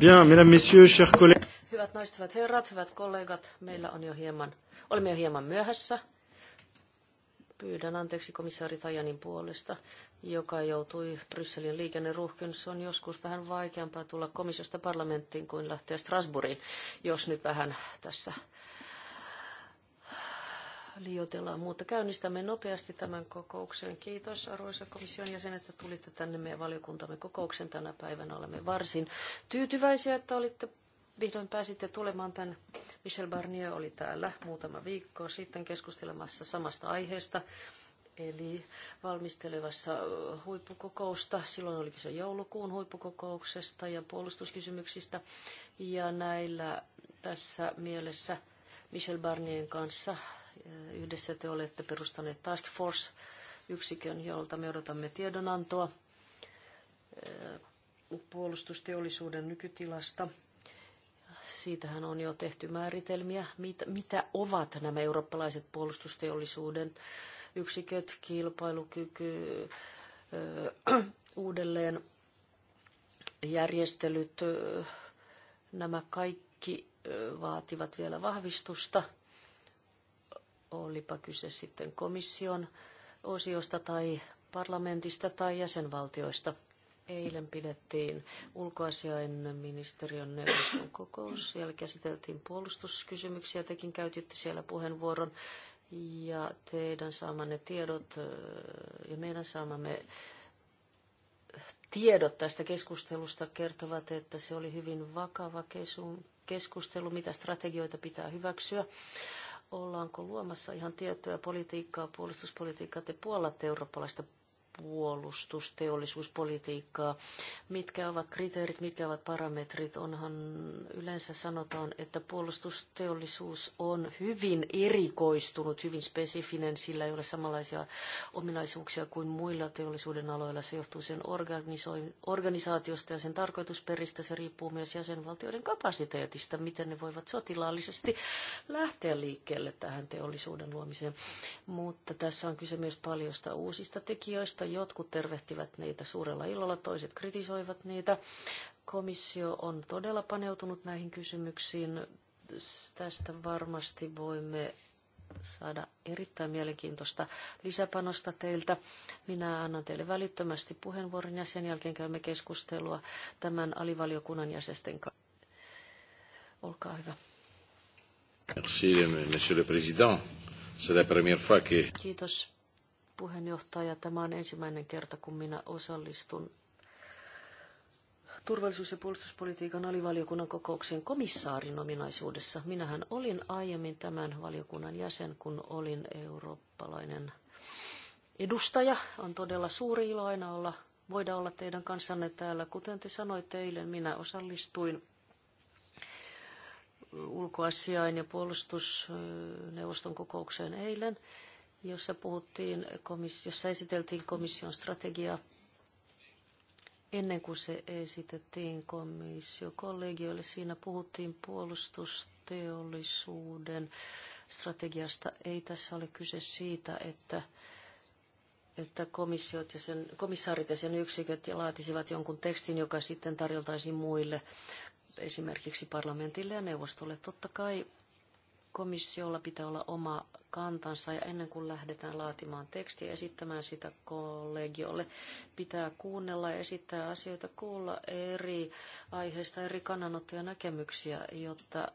Bien, mesdames, messieurs, chers collègues. Hyvät naiset, hyvät herrat, hyvät kollegat, meillä on jo hieman, olemme jo hieman myöhässä. Pyydän anteeksi komissaari Tajanin puolesta, joka joutui Brysselin liikenneruhkin. Se on joskus vähän vaikeampaa tulla komissiosta parlamenttiin kuin lähteä Strasbourgiin, jos nyt vähän tässä liioitellaan muuta. Käynnistämme nopeasti tämän kokouksen. Kiitos arvoisa komission jäsen, että tulitte tänne meidän valiokuntamme kokouksen tänä päivänä. Olemme varsin tyytyväisiä, että olitte vihdoin pääsitte tulemaan tämän. Michel Barnier oli täällä muutama viikko sitten keskustelemassa samasta aiheesta, eli valmistelevassa huippukokousta. Silloin oli kyse joulukuun huippukokouksesta ja puolustuskysymyksistä. Ja näillä tässä mielessä Michel Barnien kanssa Yhdessä te olette perustaneet Task Force-yksikön, jolta me odotamme tiedonantoa puolustusteollisuuden nykytilasta. Siitähän on jo tehty määritelmiä, mitä, mitä ovat nämä eurooppalaiset puolustusteollisuuden yksiköt, kilpailukyky, uudelleen järjestelyt, nämä kaikki vaativat vielä vahvistusta – olipa kyse sitten komission osiosta tai parlamentista tai jäsenvaltioista. Eilen pidettiin ulkoasiainministeriön neuvoston kokous. Siellä käsiteltiin puolustuskysymyksiä. Tekin käytitte siellä puheenvuoron ja teidän saamanne tiedot ja meidän saamamme tiedot tästä keskustelusta kertovat, että se oli hyvin vakava keskustelu, mitä strategioita pitää hyväksyä ollaanko luomassa ihan tiettyä politiikkaa, puolustuspolitiikkaa, te puolatte eurooppalaista puolustusteollisuuspolitiikkaa. Mitkä ovat kriteerit, mitkä ovat parametrit? Onhan yleensä sanotaan, että puolustusteollisuus on hyvin erikoistunut, hyvin spesifinen, sillä ei ole samanlaisia ominaisuuksia kuin muilla teollisuuden aloilla. Se johtuu sen organisaatiosta ja sen tarkoitusperistä. Se riippuu myös jäsenvaltioiden kapasiteetista, miten ne voivat sotilaallisesti lähteä liikkeelle tähän teollisuuden luomiseen. Mutta tässä on kyse myös paljosta uusista tekijöistä, Jotkut tervehtivät niitä suurella ilolla, toiset kritisoivat niitä. Komissio on todella paneutunut näihin kysymyksiin. Tästä varmasti voimme saada erittäin mielenkiintoista lisäpanosta teiltä. Minä annan teille välittömästi puheenvuoron ja sen jälkeen käymme keskustelua tämän alivaliokunnan jäsenten kanssa. Olkaa hyvä. Merci, monsieur le président. C'est la première fois que... Kiitos puheenjohtaja. Tämä on ensimmäinen kerta, kun minä osallistun turvallisuus- ja puolustuspolitiikan alivaliokunnan kokouksen komissaarin ominaisuudessa. Minähän olin aiemmin tämän valiokunnan jäsen, kun olin eurooppalainen edustaja. On todella suuri ilo aina olla, voida olla teidän kanssanne täällä. Kuten te sanoitte eilen, minä osallistuin ulkoasiain ja puolustusneuvoston kokoukseen eilen jossa, puhuttiin, jossa esiteltiin komission strategiaa ennen kuin se esitettiin komissiokollegioille. Siinä puhuttiin puolustusteollisuuden strategiasta. Ei tässä ole kyse siitä, että, että komissiot ja sen, komissaarit ja sen yksiköt laatisivat jonkun tekstin, joka sitten tarjoltaisiin muille, esimerkiksi parlamentille ja neuvostolle. Totta kai komissiolla pitää olla oma kantansa ja ennen kuin lähdetään laatimaan tekstiä ja esittämään sitä kollegiolle, pitää kuunnella ja esittää asioita, kuulla eri aiheista, eri kannanottoja ja näkemyksiä, jotta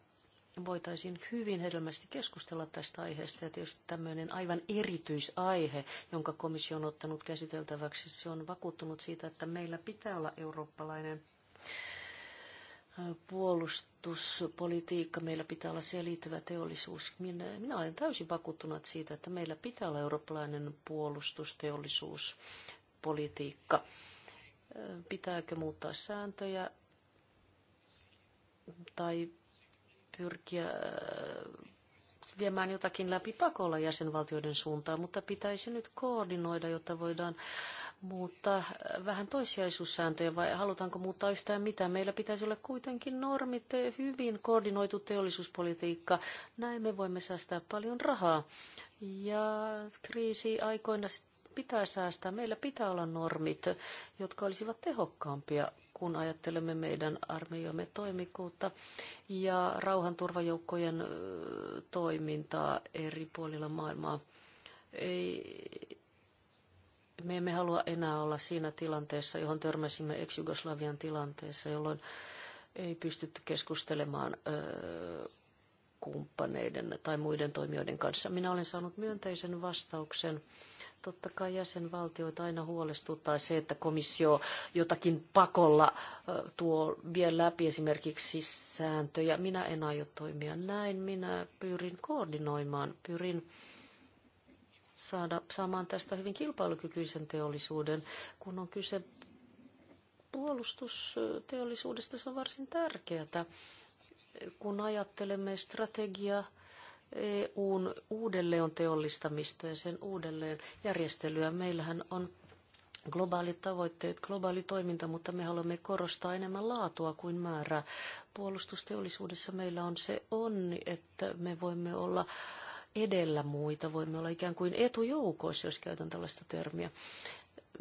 voitaisiin hyvin hedelmästi keskustella tästä aiheesta. Ja tietysti tämmöinen aivan erityisaihe, jonka komissio on ottanut käsiteltäväksi, se on vakuuttunut siitä, että meillä pitää olla eurooppalainen puolustuspolitiikka, meillä pitää olla siihen liittyvä teollisuus. Minä, minä olen täysin vakuuttunut siitä, että meillä pitää olla eurooppalainen puolustusteollisuuspolitiikka. Pitääkö muuttaa sääntöjä tai pyrkiä viemään jotakin läpi pakolla jäsenvaltioiden suuntaan, mutta pitäisi nyt koordinoida, jotta voidaan muuttaa vähän toissijaisuussääntöjä vai halutaanko muuttaa yhtään mitään? Meillä pitäisi olla kuitenkin normit, hyvin koordinoitu teollisuuspolitiikka. Näin me voimme säästää paljon rahaa. Ja kriisi aikoina pitää säästää. Meillä pitää olla normit, jotka olisivat tehokkaampia kun ajattelemme meidän armeijamme toimikuutta ja rauhanturvajoukkojen toimintaa eri puolilla maailmaa. Ei, me emme halua enää olla siinä tilanteessa, johon törmäsimme ex-Jugoslavian tilanteessa, jolloin ei pystytty keskustelemaan ö, kumppaneiden tai muiden toimijoiden kanssa. Minä olen saanut myönteisen vastauksen Totta kai jäsenvaltioita aina huolestuttaa se, että komissio jotakin pakolla tuo vie läpi esimerkiksi sääntöjä. Minä en aio toimia näin. Minä pyrin koordinoimaan, pyrin saada, saamaan tästä hyvin kilpailukykyisen teollisuuden, kun on kyse puolustusteollisuudesta. Se on varsin tärkeää, kun ajattelemme strategiaa EUn uudelleen teollistamista ja sen uudelleen järjestelyä. Meillähän on globaalit tavoitteet, globaali toiminta, mutta me haluamme korostaa enemmän laatua kuin määrää. Puolustusteollisuudessa meillä on se onni, että me voimme olla edellä muita, voimme olla ikään kuin etujoukoissa, jos käytän tällaista termiä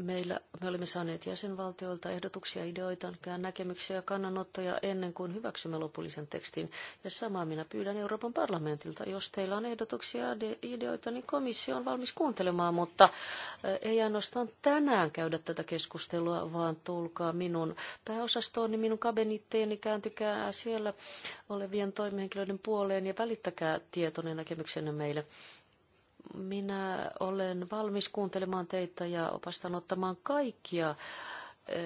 meillä, me olimme saaneet jäsenvaltioilta ehdotuksia, ideoita, näkemyksiä ja kannanottoja ennen kuin hyväksymme lopullisen tekstin. Ja samaa minä pyydän Euroopan parlamentilta. Jos teillä on ehdotuksia ja ideoita, niin komissio on valmis kuuntelemaan, mutta eh, ei ainoastaan tänään käydä tätä keskustelua, vaan tulkaa minun pääosastoon, niin minun kabinitteeni kääntykää siellä olevien toimihenkilöiden puoleen ja välittäkää tietoinen näkemyksenne meille. Minä olen valmis kuuntelemaan teitä ja opastan ottamaan kaikkia eh,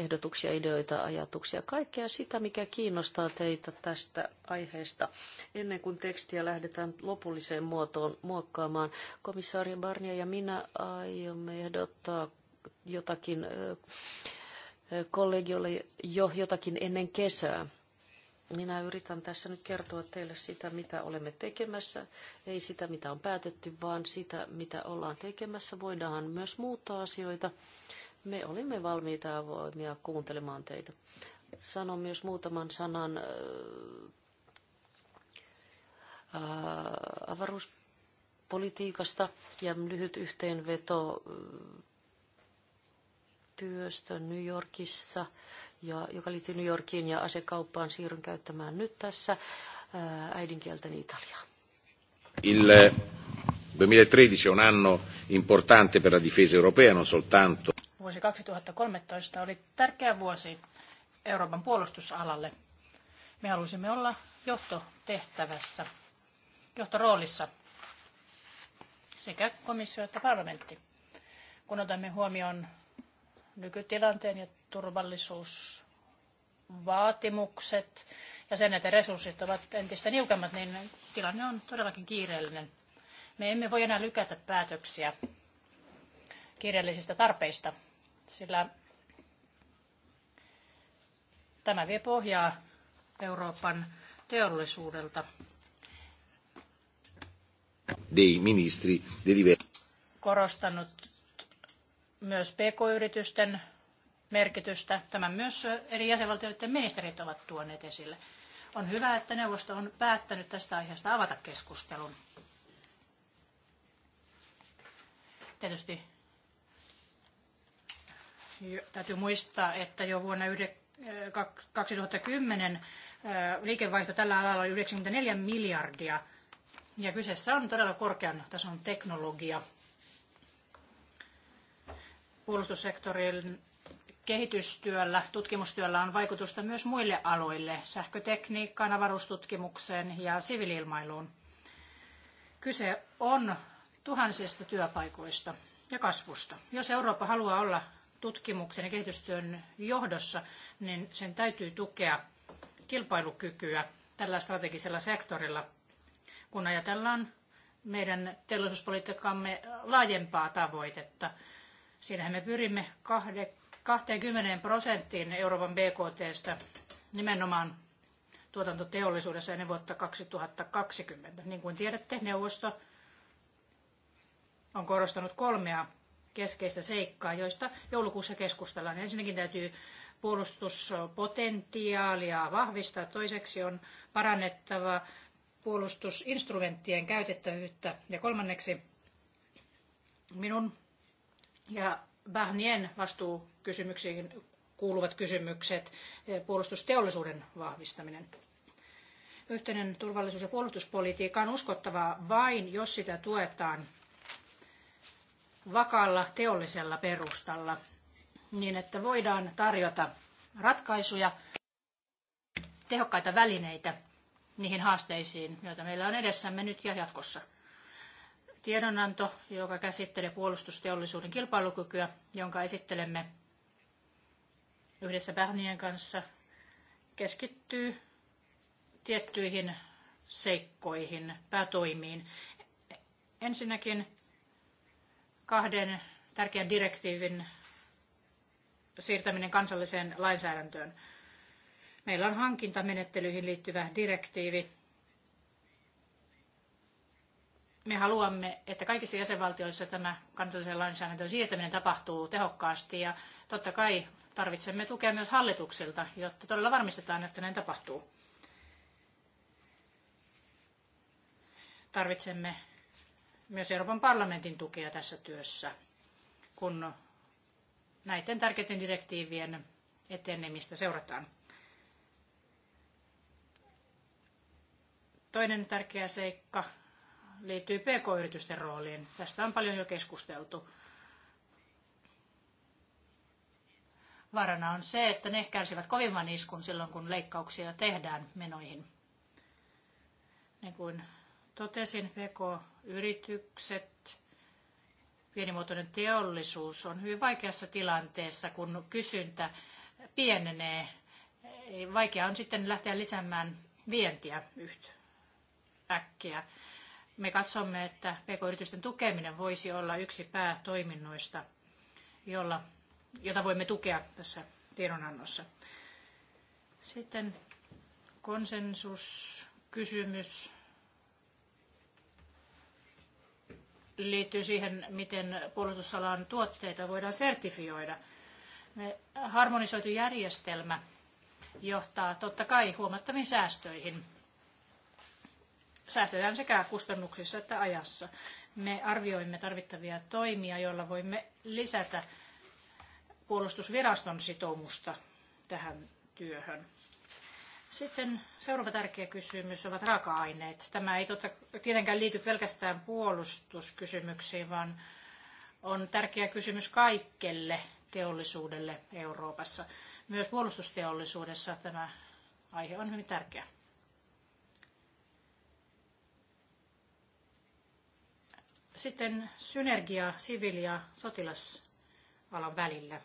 ehdotuksia, ideoita, ajatuksia, kaikkea sitä, mikä kiinnostaa teitä tästä aiheesta. Ennen kuin tekstiä lähdetään lopulliseen muotoon muokkaamaan, komissaari Barnia ja minä aiomme ehdottaa jotakin eh, eh, kollegiolle jo jotakin ennen kesää. Minä yritän tässä nyt kertoa teille sitä, mitä olemme tekemässä, ei sitä, mitä on päätetty, vaan sitä, mitä ollaan tekemässä. Voidaan myös muuttaa asioita. Me olimme valmiita ja avoimia kuuntelemaan teitä. Sanon myös muutaman sanan äh, äh, avaruuspolitiikasta ja lyhyt yhteenveto äh, työstä New Yorkissa, ja, joka liittyy New Yorkiin ja asekauppaan. Siirryn käyttämään nyt tässä ää, äidinkieltäni Italiaa. Il 2013 on anno importante per la difesa europea, non soltanto. Vuosi 2013 oli tärkeä vuosi Euroopan puolustusalalle. Me halusimme olla johtotehtävässä, johtoroolissa sekä komissio että parlamentti. Kun otamme huomioon nykytilanteen ja turvallisuusvaatimukset ja sen, että resurssit ovat entistä niukemmat, niin tilanne on todellakin kiireellinen. Me emme voi enää lykätä päätöksiä kiireellisistä tarpeista, sillä tämä vie pohjaa Euroopan teollisuudelta. Dei ministri, Korostanut myös pk-yritysten merkitystä. Tämän myös eri jäsenvaltioiden ministerit ovat tuoneet esille. On hyvä, että neuvosto on päättänyt tästä aiheesta avata keskustelun. Tietysti täytyy muistaa, että jo vuonna 2010 eh, eh, liikevaihto tällä alalla oli 94 miljardia. Ja kyseessä on todella korkean tason teknologia puolustussektorin kehitystyöllä, tutkimustyöllä on vaikutusta myös muille aloille, sähkötekniikkaan, avaruustutkimukseen ja siviiliilmailuun. Kyse on tuhansista työpaikoista ja kasvusta. Jos Eurooppa haluaa olla tutkimuksen ja kehitystyön johdossa, niin sen täytyy tukea kilpailukykyä tällä strategisella sektorilla, kun ajatellaan meidän teollisuuspolitiikkamme laajempaa tavoitetta – Siinähän me pyrimme 20 prosenttiin Euroopan BKTstä nimenomaan tuotantoteollisuudessa ennen vuotta 2020. Niin kuin tiedätte, neuvosto on korostanut kolmea keskeistä seikkaa, joista joulukuussa keskustellaan. Ensinnäkin täytyy puolustuspotentiaalia vahvistaa. Toiseksi on parannettava puolustusinstrumenttien käytettävyyttä. Ja kolmanneksi minun ja Barnien vastuukysymyksiin kuuluvat kysymykset, eh, puolustusteollisuuden vahvistaminen. Yhteinen turvallisuus- ja puolustuspolitiikka on uskottavaa vain, jos sitä tuetaan vakaalla teollisella perustalla, niin että voidaan tarjota ratkaisuja, tehokkaita välineitä niihin haasteisiin, joita meillä on edessämme nyt ja jatkossa tiedonanto, joka käsittelee puolustusteollisuuden kilpailukykyä, jonka esittelemme yhdessä Bernien kanssa, keskittyy tiettyihin seikkoihin, päätoimiin. Ensinnäkin kahden tärkeän direktiivin siirtäminen kansalliseen lainsäädäntöön. Meillä on hankintamenettelyihin liittyvä direktiivi me haluamme, että kaikissa jäsenvaltioissa tämä kansallisen lainsäädäntöön siirtäminen tapahtuu tehokkaasti ja totta kai tarvitsemme tukea myös hallitukselta, jotta todella varmistetaan, että näin tapahtuu. Tarvitsemme myös Euroopan parlamentin tukea tässä työssä, kun näiden tärkeiden direktiivien etenemistä seurataan. Toinen tärkeä seikka liittyy pk-yritysten rooliin. Tästä on paljon jo keskusteltu. Varana on se, että ne kärsivät kovimman iskun silloin, kun leikkauksia tehdään menoihin. Niin kuin totesin, pk-yritykset, pienimuotoinen teollisuus on hyvin vaikeassa tilanteessa, kun kysyntä pienenee. Vaikea on sitten lähteä lisäämään vientiä yhtä äkkiä. Me katsomme, että pk-yritysten tukeminen voisi olla yksi päätoiminnoista, jolla, jota voimme tukea tässä tiedonannossa. Sitten konsensuskysymys liittyy siihen, miten puolustusalan tuotteita voidaan sertifioida. Me harmonisoitu järjestelmä johtaa totta kai huomattaviin säästöihin – säästetään sekä kustannuksissa että ajassa. Me arvioimme tarvittavia toimia, joilla voimme lisätä puolustusviraston sitoumusta tähän työhön. Sitten seuraava tärkeä kysymys ovat raaka-aineet. Tämä ei totta, tietenkään liity pelkästään puolustuskysymyksiin, vaan on tärkeä kysymys kaikkelle teollisuudelle Euroopassa. Myös puolustusteollisuudessa tämä aihe on hyvin tärkeä. Sitten synergia siviili- ja sotilasalan välillä.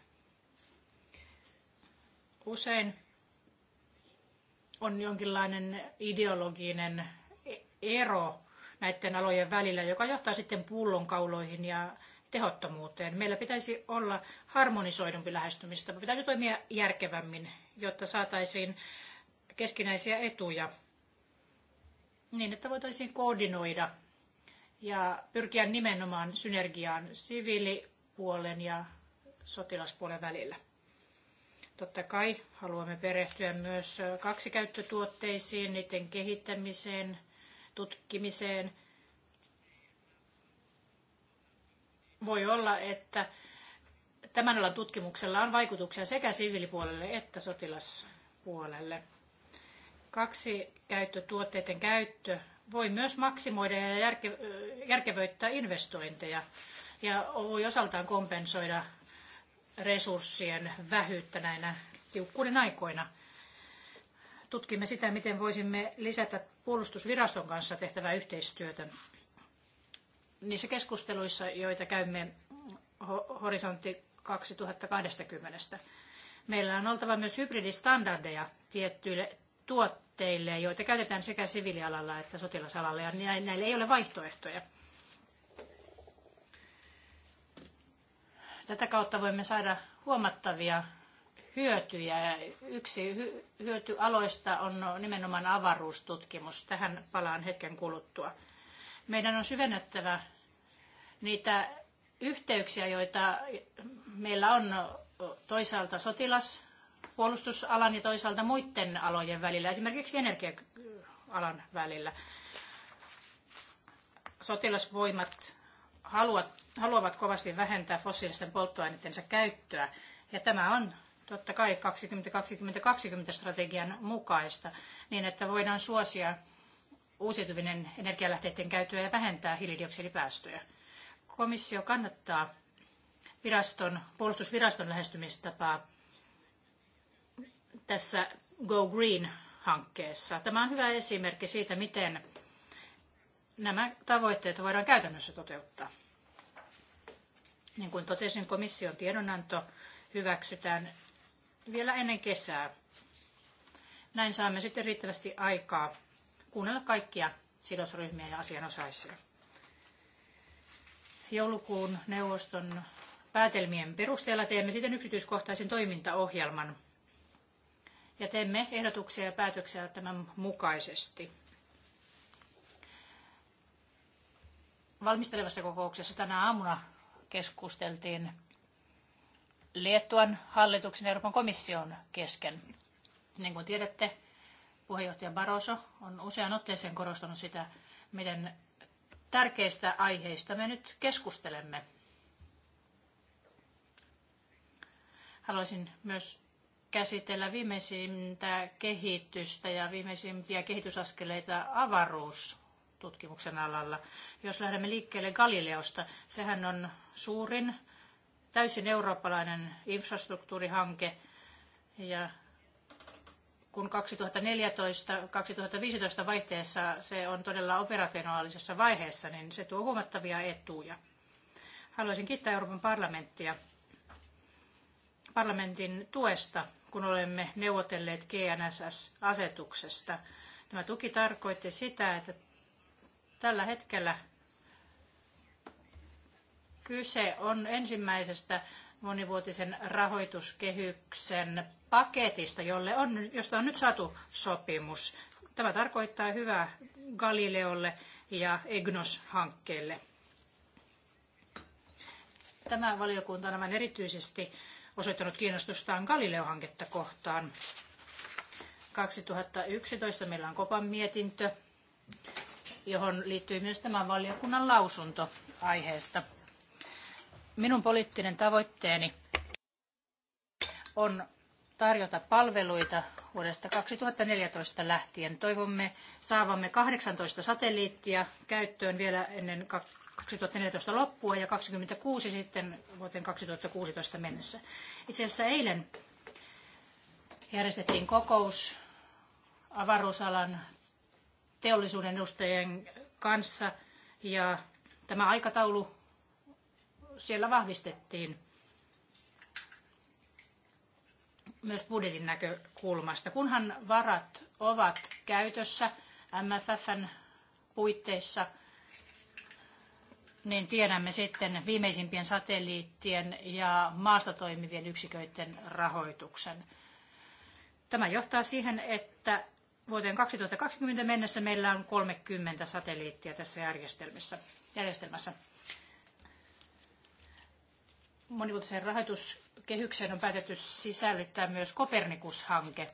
Usein on jonkinlainen ideologinen e- ero näiden alojen välillä, joka johtaa sitten pullonkauloihin ja tehottomuuteen. Meillä pitäisi olla harmonisoidumpi lähestymistä, pitäisi toimia järkevämmin, jotta saataisiin keskinäisiä etuja niin, että voitaisiin koordinoida ja pyrkiä nimenomaan synergiaan siviilipuolen ja sotilaspuolen välillä. Totta kai haluamme perehtyä myös kaksikäyttötuotteisiin, niiden kehittämiseen, tutkimiseen. Voi olla, että tämän alan tutkimuksella on vaikutuksia sekä siviilipuolelle että sotilaspuolelle. Kaksi käyttötuotteiden käyttö voi myös maksimoida ja järke, järkevöittää investointeja ja voi osaltaan kompensoida resurssien vähyyttä näinä tiukkuuden aikoina. Tutkimme sitä, miten voisimme lisätä puolustusviraston kanssa tehtävää yhteistyötä. Niissä keskusteluissa, joita käymme horisontti 2020, meillä on oltava myös hybridistandardeja tiettyille tuotteille, joita käytetään sekä sivilialalla että sotilasalalla, ja näille ei ole vaihtoehtoja. Tätä kautta voimme saada huomattavia hyötyjä. Yksi hyötyaloista on nimenomaan avaruustutkimus. Tähän palaan hetken kuluttua. Meidän on syvennettävä niitä yhteyksiä, joita meillä on toisaalta sotilas puolustusalan ja toisaalta muiden alojen välillä, esimerkiksi energia-alan välillä. Sotilasvoimat haluat, haluavat kovasti vähentää fossiilisten polttoaineidensa käyttöä, ja tämä on totta kai 2020-2020 strategian mukaista, niin että voidaan suosia uusiutuvien energialähteiden käyttöä ja vähentää hiilidioksidipäästöjä. Komissio kannattaa viraston, puolustusviraston lähestymistapaa tässä Go Green-hankkeessa. Tämä on hyvä esimerkki siitä, miten nämä tavoitteet voidaan käytännössä toteuttaa. Niin kuin totesin, komission tiedonanto hyväksytään vielä ennen kesää. Näin saamme sitten riittävästi aikaa kuunnella kaikkia sidosryhmiä ja asianosaisia. Joulukuun neuvoston päätelmien perusteella teemme sitten yksityiskohtaisen toimintaohjelman ja teemme ehdotuksia ja päätöksiä tämän mukaisesti. Valmistelevassa kokouksessa tänä aamuna keskusteltiin Liettuan hallituksen Euroopan komission kesken. Niin kuin tiedätte, puheenjohtaja Barroso on usean otteeseen korostanut sitä, miten tärkeistä aiheista me nyt keskustelemme. Haluaisin myös käsitellä viimeisintä kehitystä ja viimeisimpiä kehitysaskeleita avaruustutkimuksen alalla. Jos lähdemme liikkeelle Galileosta, sehän on suurin täysin eurooppalainen infrastruktuurihanke ja kun 2014-2015 vaihteessa se on todella operationaalisessa vaiheessa, niin se tuo huomattavia etuja. Haluaisin kiittää Euroopan parlamenttia parlamentin tuesta, kun olemme neuvotelleet GNSS-asetuksesta. Tämä tuki tarkoitti sitä, että tällä hetkellä kyse on ensimmäisestä monivuotisen rahoituskehyksen paketista, jolle on, josta on nyt saatu sopimus. Tämä tarkoittaa hyvää Galileolle ja EGNOS-hankkeelle. Tämä valiokunta on erityisesti osoittanut kiinnostustaan Galileo-hanketta kohtaan. 2011 meillä on Kopan mietintö, johon liittyy myös tämän valiokunnan lausunto aiheesta. Minun poliittinen tavoitteeni on tarjota palveluita vuodesta 2014 lähtien. Toivomme saavamme 18 satelliittia käyttöön vielä ennen 2014 loppua ja 26 sitten vuoteen 2016 mennessä. Itse asiassa eilen järjestettiin kokous avaruusalan teollisuuden edustajien kanssa ja tämä aikataulu siellä vahvistettiin myös budjetin näkökulmasta, kunhan varat ovat käytössä MFFn puitteissa – niin tiedämme sitten viimeisimpien satelliittien ja maasta toimivien yksiköiden rahoituksen. Tämä johtaa siihen, että vuoteen 2020 mennessä meillä on 30 satelliittia tässä järjestelmässä. järjestelmässä. Monivuotisen rahoituskehykseen on päätetty sisällyttää myös Kopernikus-hanke.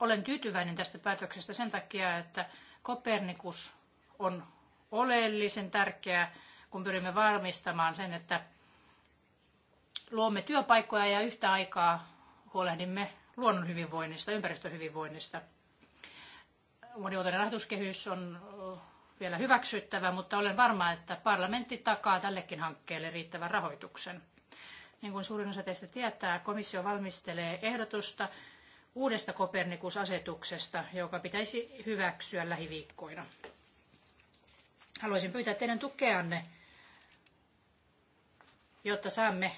Olen tyytyväinen tästä päätöksestä sen takia, että Kopernikus on oleellisen tärkeää, kun pyrimme varmistamaan sen, että luomme työpaikkoja ja yhtä aikaa huolehdimme luonnon hyvinvoinnista, ympäristön hyvinvoinnista. Monivuotinen rahoituskehys on vielä hyväksyttävä, mutta olen varma, että parlamentti takaa tällekin hankkeelle riittävän rahoituksen. Niin kuin suurin osa teistä tietää, komissio valmistelee ehdotusta uudesta Kopernikus-asetuksesta, joka pitäisi hyväksyä lähiviikkoina. Haluaisin pyytää teidän tukeanne, jotta saamme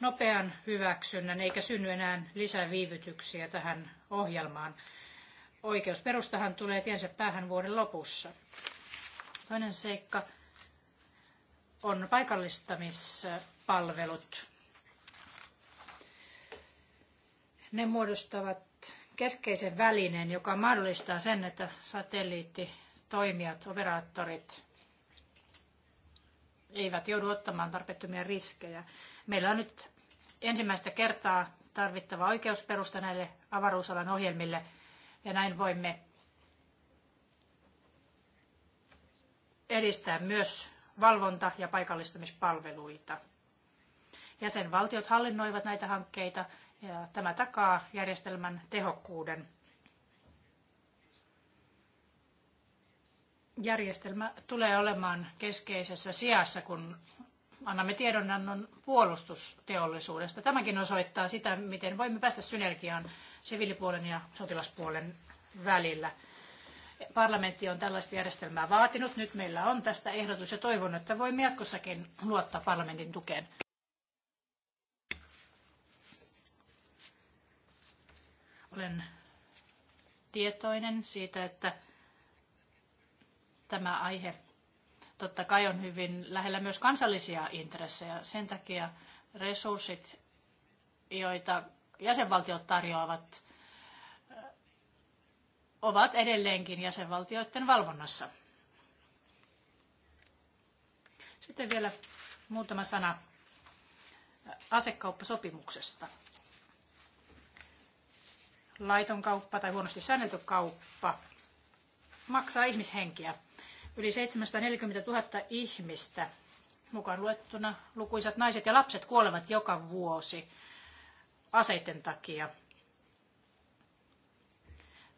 nopean hyväksynnän eikä synny enää lisää viivytyksiä tähän ohjelmaan. Oikeusperustahan tulee tiensä päähän vuoden lopussa. Toinen seikka on paikallistamispalvelut. Ne muodostavat keskeisen välineen, joka mahdollistaa sen, että satelliitti toimijat, operaattorit eivät joudu ottamaan tarpeettomia riskejä. Meillä on nyt ensimmäistä kertaa tarvittava oikeusperusta näille avaruusalan ohjelmille ja näin voimme edistää myös valvonta- ja paikallistamispalveluita. Jäsenvaltiot hallinnoivat näitä hankkeita ja tämä takaa järjestelmän tehokkuuden. järjestelmä tulee olemaan keskeisessä sijassa, kun annamme tiedonannon puolustusteollisuudesta. Tämäkin osoittaa sitä, miten voimme päästä synergiaan siviilipuolen ja sotilaspuolen välillä. Parlamentti on tällaista järjestelmää vaatinut. Nyt meillä on tästä ehdotus ja toivon, että voimme jatkossakin luottaa parlamentin tukeen. Olen tietoinen siitä, että tämä aihe totta kai on hyvin lähellä myös kansallisia intressejä. Sen takia resurssit, joita jäsenvaltiot tarjoavat, ovat edelleenkin jäsenvaltioiden valvonnassa. Sitten vielä muutama sana asekauppasopimuksesta. Laiton kauppa tai huonosti säännelty kauppa maksaa ihmishenkiä yli 740 000 ihmistä, mukaan luettuna lukuisat naiset ja lapset kuolevat joka vuosi aseiden takia.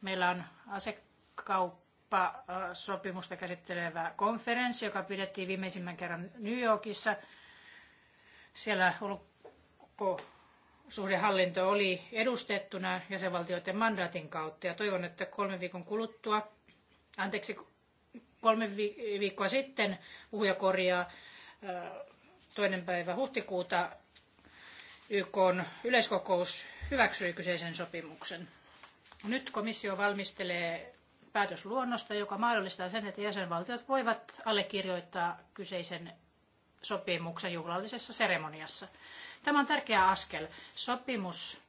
Meillä on asekauppasopimusta käsittelevä konferenssi, joka pidettiin viimeisimmän kerran New Yorkissa. Siellä suhdehallinto oli edustettuna jäsenvaltioiden mandaatin kautta ja toivon, että kolmen viikon kuluttua, anteeksi Kolme viikkoa sitten puhujakorjaa toinen päivä huhtikuuta YK yleiskokous hyväksyi kyseisen sopimuksen. Nyt komissio valmistelee päätösluonnosta, joka mahdollistaa sen, että jäsenvaltiot voivat allekirjoittaa kyseisen sopimuksen juhlallisessa seremoniassa. Tämä on tärkeä askel. Sopimus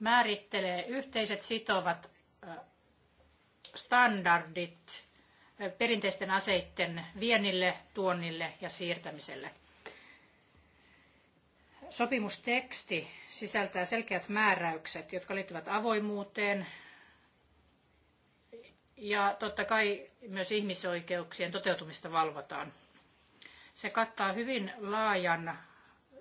määrittelee yhteiset sitovat standardit perinteisten aseiden viennille, tuonnille ja siirtämiselle. Sopimusteksti sisältää selkeät määräykset, jotka liittyvät avoimuuteen ja totta kai myös ihmisoikeuksien toteutumista valvotaan. Se kattaa hyvin laajan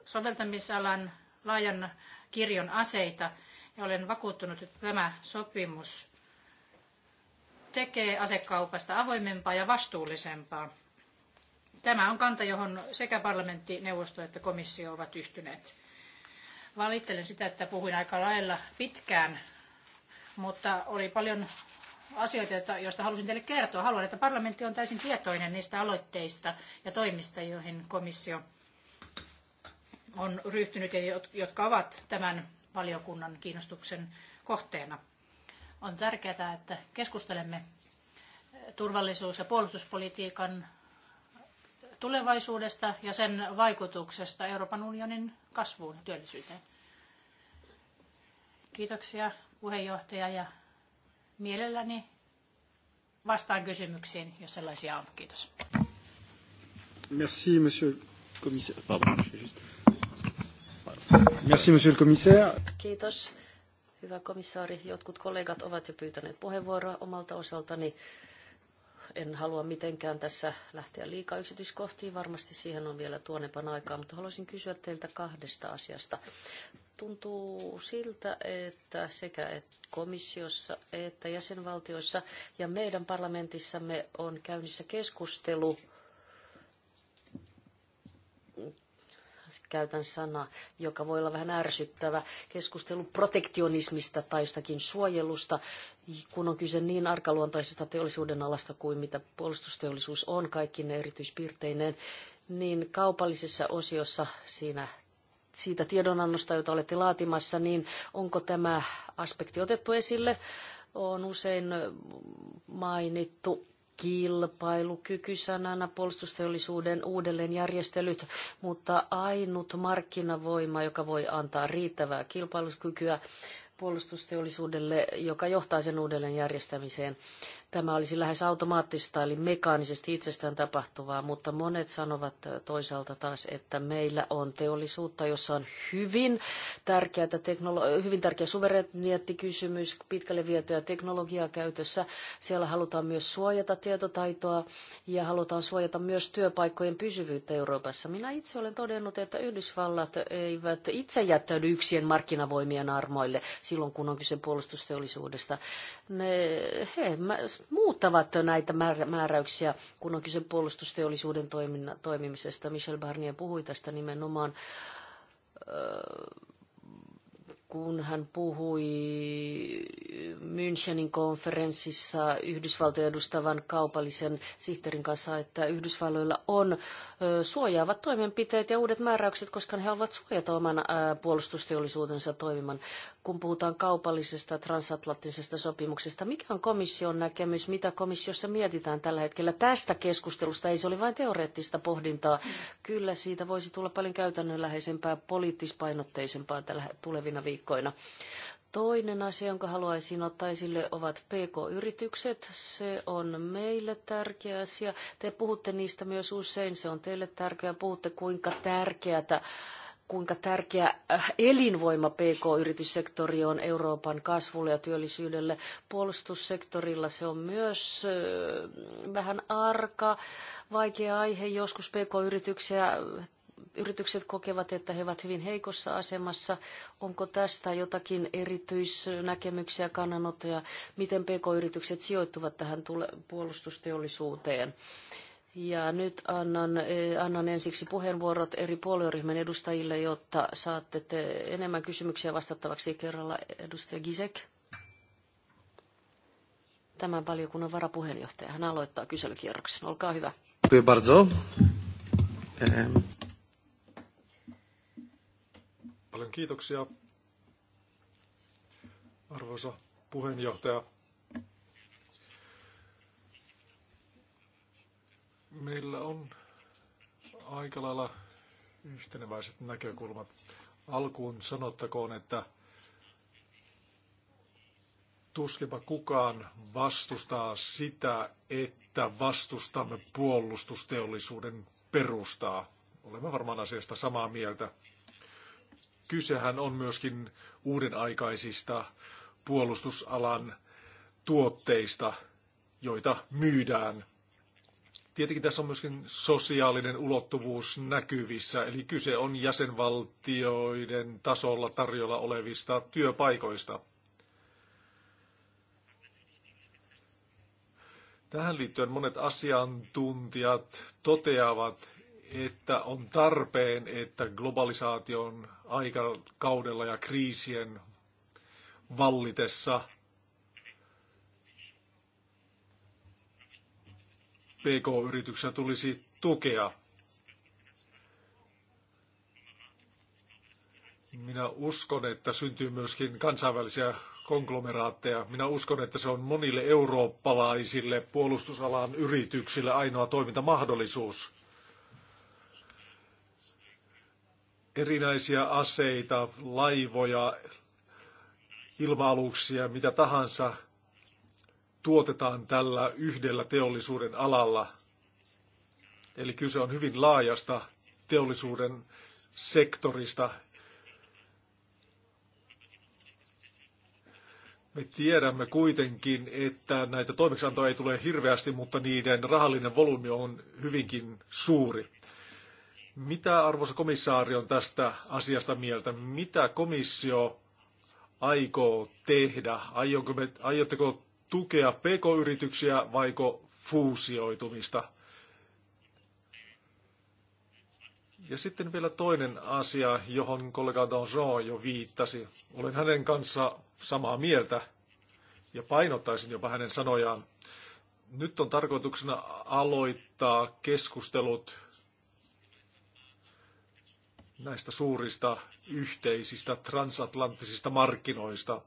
soveltamisalan, laajan kirjon aseita ja olen vakuuttunut, että tämä sopimus tekee asekaupasta avoimempaa ja vastuullisempaa. Tämä on kanta, johon sekä parlamentti, neuvosto että komissio ovat yhtyneet. Valittelen sitä, että puhuin aika lailla pitkään, mutta oli paljon asioita, joista halusin teille kertoa. Haluan, että parlamentti on täysin tietoinen niistä aloitteista ja toimista, joihin komissio on ryhtynyt ja jotka ovat tämän valiokunnan kiinnostuksen kohteena. On tärkeää, että keskustelemme turvallisuus- ja puolustuspolitiikan tulevaisuudesta ja sen vaikutuksesta Euroopan unionin kasvuun ja työllisyyteen. Kiitoksia puheenjohtaja ja mielelläni vastaan kysymyksiin, jos sellaisia on. Kiitos. Merci, monsieur commissaire. Pardon, Merci, monsieur le commissaire. Kiitos. Hyvä komissaari, jotkut kollegat ovat jo pyytäneet puheenvuoroa omalta osaltani. En halua mitenkään tässä lähteä liikaa yksityiskohtiin, varmasti siihen on vielä tuonepan aikaa, mutta haluaisin kysyä teiltä kahdesta asiasta. Tuntuu siltä, että sekä komissiossa että jäsenvaltioissa ja meidän parlamentissamme on käynnissä keskustelu käytän sanaa, joka voi olla vähän ärsyttävä, keskustelu protektionismista tai jostakin suojelusta, kun on kyse niin arkaluontoisesta teollisuuden alasta kuin mitä puolustusteollisuus on, kaikki ne erityispiirteineen, niin kaupallisessa osiossa siinä siitä tiedonannosta, jota olette laatimassa, niin onko tämä aspekti otettu esille? On usein mainittu sanana puolustusteollisuuden uudelleenjärjestelyt, mutta ainut markkinavoima, joka voi antaa riittävää kilpailukykyä, puolustusteollisuudelle, joka johtaa sen uudelleen järjestämiseen. Tämä olisi lähes automaattista, eli mekaanisesti itsestään tapahtuvaa, mutta monet sanovat toisaalta taas, että meillä on teollisuutta, jossa on hyvin, tärkeätä teknolo- hyvin tärkeä suvereniteettikysymys, pitkälle vietyä teknologiaa käytössä. Siellä halutaan myös suojata tietotaitoa ja halutaan suojata myös työpaikkojen pysyvyyttä Euroopassa. Minä itse olen todennut, että Yhdysvallat eivät itse jättäydy yksien markkinavoimien armoille silloin, kun on kyse puolustusteollisuudesta. Ne, he muuttavat näitä määräyksiä, kun on kyse puolustusteollisuuden toiminna, toimimisesta. Michel Barnier puhui tästä nimenomaan kun hän puhui Münchenin konferenssissa Yhdysvaltojen edustavan kaupallisen sihteerin kanssa, että Yhdysvalloilla on suojaavat toimenpiteet ja uudet määräykset, koska he haluavat suojata oman puolustusteollisuutensa toimiman kun puhutaan kaupallisesta transatlanttisesta sopimuksesta. Mikä on komission näkemys, mitä komissiossa mietitään tällä hetkellä tästä keskustelusta? Ei se ole vain teoreettista pohdintaa. Kyllä siitä voisi tulla paljon käytännönläheisempää, poliittispainotteisempaa tällä tulevina viikkoina. Toinen asia, jonka haluaisin ottaa esille, ovat PK-yritykset. Se on meille tärkeä asia. Te puhutte niistä myös usein, se on teille tärkeää. Puhutte kuinka tärkeätä kuinka tärkeä äh, elinvoima PK-yrityssektori on Euroopan kasvulle ja työllisyydelle. Puolustussektorilla se on myös äh, vähän arka, vaikea aihe. Joskus PK-yrityksiä yritykset kokevat, että he ovat hyvin heikossa asemassa. Onko tästä jotakin erityisnäkemyksiä, kannanottoja? Miten PK-yritykset sijoittuvat tähän puolustusteollisuuteen? Ja nyt annan, eh, annan ensiksi puheenvuorot eri puolueryhmän edustajille, jotta saatte enemmän kysymyksiä vastattavaksi kerralla. Edustaja Gisek, tämän valiokunnan varapuheenjohtaja, hän aloittaa kyselykierroksen. Olkaa hyvä. Paljon kiitoksia, arvoisa puheenjohtaja. Meillä on aika lailla yhteneväiset näkökulmat. Alkuun sanottakoon, että tuskinpa kukaan vastustaa sitä, että vastustamme puolustusteollisuuden perustaa. Olemme varmaan asiasta samaa mieltä. Kysehän on myöskin uuden aikaisista puolustusalan tuotteista, joita myydään Tietenkin tässä on myöskin sosiaalinen ulottuvuus näkyvissä, eli kyse on jäsenvaltioiden tasolla tarjolla olevista työpaikoista. Tähän liittyen monet asiantuntijat toteavat, että on tarpeen, että globalisaation aikakaudella ja kriisien vallitessa – PK-yrityksiä tulisi tukea. Minä uskon, että syntyy myöskin kansainvälisiä konglomeraatteja. Minä uskon, että se on monille eurooppalaisille puolustusalan yrityksille ainoa toimintamahdollisuus. Erinäisiä aseita, laivoja, ilma-aluksia, mitä tahansa – tuotetaan tällä yhdellä teollisuuden alalla. Eli kyse on hyvin laajasta teollisuuden sektorista. Me tiedämme kuitenkin, että näitä toimeksiantoja ei tule hirveästi, mutta niiden rahallinen volyymi on hyvinkin suuri. Mitä arvoisa komissaari on tästä asiasta mieltä? Mitä komissio aikoo tehdä? Aiotteko tukea pk-yrityksiä vaiko fuusioitumista? Ja sitten vielä toinen asia, johon kollega Donjon jo viittasi. Olen hänen kanssa samaa mieltä ja painottaisin jopa hänen sanojaan. Nyt on tarkoituksena aloittaa keskustelut näistä suurista yhteisistä transatlanttisista markkinoista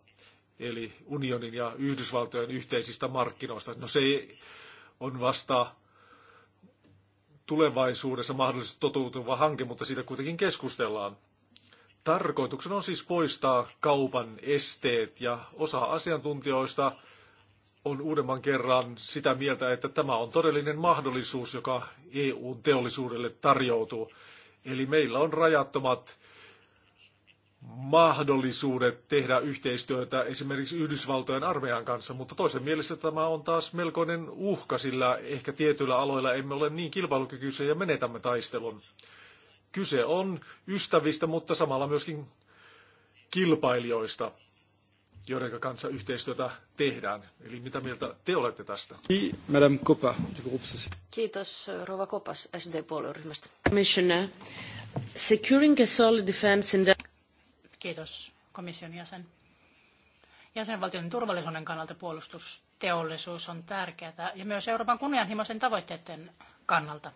eli unionin ja Yhdysvaltojen yhteisistä markkinoista. No se on vasta tulevaisuudessa mahdollisesti toteutuva hanke, mutta siitä kuitenkin keskustellaan. Tarkoituksena on siis poistaa kaupan esteet ja osa asiantuntijoista on uudemman kerran sitä mieltä, että tämä on todellinen mahdollisuus, joka EUn teollisuudelle tarjoutuu. Eli meillä on rajattomat mahdollisuudet tehdä yhteistyötä esimerkiksi Yhdysvaltojen armeijan kanssa, mutta toisen mielestä tämä on taas melkoinen uhka, sillä ehkä tietyillä aloilla emme ole niin kilpailukykyisiä ja menetämme taistelun. Kyse on ystävistä, mutta samalla myöskin kilpailijoista, joiden kanssa yhteistyötä tehdään. Eli mitä mieltä te olette tästä? Kiitos, Rova Kopas SD-puolueryhmästä. Commissioner, securing a solid defense in the Kiitos komission jäsen. Jäsenvaltion turvallisuuden kannalta puolustusteollisuus on tärkeää ja myös Euroopan kunnianhimoisen tavoitteiden kannalta.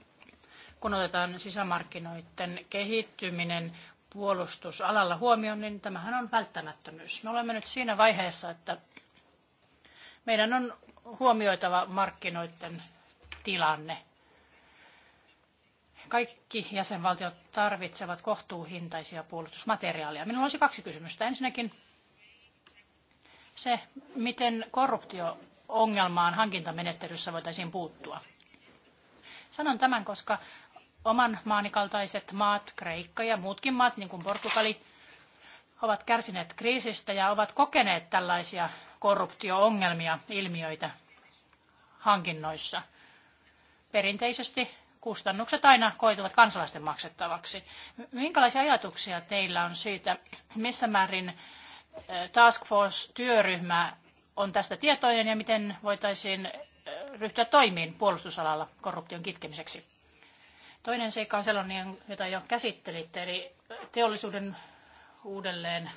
Kun otetaan sisämarkkinoiden kehittyminen puolustusalalla huomioon, niin tämähän on välttämättömyys. Me olemme nyt siinä vaiheessa, että meidän on huomioitava markkinoiden tilanne. Kaikki jäsenvaltiot tarvitsevat kohtuuhintaisia puolustusmateriaaleja. Minulla olisi kaksi kysymystä. Ensinnäkin se, miten korruptio-ongelmaan hankintamenettelyssä voitaisiin puuttua. Sanon tämän, koska oman maani kaltaiset maat, Kreikka ja muutkin maat, niin kuin Portugali, ovat kärsineet kriisistä ja ovat kokeneet tällaisia korruptioongelmia, ilmiöitä hankinnoissa. Perinteisesti kustannukset aina koituvat kansalaisten maksettavaksi. Minkälaisia ajatuksia teillä on siitä, missä määrin Task Force-työryhmä on tästä tietoinen ja miten voitaisiin ryhtyä toimiin puolustusalalla korruption kitkemiseksi? Toinen seikka on sellainen, jota jo käsittelitte, eli teollisuuden uudelleen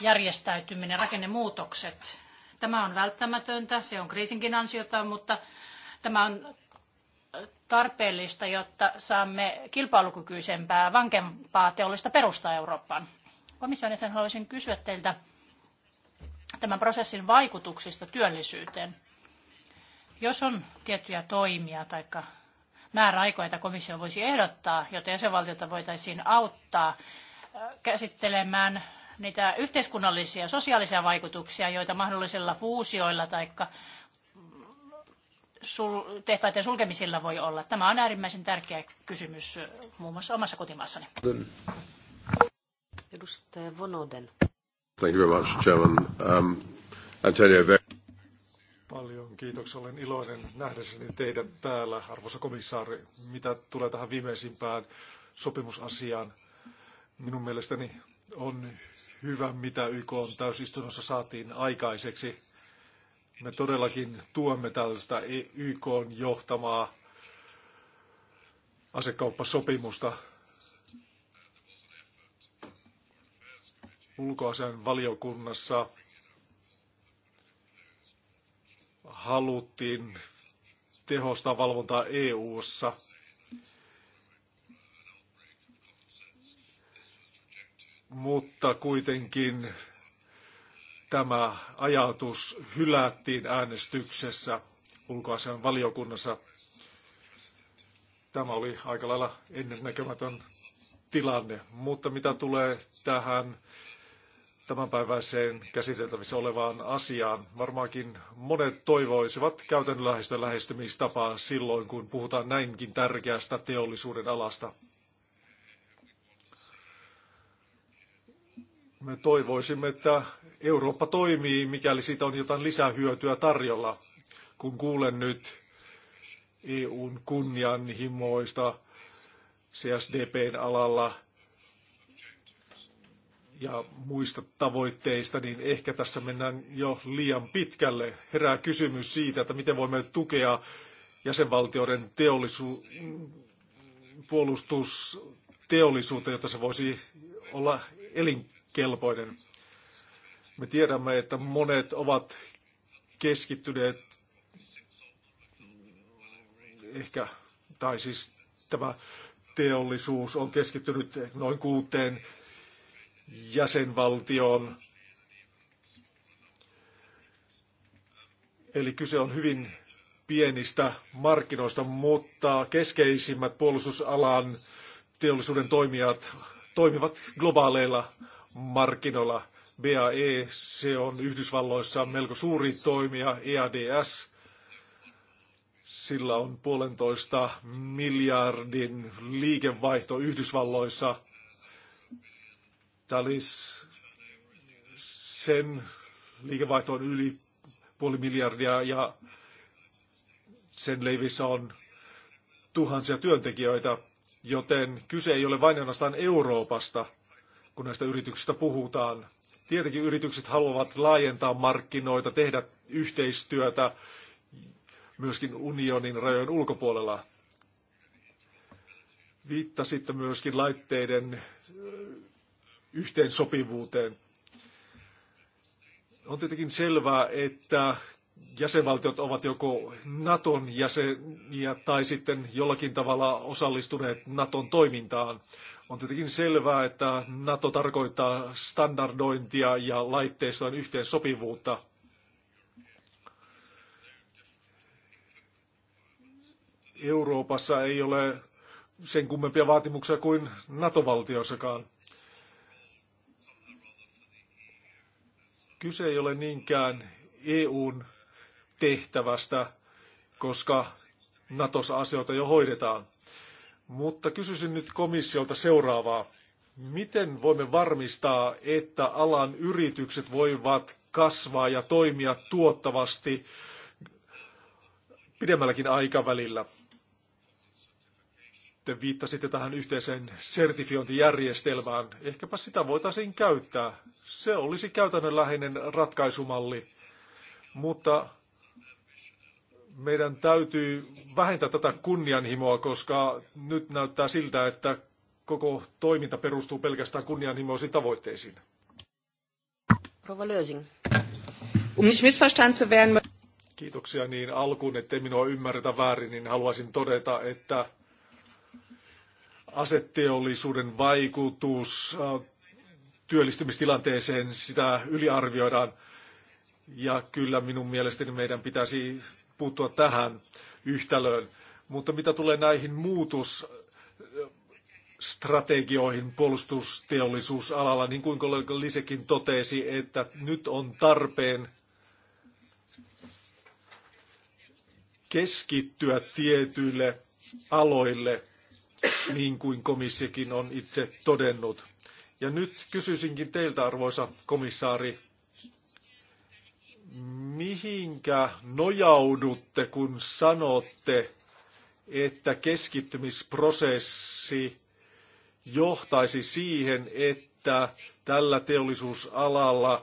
järjestäytyminen, rakennemuutokset. Tämä on välttämätöntä, se on kriisinkin ansiota, mutta tämä on tarpeellista, jotta saamme kilpailukykyisempää, vankempaa teollista perustaa Eurooppaan. Komission jäsen haluaisin kysyä teiltä tämän prosessin vaikutuksista työllisyyteen. Jos on tiettyjä toimia tai määräaikoja, joita komissio voisi ehdottaa, jotta jäsenvaltiota voitaisiin auttaa äh, käsittelemään niitä yhteiskunnallisia ja sosiaalisia vaikutuksia, joita mahdollisilla fuusioilla tai sul, tehtaiden sulkemisilla voi olla? Tämä on äärimmäisen tärkeä kysymys muun muassa omassa kotimaassani. Edustaja Vonoden. Thank you very much, Chairman. Um, Antonio Paljon kiitoksia. Olen iloinen nähdessäni teidän täällä, arvoisa komissaari. Mitä tulee tähän viimeisimpään sopimusasiaan, minun mielestäni on hyvä, mitä YK on täysistunnossa saatiin aikaiseksi me todellakin tuemme tällaista e- YK johtamaa asekauppasopimusta. Ulkoasian valiokunnassa haluttiin tehostaa valvontaa EU-ssa. Mutta kuitenkin tämä ajatus hylättiin äänestyksessä ulkoasian valiokunnassa. Tämä oli aika lailla ennennäkemätön tilanne, mutta mitä tulee tähän tämänpäiväiseen käsiteltävissä olevaan asiaan. Varmaankin monet toivoisivat käytännönläheistä lähestymistapaa silloin, kun puhutaan näinkin tärkeästä teollisuuden alasta. Me toivoisimme, että Eurooppa toimii, mikäli siitä on jotain lisähyötyä tarjolla. Kun kuulen nyt EUn kunnianhimoista CSDPn alalla ja muista tavoitteista, niin ehkä tässä mennään jo liian pitkälle. Herää kysymys siitä, että miten voimme tukea jäsenvaltioiden teollisu- puolustusteollisuutta, jotta se voisi olla elinkelpoinen. Me tiedämme, että monet ovat keskittyneet ehkä, tai siis tämä teollisuus on keskittynyt noin kuuteen jäsenvaltioon. Eli kyse on hyvin pienistä markkinoista, mutta keskeisimmät puolustusalan teollisuuden toimijat toimivat globaaleilla markkinoilla. BAE, se on Yhdysvalloissa melko suuri toimija, EADS, sillä on puolentoista miljardin liikevaihto Yhdysvalloissa. Talis, sen liikevaihto on yli puoli miljardia ja sen leivissä on tuhansia työntekijöitä, joten kyse ei ole vain ainoastaan Euroopasta, kun näistä yrityksistä puhutaan. Tietenkin yritykset haluavat laajentaa markkinoita, tehdä yhteistyötä myöskin unionin rajojen ulkopuolella. Viittasitte myöskin laitteiden yhteensopivuuteen. On tietenkin selvää, että jäsenvaltiot ovat joko Naton jäseniä tai sitten jollakin tavalla osallistuneet Naton toimintaan. On tietenkin selvää, että Nato tarkoittaa standardointia ja laitteistojen yhteensopivuutta. Euroopassa ei ole sen kummempia vaatimuksia kuin NATO-valtioissakaan. Kyse ei ole niinkään EUn tehtävästä, koska Natossa asioita jo hoidetaan. Mutta kysyisin nyt komissiolta seuraavaa. Miten voimme varmistaa, että alan yritykset voivat kasvaa ja toimia tuottavasti pidemmälläkin aikavälillä? Te viittasitte tähän yhteiseen sertifiointijärjestelmään. Ehkäpä sitä voitaisiin käyttää. Se olisi käytännönläheinen ratkaisumalli. Mutta meidän täytyy vähentää tätä kunnianhimoa, koska nyt näyttää siltä, että koko toiminta perustuu pelkästään kunnianhimoisiin tavoitteisiin. Lösing. Um nicht missverstanden zu werden. Kiitoksia niin alkuun, ettei minua ymmärretä väärin, niin haluaisin todeta, että asetteollisuuden vaikutus äh, työllistymistilanteeseen, sitä yliarvioidaan. Ja kyllä minun mielestäni meidän pitäisi puuttua tähän yhtälöön. Mutta mitä tulee näihin muutosstrategioihin puolustusteollisuusalalla, niin kuin kollega Lisekin totesi, että nyt on tarpeen keskittyä tietyille aloille, niin kuin komissiokin on itse todennut. Ja nyt kysyisinkin teiltä, arvoisa komissaari, mihinkä nojaudutte, kun sanotte, että keskittymisprosessi johtaisi siihen, että tällä teollisuusalalla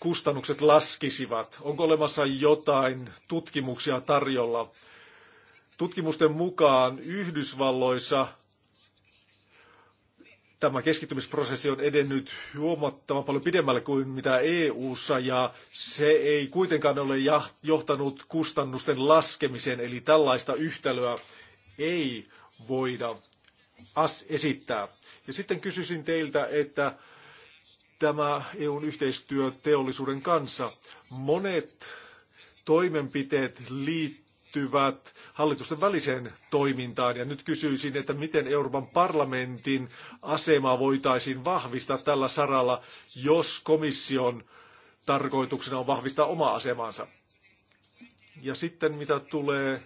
kustannukset laskisivat? Onko olemassa jotain tutkimuksia tarjolla? Tutkimusten mukaan Yhdysvalloissa tämä keskittymisprosessi on edennyt huomattavan paljon pidemmälle kuin mitä EU-ssa ja se ei kuitenkaan ole johtanut kustannusten laskemiseen, eli tällaista yhtälöä ei voida esittää. Ja sitten kysyisin teiltä, että tämä EUn yhteistyö teollisuuden kanssa, monet toimenpiteet liittyvät liittyvät hallitusten väliseen toimintaan. Ja nyt kysyisin, että miten Euroopan parlamentin asemaa voitaisiin vahvistaa tällä saralla, jos komission tarkoituksena on vahvistaa omaa asemansa. Ja sitten mitä tulee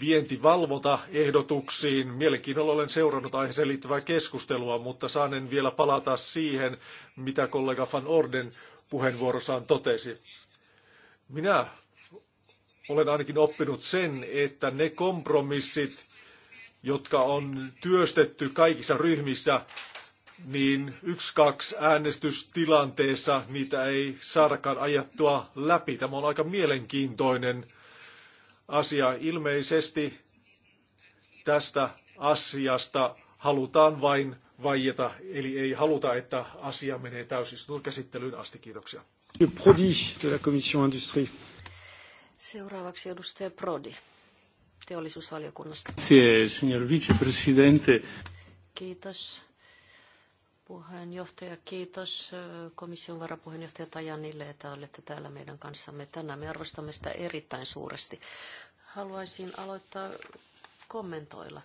vientivalvonta ehdotuksiin. Mielenkiinnolla olen seurannut aiheeseen liittyvää keskustelua, mutta saanen vielä palata siihen, mitä kollega Van Orden puheenvuorossaan totesi. Minä olen ainakin oppinut sen, että ne kompromissit, jotka on työstetty kaikissa ryhmissä, niin yksi kaksi äänestystilanteessa niitä ei saadakaan ajattua läpi. Tämä on aika mielenkiintoinen asia. Ilmeisesti tästä asiasta halutaan vain vaieta, eli ei haluta, että asia menee täysistunnon käsittelyyn asti. Kiitoksia. de la Commission Industrie. Seuraavaksi edustaja Prodi teollisuusvaliokunnasta. signor vicepresidente. Kiitos puheenjohtaja. Kiitos komission varapuheenjohtaja Tajanille, että olette täällä meidän kanssamme tänään. Me arvostamme sitä erittäin suuresti. Haluaisin aloittaa kommentoilla.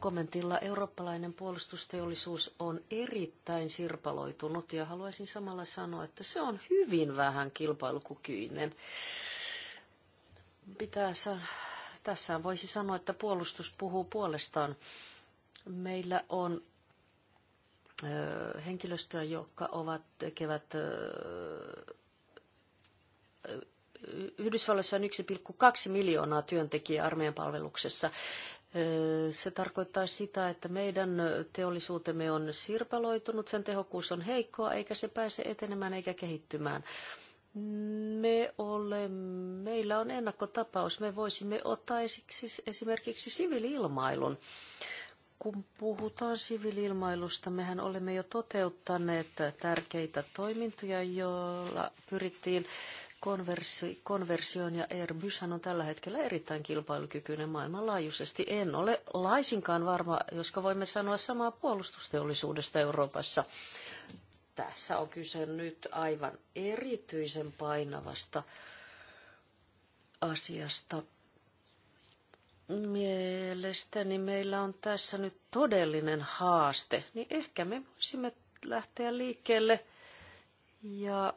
Kommentilla eurooppalainen puolustusteollisuus on erittäin sirpaloitunut ja haluaisin samalla sanoa, että se on hyvin vähän kilpailukykyinen Pitää sa- tässä voisi sanoa, että puolustus puhuu puolestaan. Meillä on henkilöstöä, jotka ovat, tekevät Yhdysvalloissa on 1,2 miljoonaa työntekijää armeijan palveluksessa. Se tarkoittaa sitä, että meidän teollisuutemme on sirpaloitunut, sen tehokkuus on heikkoa, eikä se pääse etenemään eikä kehittymään. Me olemme, meillä on ennakkotapaus. Me voisimme ottaa esimerkiksi siviliilmailun. Kun puhutaan siviliilmailusta, mehän olemme jo toteuttaneet tärkeitä toimintoja, joilla pyrittiin konversi, konversioon ja Airbus on tällä hetkellä erittäin kilpailukykyinen maailmanlaajuisesti. En ole laisinkaan varma, josko voimme sanoa samaa puolustusteollisuudesta Euroopassa tässä on kyse nyt aivan erityisen painavasta asiasta. Mielestäni meillä on tässä nyt todellinen haaste, niin ehkä me voisimme lähteä liikkeelle ja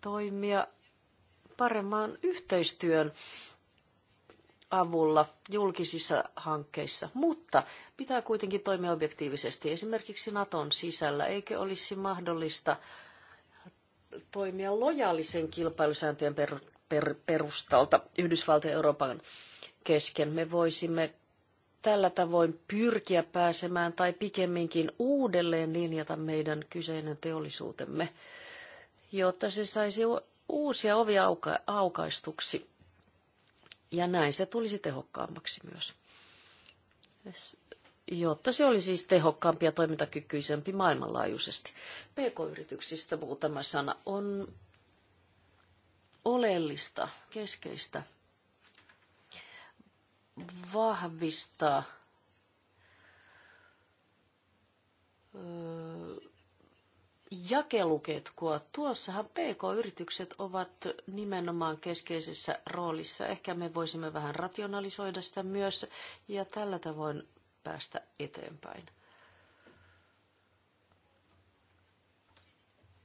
toimia paremman yhteistyön avulla julkisissa hankkeissa, mutta pitää kuitenkin toimia objektiivisesti. Esimerkiksi Naton sisällä eikö olisi mahdollista toimia lojaalisen kilpailusääntöjen per, per, perustalta Yhdysvaltojen ja Euroopan kesken. Me voisimme tällä tavoin pyrkiä pääsemään tai pikemminkin uudelleen linjata meidän kyseinen teollisuutemme, jotta se saisi uusia ovia auka- aukaistuksi ja näin se tulisi tehokkaammaksi myös. Jotta se olisi siis tehokkaampi ja toimintakykyisempi maailmanlaajuisesti. PK-yrityksistä muutama sana on oleellista, keskeistä vahvistaa jakeluketkua. Tuossahan PK-yritykset ovat nimenomaan keskeisessä roolissa. Ehkä me voisimme vähän rationalisoida sitä myös ja tällä tavoin päästä eteenpäin.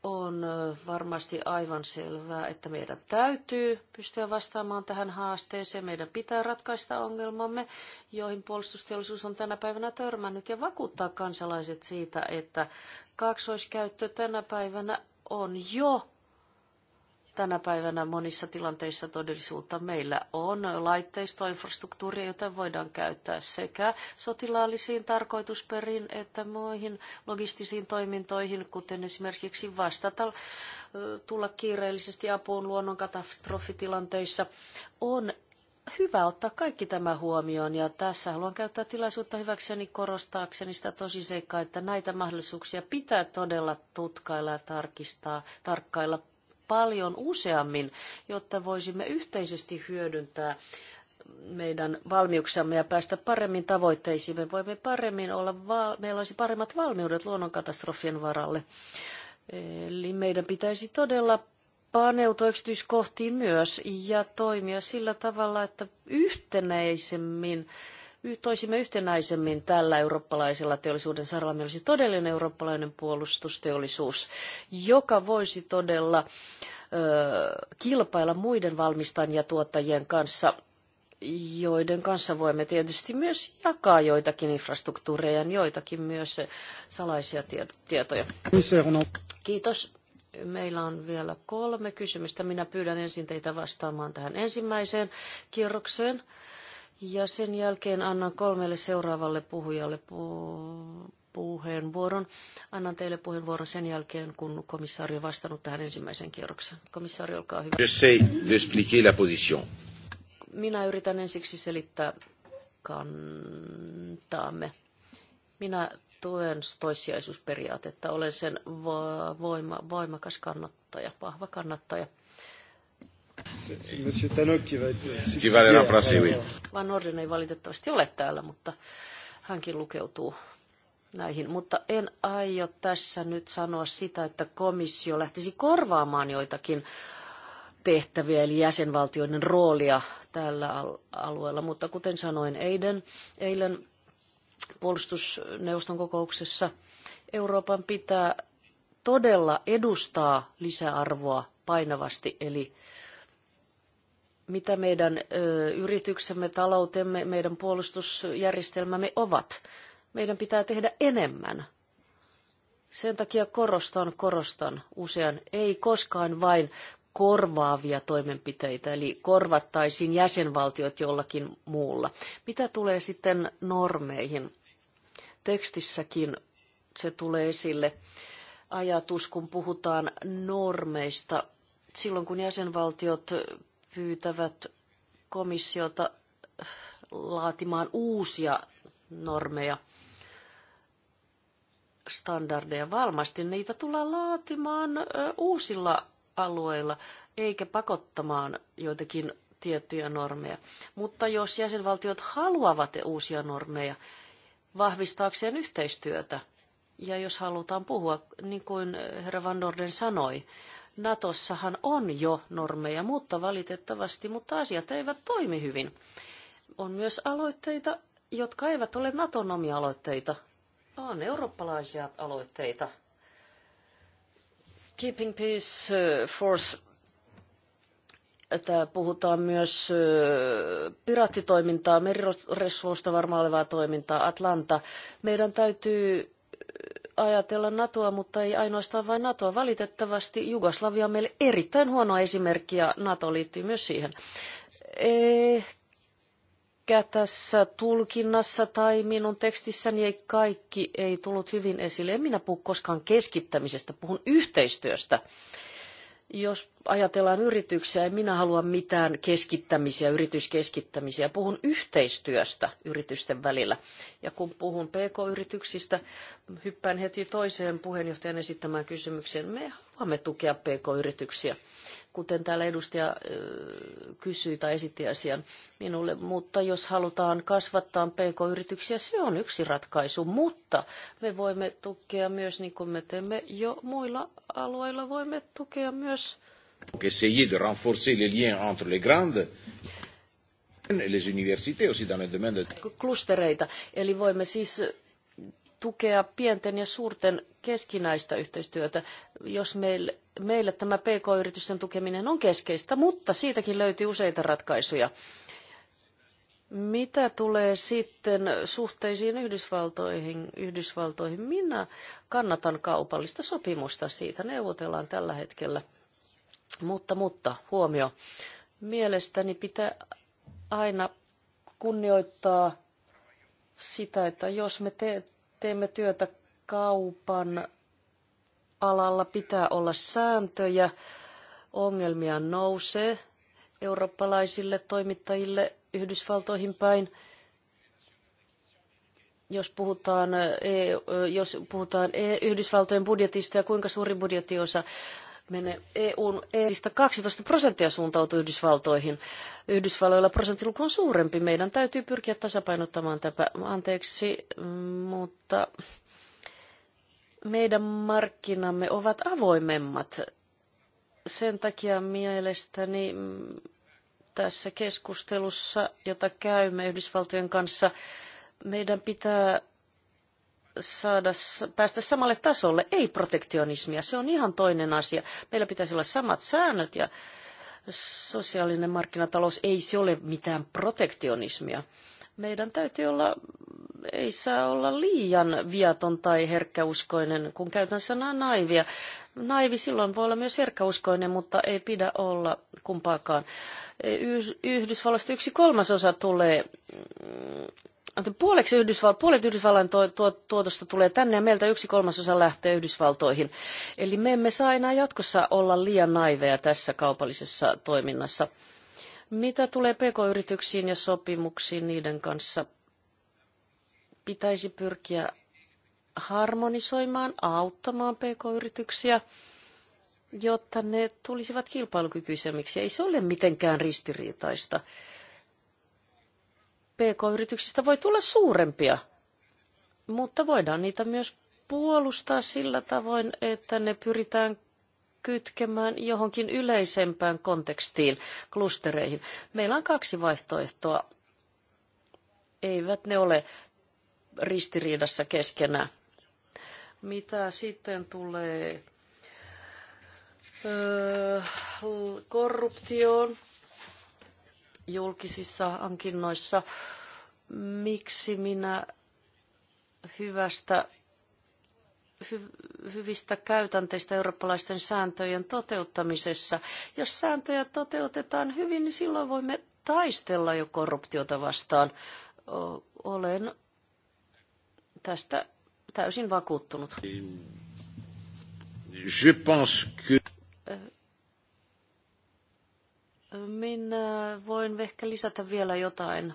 on varmasti aivan selvää, että meidän täytyy pystyä vastaamaan tähän haasteeseen. Meidän pitää ratkaista ongelmamme, joihin puolustusteollisuus on tänä päivänä törmännyt, ja vakuuttaa kansalaiset siitä, että kaksoiskäyttö tänä päivänä on jo tänä päivänä monissa tilanteissa todellisuutta. Meillä on laitteistoinfrastruktuuria, infrastruktuuria, jota voidaan käyttää sekä sotilaallisiin tarkoitusperiin että muihin logistisiin toimintoihin, kuten esimerkiksi vastata tulla kiireellisesti apuun luonnonkatastrofitilanteissa. On hyvä ottaa kaikki tämä huomioon ja tässä haluan käyttää tilaisuutta hyväkseni korostaakseni sitä seikkaa, että näitä mahdollisuuksia pitää todella tutkailla ja tarkistaa, tarkkailla paljon useammin, jotta voisimme yhteisesti hyödyntää meidän valmiuksiamme ja päästä paremmin tavoitteisiimme. Voimme paremmin olla, meillä olisi paremmat valmiudet luonnonkatastrofien varalle. Eli meidän pitäisi todella paneutua yksityiskohtiin myös ja toimia sillä tavalla, että yhtenäisemmin toisimme yhtenäisemmin tällä eurooppalaisella teollisuuden saralla. Meillä olisi todellinen eurooppalainen puolustusteollisuus, joka voisi todella kilpailla muiden valmistajien ja tuottajien kanssa joiden kanssa voimme tietysti myös jakaa joitakin infrastruktuureja ja joitakin myös salaisia tietoja. Kiitos. Meillä on vielä kolme kysymystä. Minä pyydän ensin teitä vastaamaan tähän ensimmäiseen kierrokseen. Ja sen jälkeen annan kolmelle seuraavalle puhujalle pu- puheenvuoron. Annan teille puheenvuoron sen jälkeen, kun komissaari on vastannut tähän ensimmäiseen kierrokseen. Komissaari, olkaa hyvä. Je sais la position. Minä yritän ensiksi selittää kantaamme. Minä tuen toissijaisuusperiaatetta. Olen sen voima, voimakas kannattaja, vahva kannattaja – Monsieur Tanok, qui va être... Van Orden ei valitettavasti ole täällä, mutta hänkin lukeutuu näihin, mutta en aio tässä nyt sanoa sitä, että komissio lähtisi korvaamaan joitakin tehtäviä eli jäsenvaltioiden roolia tällä alueella, mutta kuten sanoin eilen, eilen puolustusneuvoston kokouksessa, Euroopan pitää todella edustaa lisäarvoa painavasti, eli mitä meidän yrityksemme, taloutemme, meidän puolustusjärjestelmämme ovat. Meidän pitää tehdä enemmän. Sen takia korostan, korostan usean, ei koskaan vain korvaavia toimenpiteitä, eli korvattaisiin jäsenvaltiot jollakin muulla. Mitä tulee sitten normeihin? Tekstissäkin se tulee esille ajatus, kun puhutaan normeista. Silloin kun jäsenvaltiot pyytävät komissiota äh, laatimaan uusia normeja, standardeja. Varmasti niitä tullaan laatimaan äh, uusilla alueilla, eikä pakottamaan joitakin tiettyjä normeja. Mutta jos jäsenvaltiot haluavat uusia normeja vahvistaakseen yhteistyötä, ja jos halutaan puhua, niin kuin herra Van Norden sanoi, Natossahan on jo normeja, mutta valitettavasti, mutta asiat eivät toimi hyvin. On myös aloitteita, jotka eivät ole Naton omia aloitteita, vaan eurooppalaisia aloitteita. Keeping Peace eh, Force että puhutaan myös eh, piraattitoimintaa, meriresuosta varmaan olevaa toimintaa, Atlanta. Meidän täytyy ajatella NATOa, mutta ei ainoastaan vain NATOa. Valitettavasti Jugoslavia on meille erittäin huono esimerkki ja NATO liittyy myös siihen. Ehkä tässä tulkinnassa tai minun tekstissäni ei kaikki ei tullut hyvin esille. En minä puhu koskaan keskittämisestä, puhun yhteistyöstä jos ajatellaan yrityksiä, en minä halua mitään keskittämisiä, yrityskeskittämisiä. Puhun yhteistyöstä yritysten välillä. Ja kun puhun PK-yrityksistä, hyppään heti toiseen puheenjohtajan esittämään kysymykseen. Me haluamme tukea PK-yrityksiä. Kuten täällä edustaja kysyi tai esitti asian minulle, mutta jos halutaan kasvattaa PK-yrityksiä, se on yksi ratkaisu, mutta me voimme tukea myös, niin kuin me teemme jo muilla alueilla, voimme tukea myös essayer de renforcer les liens entre les grandes les universités aussi dans le domaine de... Klustereita, eli voimme siis tukea pienten ja suurten keskinäistä yhteistyötä, jos meille, tämä PK-yritysten tukeminen on keskeistä, mutta siitäkin löytyy useita ratkaisuja. Mitä tulee sitten suhteisiin Yhdysvaltoihin, Yhdysvaltoihin, minä kannatan kaupallista sopimusta, siitä neuvotellaan tällä hetkellä. Mutta, mutta, huomio. Mielestäni pitää aina kunnioittaa sitä, että jos me te- teemme työtä kaupan alalla, pitää olla sääntöjä. Ongelmia nousee eurooppalaisille toimittajille Yhdysvaltoihin päin jos puhutaan, e- jos puhutaan e- Yhdysvaltojen budjetista ja kuinka suuri budjettiosa menee EUn edistä 12 prosenttia suuntautuu Yhdysvaltoihin. Yhdysvalloilla prosenttiluku on suurempi. Meidän täytyy pyrkiä tasapainottamaan tämä. Anteeksi, mm, mutta meidän markkinamme ovat avoimemmat. Sen takia mielestäni mm, tässä keskustelussa, jota käymme Yhdysvaltojen kanssa, meidän pitää saada, päästä samalle tasolle, ei protektionismia, se on ihan toinen asia. Meillä pitäisi olla samat säännöt ja sosiaalinen markkinatalous ei se ole mitään protektionismia. Meidän täytyy olla, ei saa olla liian viaton tai herkkäuskoinen, kun käytän sanaa naivia. Naivi silloin voi olla myös herkkäuskoinen, mutta ei pidä olla kumpaakaan. Yhdysvalloista yksi kolmasosa tulee mm, Puoleksi Yhdysval- puolet Yhdysvallan to- to- tuotosta tulee tänne ja meiltä yksi kolmasosa lähtee Yhdysvaltoihin. Eli me emme saa enää jatkossa olla liian naiveja tässä kaupallisessa toiminnassa. Mitä tulee pk-yrityksiin ja sopimuksiin niiden kanssa? Pitäisi pyrkiä harmonisoimaan, auttamaan pk-yrityksiä, jotta ne tulisivat kilpailukykyisemmiksi. Ei se ole mitenkään ristiriitaista. PK-yrityksistä voi tulla suurempia, mutta voidaan niitä myös puolustaa sillä tavoin, että ne pyritään kytkemään johonkin yleisempään kontekstiin, klustereihin. Meillä on kaksi vaihtoehtoa. Eivät ne ole ristiriidassa keskenään. Mitä sitten tulee korruptioon, julkisissa hankinnoissa. Miksi minä hyvästä, hy, hyvistä käytänteistä eurooppalaisten sääntöjen toteuttamisessa? Jos sääntöjä toteutetaan hyvin, niin silloin voimme taistella jo korruptiota vastaan. Olen tästä täysin vakuuttunut. Je pense que eh, minä voin ehkä lisätä vielä jotain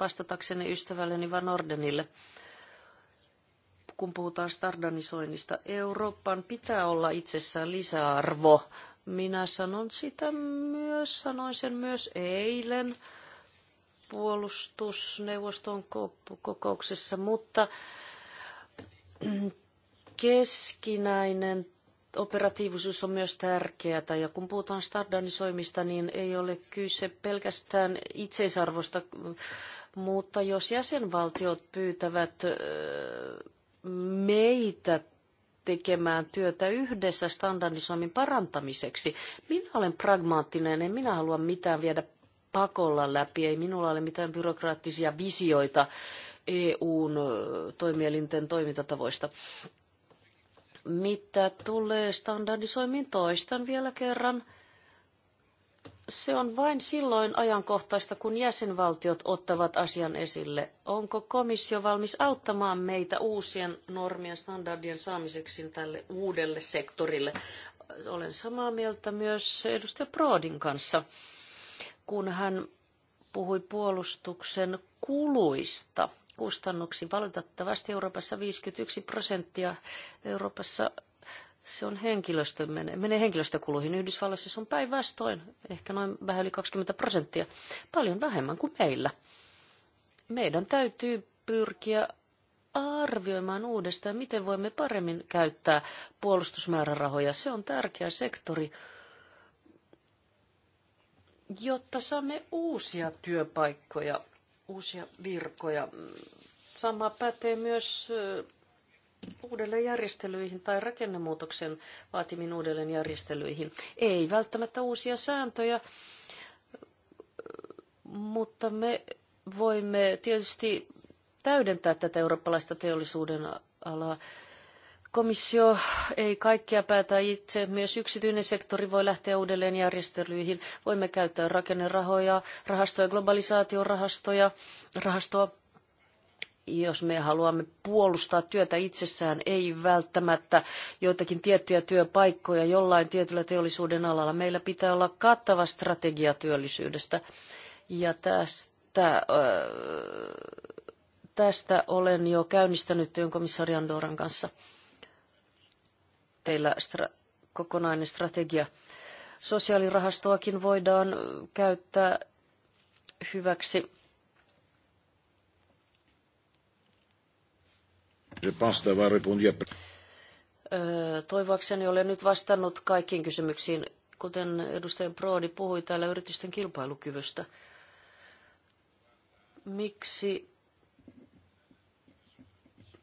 vastatakseni ystävälleni Van Ordenille. Kun puhutaan stardanisoinnista, Euroopan pitää olla itsessään lisäarvo. Minä sanon sitä myös, sanoin sen myös eilen puolustusneuvoston kokouksessa, mutta keskinäinen operatiivisuus on myös tärkeää ja kun puhutaan standardisoimista, niin ei ole kyse pelkästään itseisarvosta, mutta jos jäsenvaltiot pyytävät meitä tekemään työtä yhdessä standardisoinnin parantamiseksi. Minä olen pragmaattinen, en minä halua mitään viedä pakolla läpi, ei minulla ole mitään byrokraattisia visioita EUn toimielinten toimintatavoista. Mitä tulee standardisoimiin, toistan vielä kerran. Se on vain silloin ajankohtaista, kun jäsenvaltiot ottavat asian esille. Onko komissio valmis auttamaan meitä uusien normien standardien saamiseksi tälle uudelle sektorille? Olen samaa mieltä myös edustaja Proodin kanssa, kun hän puhui puolustuksen kuluista – kustannuksiin. Valitettavasti Euroopassa 51 prosenttia Euroopassa se on henkilöstö, menee, menee henkilöstökuluihin. Yhdysvalloissa se on päinvastoin, ehkä noin vähän yli 20 prosenttia, paljon vähemmän kuin meillä. Meidän täytyy pyrkiä arvioimaan uudestaan, miten voimme paremmin käyttää puolustusmäärärahoja. Se on tärkeä sektori, jotta saamme uusia työpaikkoja uusia virkoja. Sama pätee myös uudelleenjärjestelyihin tai rakennemuutoksen vaatimin uudelleenjärjestelyihin. Ei välttämättä uusia sääntöjä, mutta me voimme tietysti täydentää tätä eurooppalaista teollisuuden alaa Komissio ei kaikkea päätä itse. Myös yksityinen sektori voi lähteä uudelleen järjestelyihin. Voimme käyttää rakennerahoja, rahastoja, globalisaatiorahastoja, rahastoa, jos me haluamme puolustaa työtä itsessään, ei välttämättä joitakin tiettyjä työpaikkoja jollain tietyllä teollisuuden alalla. Meillä pitää olla kattava strategia työllisyydestä. Ja tästä, tästä olen jo käynnistänyt työn komissaari Andoran kanssa – teillä stra- kokonainen strategia. Sosiaalirahastoakin voidaan käyttää hyväksi. Je Toivoakseni olen nyt vastannut kaikkiin kysymyksiin, kuten edustaja Broodi puhui täällä yritysten kilpailukyvystä. Miksi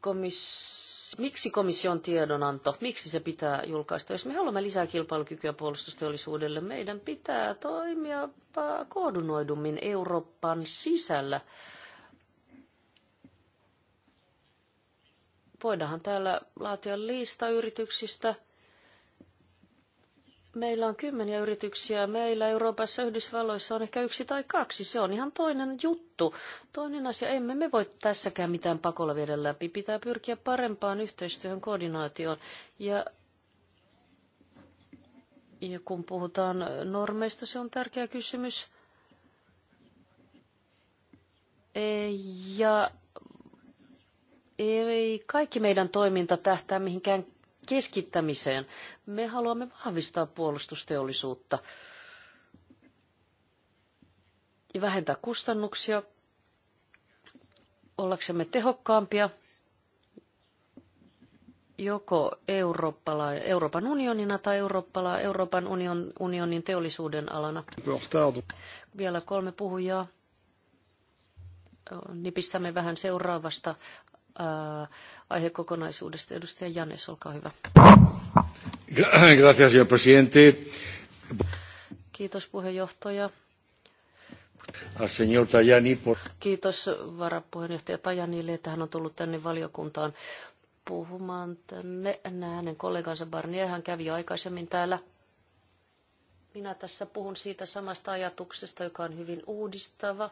komis, miksi komission tiedonanto, miksi se pitää julkaista? Jos me haluamme lisää kilpailukykyä puolustusteollisuudelle, meidän pitää toimia koordinoidummin Euroopan sisällä. Voidaanhan täällä laatia lista yrityksistä – Meillä on kymmeniä yrityksiä. Meillä Euroopassa Yhdysvalloissa on ehkä yksi tai kaksi. Se on ihan toinen juttu. Toinen asia, emme me voi tässäkään mitään pakolla viedä läpi. Pitää pyrkiä parempaan yhteistyön koordinaatioon. Ja ja kun puhutaan normeista, se on tärkeä kysymys. E, ja ei kaikki meidän toiminta tähtää mihinkään keskittämiseen. Me haluamme vahvistaa puolustusteollisuutta ja vähentää kustannuksia, ollaksemme tehokkaampia joko Eurooppala, Euroopan unionina tai Eurooppala, Euroopan union, unionin teollisuuden alana. Vielä kolme puhujaa. Nipistämme vähän seuraavasta Äh, aihekokonaisuudesta. Edustaja Jannes, olkaa hyvä. Gracias, señor presidente. Kiitos puheenjohtaja. Kiitos varapuheenjohtaja Tajanille, että hän on tullut tänne valiokuntaan puhumaan tänne. Hänen kollegansa Barnier, hän kävi jo aikaisemmin täällä. Minä tässä puhun siitä samasta ajatuksesta, joka on hyvin uudistava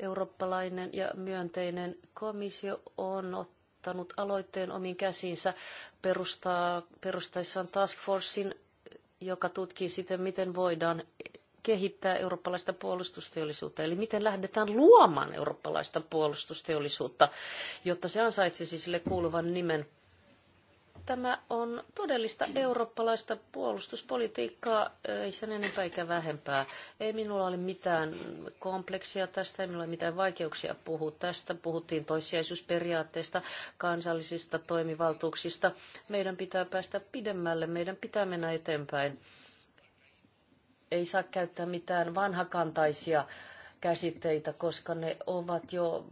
eurooppalainen ja myönteinen komissio on ottanut aloitteen omiin käsiinsä perustaa, perustaessaan Task Forcein, joka tutkii sitten, miten voidaan kehittää eurooppalaista puolustusteollisuutta, eli miten lähdetään luomaan eurooppalaista puolustusteollisuutta, jotta se ansaitsisi sille kuuluvan nimen – Tämä on todellista eurooppalaista puolustuspolitiikkaa, ei sen enempää eikä vähempää. Ei minulla ole mitään kompleksia tästä, ei minulla ole mitään vaikeuksia puhua tästä. Puhuttiin toissijaisuusperiaatteesta, kansallisista toimivaltuuksista. Meidän pitää päästä pidemmälle, meidän pitää mennä eteenpäin. Ei saa käyttää mitään vanhakantaisia käsitteitä, koska ne ovat jo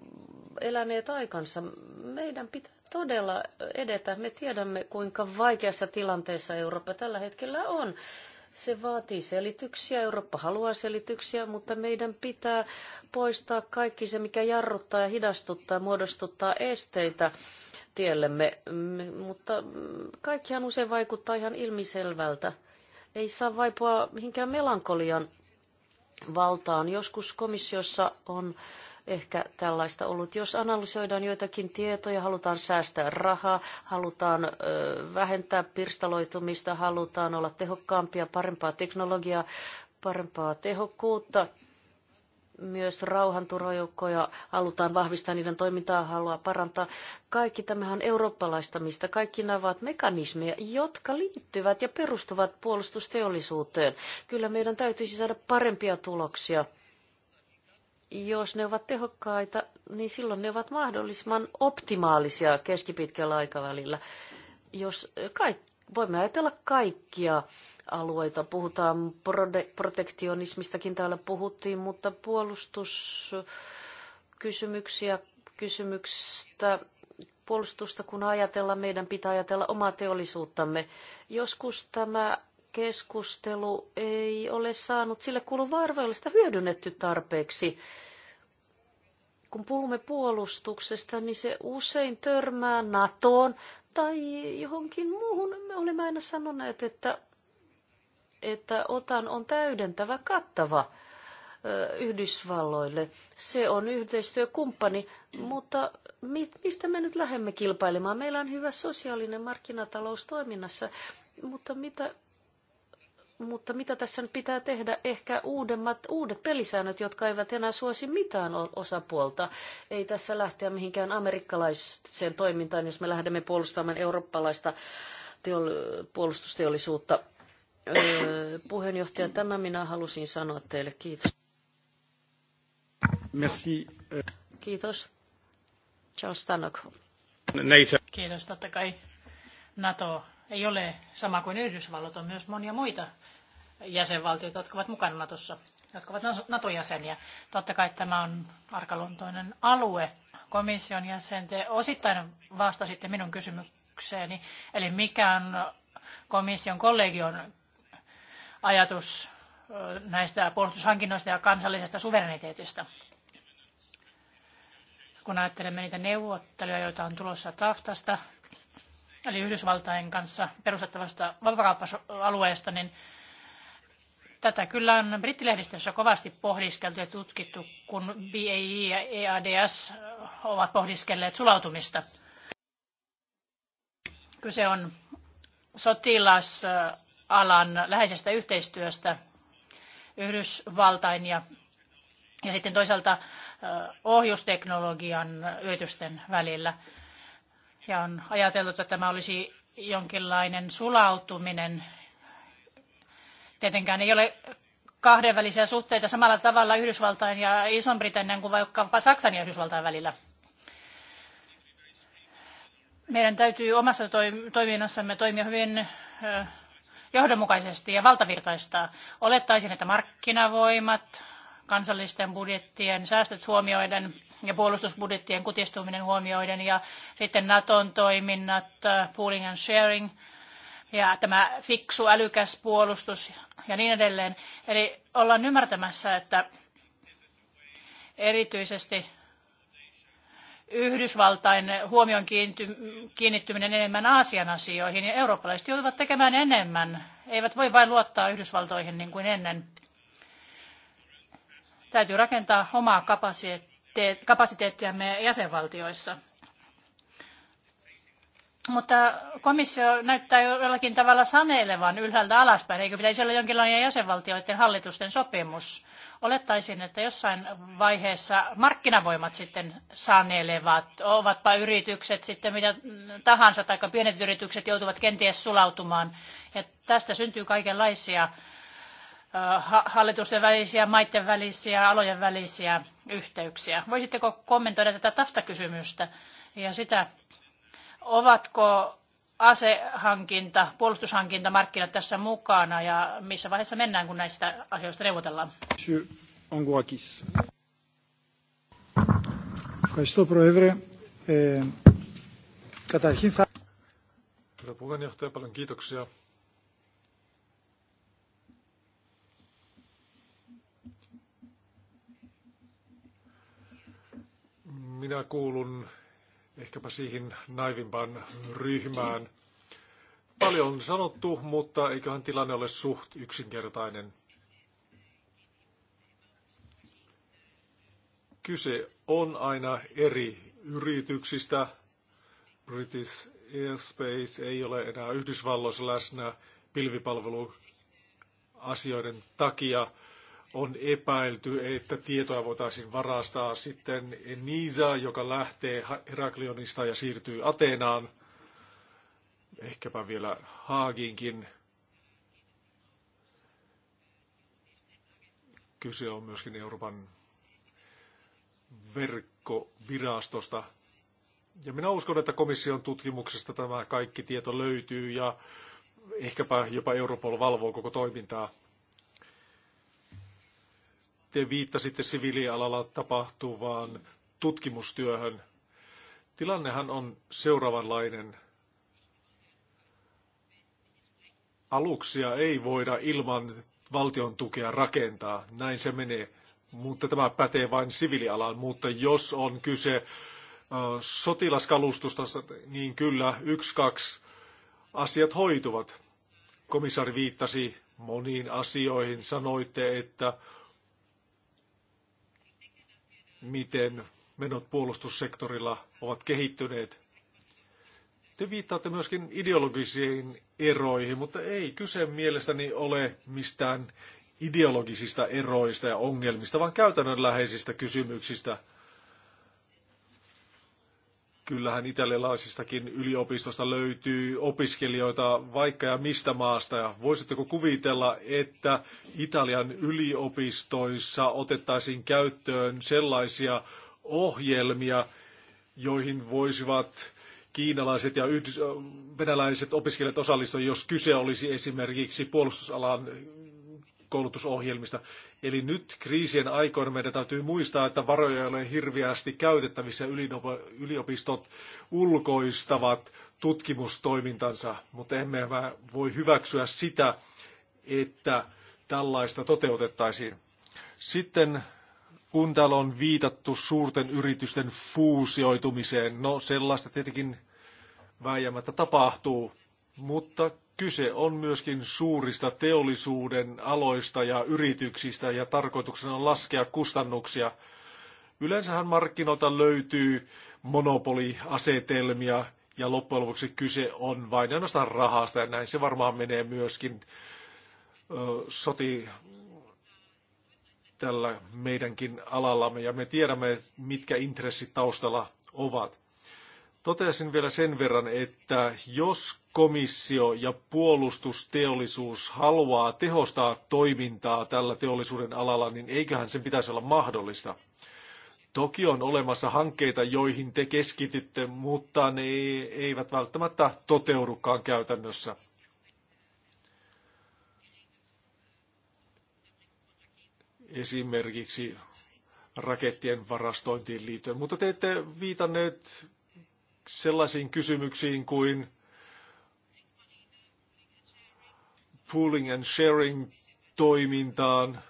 eläneet aikansa. Meidän pitää todella edetä. Me tiedämme, kuinka vaikeassa tilanteessa Eurooppa tällä hetkellä on. Se vaatii selityksiä, Eurooppa haluaa selityksiä, mutta meidän pitää poistaa kaikki se, mikä jarruttaa ja hidastuttaa, muodostuttaa esteitä tiellemme. Mutta kaikkihan usein vaikuttaa ihan ilmiselvältä. Ei saa vaipua mihinkään melankolian valtaan. Joskus komissiossa on ehkä tällaista ollut. Jos analysoidaan joitakin tietoja, halutaan säästää rahaa, halutaan vähentää pirstaloitumista, halutaan olla tehokkaampia, parempaa teknologiaa, parempaa tehokkuutta, myös rauhanturvajoukkoja halutaan vahvistaa, niiden toimintaa haluaa parantaa. Kaikki tämähän on eurooppalaistamista. Kaikki nämä ovat mekanismeja, jotka liittyvät ja perustuvat puolustusteollisuuteen. Kyllä meidän täytyisi saada parempia tuloksia. Jos ne ovat tehokkaita, niin silloin ne ovat mahdollisimman optimaalisia keskipitkällä aikavälillä. Jos kaikki voimme ajatella kaikkia alueita. Puhutaan protektionismistakin täällä puhuttiin, mutta puolustuskysymyksiä, kysymystä puolustusta, kun ajatellaan, meidän pitää ajatella omaa teollisuuttamme. Joskus tämä keskustelu ei ole saanut sille kuuluvaa arvoillista hyödynnetty tarpeeksi. Kun puhumme puolustuksesta, niin se usein törmää NATOon tai johonkin muuhun. Me olemme aina sanoneet, että, että otan on täydentävä, kattava Yhdysvalloille. Se on yhteistyökumppani, mutta mistä me nyt lähdemme kilpailemaan? Meillä on hyvä sosiaalinen markkinatalous toiminnassa, mutta mitä, mutta mitä tässä nyt pitää tehdä? Ehkä uudemmat, uudet pelisäännöt, jotka eivät enää suosi mitään osapuolta. Ei tässä lähteä mihinkään amerikkalaiseen toimintaan, jos me lähdemme puolustamaan eurooppalaista teol- puolustusteollisuutta. Öö, puheenjohtaja, tämä minä halusin sanoa teille. Kiitos. Merci. Kiitos. Charles Tannock. NATO. Kiitos. Totta kai NATO ei ole sama kuin Yhdysvallat, on myös monia muita jäsenvaltioita, jotka ovat mukana Natossa, jotka ovat NATO-jäseniä. Totta kai tämä on arkaluontoinen alue. Komission jäsen, te osittain vastasitte minun kysymykseeni, eli mikä on komission kollegion ajatus näistä puolustushankinnoista ja kansallisesta suvereniteetista. Kun ajattelemme niitä neuvotteluja, joita on tulossa Taftasta, eli Yhdysvaltain kanssa perustettavasta vapaakauppa-alueesta, niin tätä kyllä on brittilehdistössä kovasti pohdiskeltu ja tutkittu, kun BAE ja EADS ovat pohdiskelleet sulautumista. Kyse on sotilasalan läheisestä yhteistyöstä Yhdysvaltain ja, ja sitten toisaalta ohjusteknologian yritysten välillä. Ja on ajateltu, että tämä olisi jonkinlainen sulautuminen. Tietenkään ei ole kahdenvälisiä suhteita samalla tavalla Yhdysvaltain ja iso britannian kuin vaikkapa Saksan ja Yhdysvaltain välillä. Meidän täytyy omassa toiminnassamme toimia hyvin johdonmukaisesti ja valtavirtaistaa. Olettaisin, että markkinavoimat, kansallisten budjettien säästöt huomioiden ja puolustusbudjettien kutistuminen huomioiden ja sitten Naton toiminnat, äh, pooling and sharing ja tämä fiksu, älykäs puolustus ja niin edelleen. Eli ollaan ymmärtämässä, että erityisesti Yhdysvaltain huomion kiinnittyminen enemmän Aasian asioihin ja eurooppalaiset joutuvat tekemään enemmän. Eivät voi vain luottaa Yhdysvaltoihin niin kuin ennen. Täytyy rakentaa omaa kapasiteettia kapasiteettiamme jäsenvaltioissa. Mutta komissio näyttää jollakin tavalla sanelevan ylhäältä alaspäin, eikö pitäisi olla jonkinlainen jäsenvaltioiden hallitusten sopimus? Olettaisin, että jossain vaiheessa markkinavoimat sitten sanelevat, ovatpa yritykset sitten mitä tahansa, tai pienet yritykset joutuvat kenties sulautumaan. Ja tästä syntyy kaikenlaisia hallitusten välisiä, maiden välisiä, alojen välisiä yhteyksiä. Voisitteko kommentoida tätä tafta-kysymystä ja sitä, ovatko asehankinta, puolustushankintamarkkinat tässä mukana ja missä vaiheessa mennään, kun näistä asioista neuvotellaan? Herra puheenjohtaja, paljon kiitoksia. minä kuulun ehkäpä siihen naivimpaan ryhmään. Paljon on sanottu, mutta eiköhän tilanne ole suht yksinkertainen. Kyse on aina eri yrityksistä. British Airspace ei ole enää Yhdysvalloissa läsnä pilvipalveluasioiden takia on epäilty, että tietoa voitaisiin varastaa sitten Niisa, joka lähtee Heraklionista ja siirtyy Ateenaan, ehkäpä vielä Haaginkin. Kyse on myöskin Euroopan verkkovirastosta. Ja minä uskon, että komission tutkimuksesta tämä kaikki tieto löytyy ja ehkäpä jopa Europol valvoo koko toimintaa. Te viittasitte siviilialalla tapahtuvaan tutkimustyöhön. Tilannehan on seuraavanlainen. Aluksia ei voida ilman valtion tukea rakentaa, näin se menee, mutta tämä pätee vain siviilialaan. Mutta jos on kyse sotilaskalustusta, niin kyllä yksi, kaksi asiat hoituvat. Komissaari viittasi moniin asioihin. Sanoitte, että miten menot puolustussektorilla ovat kehittyneet. Te viittaatte myöskin ideologisiin eroihin, mutta ei kyse mielestäni ole mistään ideologisista eroista ja ongelmista, vaan käytännönläheisistä kysymyksistä – kyllähän italialaisistakin yliopistosta löytyy opiskelijoita vaikka ja mistä maasta. Ja voisitteko kuvitella, että Italian yliopistoissa otettaisiin käyttöön sellaisia ohjelmia, joihin voisivat kiinalaiset ja yhdys- venäläiset opiskelijat osallistua, jos kyse olisi esimerkiksi puolustusalan koulutusohjelmista. Eli nyt kriisien aikoina meidän täytyy muistaa, että varoja ei ole hirveästi käytettävissä. Yliopistot ulkoistavat tutkimustoimintansa, mutta emme voi hyväksyä sitä, että tällaista toteutettaisiin. Sitten kun täällä on viitattu suurten yritysten fuusioitumiseen, no sellaista tietenkin väijämättä tapahtuu, mutta Kyse on myöskin suurista teollisuuden aloista ja yrityksistä ja tarkoituksena on laskea kustannuksia. Yleensähän markkinoilta löytyy monopoliasetelmia ja loppujen lopuksi kyse on vain ainoastaan rahasta ja näin se varmaan menee myöskin soti tällä meidänkin alallamme ja me tiedämme, mitkä intressit taustalla ovat. Toteasin vielä sen verran, että jos komissio ja puolustusteollisuus haluaa tehostaa toimintaa tällä teollisuuden alalla, niin eiköhän sen pitäisi olla mahdollista. Toki on olemassa hankkeita, joihin te keskitytte, mutta ne eivät välttämättä toteudukaan käytännössä. Esimerkiksi rakettien varastointiin liittyen, mutta te ette viitanneet sellaisiin kysymyksiin kuin pooling and sharing toimintaan.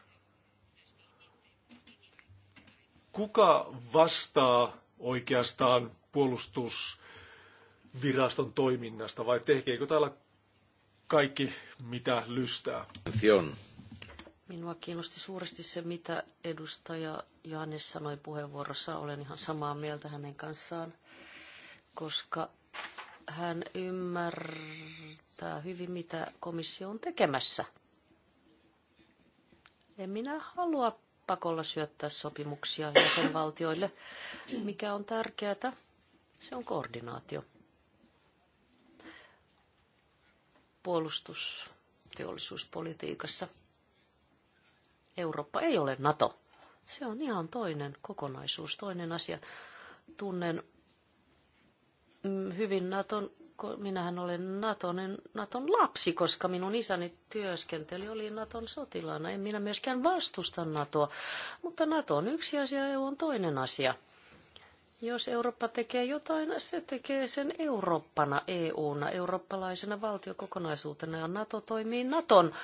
Kuka vastaa oikeastaan puolustusviraston toiminnasta vai tekeekö täällä kaikki mitä lystää? Minua kiinnosti suuresti se, mitä edustaja Johannes sanoi puheenvuorossa. Olen ihan samaa mieltä hänen kanssaan koska hän ymmärtää hyvin, mitä komissio on tekemässä. En minä halua pakolla syöttää sopimuksia jäsenvaltioille. Mikä on tärkeää, se on koordinaatio. Puolustusteollisuuspolitiikassa Eurooppa ei ole NATO. Se on ihan toinen kokonaisuus, toinen asia. Tunnen Mm, hyvin Naton, minähän olen Naton, Naton lapsi, koska minun isäni työskenteli oli Naton sotilaana. En minä myöskään vastusta Natoa, mutta Nato on yksi asia ja EU on toinen asia. Jos Eurooppa tekee jotain, se tekee sen Eurooppana, EUna, eurooppalaisena valtiokokonaisuutena ja Nato toimii Naton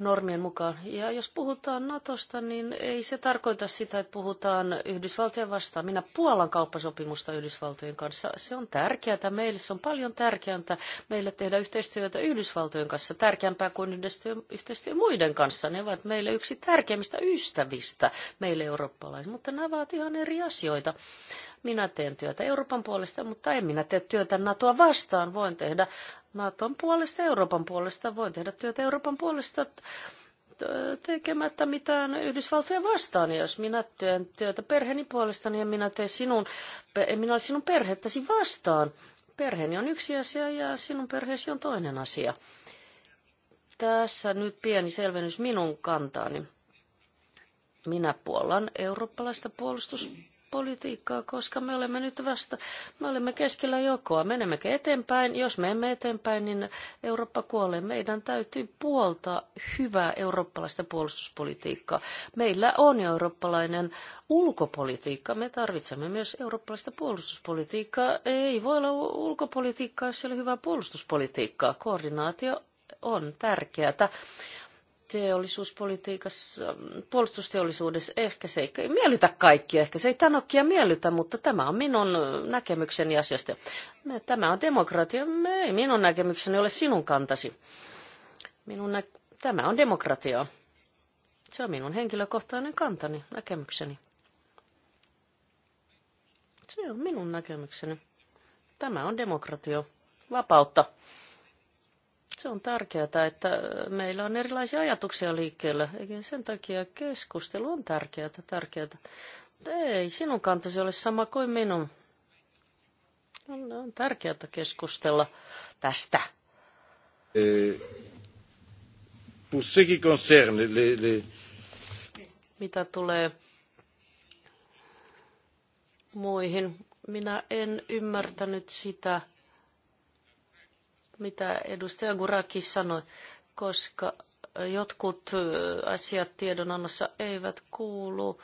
normien mukaan. Ja jos puhutaan Natosta, niin ei se tarkoita sitä, että puhutaan Yhdysvaltojen vastaan. Minä puolan kauppasopimusta Yhdysvaltojen kanssa. Se on tärkeää meille. Se on paljon tärkeämpää meille tehdä yhteistyötä Yhdysvaltojen kanssa. Tärkeämpää kuin yhteistyö, yhteistyö muiden kanssa. Ne ovat meille yksi tärkeimmistä ystävistä, meille eurooppalaisille. Mutta nämä ovat ihan eri asioita. Minä teen työtä Euroopan puolesta, mutta en minä tee työtä NATOa vastaan. Voin tehdä NATOn puolesta, Euroopan puolesta, voin tehdä työtä Euroopan puolesta tekemättä mitään Yhdysvaltoja vastaan. Jos minä teen työtä perheeni puolesta, niin en minä tee sinun, en minä ole sinun perhettäsi vastaan. Perheeni on yksi asia ja sinun perheesi on toinen asia. Tässä nyt pieni selvennys minun kantaani. Minä puolan eurooppalaista puolustus politiikkaa, koska me olemme nyt vasta, me olemme keskellä jokoa. Menemmekö eteenpäin? Jos me emme eteenpäin, niin Eurooppa kuolee. Meidän täytyy puoltaa hyvää eurooppalaista puolustuspolitiikkaa. Meillä on eurooppalainen ulkopolitiikka. Me tarvitsemme myös eurooppalaista puolustuspolitiikkaa. Ei voi olla ulkopolitiikkaa, jos ei ole hyvää puolustuspolitiikkaa. Koordinaatio on tärkeää teollisuuspolitiikassa, mm, puolustusteollisuudessa ehkä se ei miellytä kaikkia, ehkä se ei tanokkia miellytä, mutta tämä on minun näkemykseni asiasta. Tämä on demokratia, ei minun näkemykseni ole sinun kantasi. Minun nä- tämä on demokratia. Se on minun henkilökohtainen kantani, näkemykseni. Se on minun näkemykseni. Tämä on demokratia. Vapautta. Se on tärkeää, että meillä on erilaisia ajatuksia liikkeellä. Eikä sen takia keskustelu on tärkeää, tärkeää. Ei sinun kantasi ole sama kuin minun. On, on tärkeää keskustella tästä. Eh, pour ce qui concerne les, les... Mitä tulee muihin, minä en ymmärtänyt sitä, mitä edustaja Guraki sanoi, koska jotkut asiat tiedonannossa eivät kuulu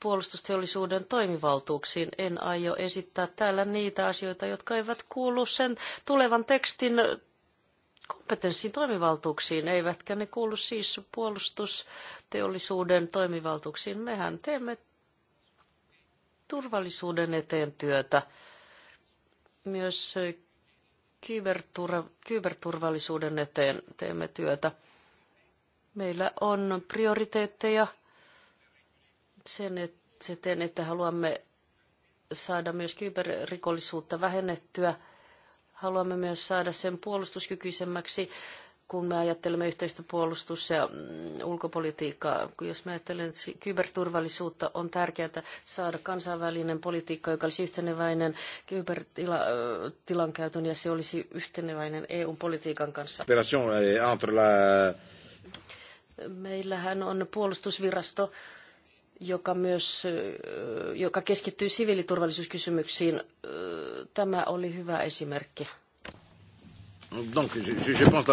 puolustusteollisuuden toimivaltuuksiin. En aio esittää täällä niitä asioita, jotka eivät kuulu sen tulevan tekstin kompetenssiin toimivaltuuksiin, eivätkä ne kuulu siis puolustusteollisuuden toimivaltuuksiin. Mehän teemme turvallisuuden eteen työtä myös kyberturvallisuuden eteen teemme työtä. Meillä on prioriteetteja sen eteen, että haluamme saada myös kyberrikollisuutta vähennettyä. Haluamme myös saada sen puolustuskykyisemmäksi kun me ajattelemme yhteistä puolustus- ja mm, ulkopolitiikkaa, kun jos me ajattelemme että kyberturvallisuutta, on tärkeää saada kansainvälinen politiikka, joka olisi yhteneväinen kybertilankäytön ja se olisi yhteneväinen EU-politiikan kanssa. Eh, Meillähän on puolustusvirasto, joka myös eh, joka keskittyy siviiliturvallisuuskysymyksiin. Tämä oli hyvä esimerkki. Donc, je, je pense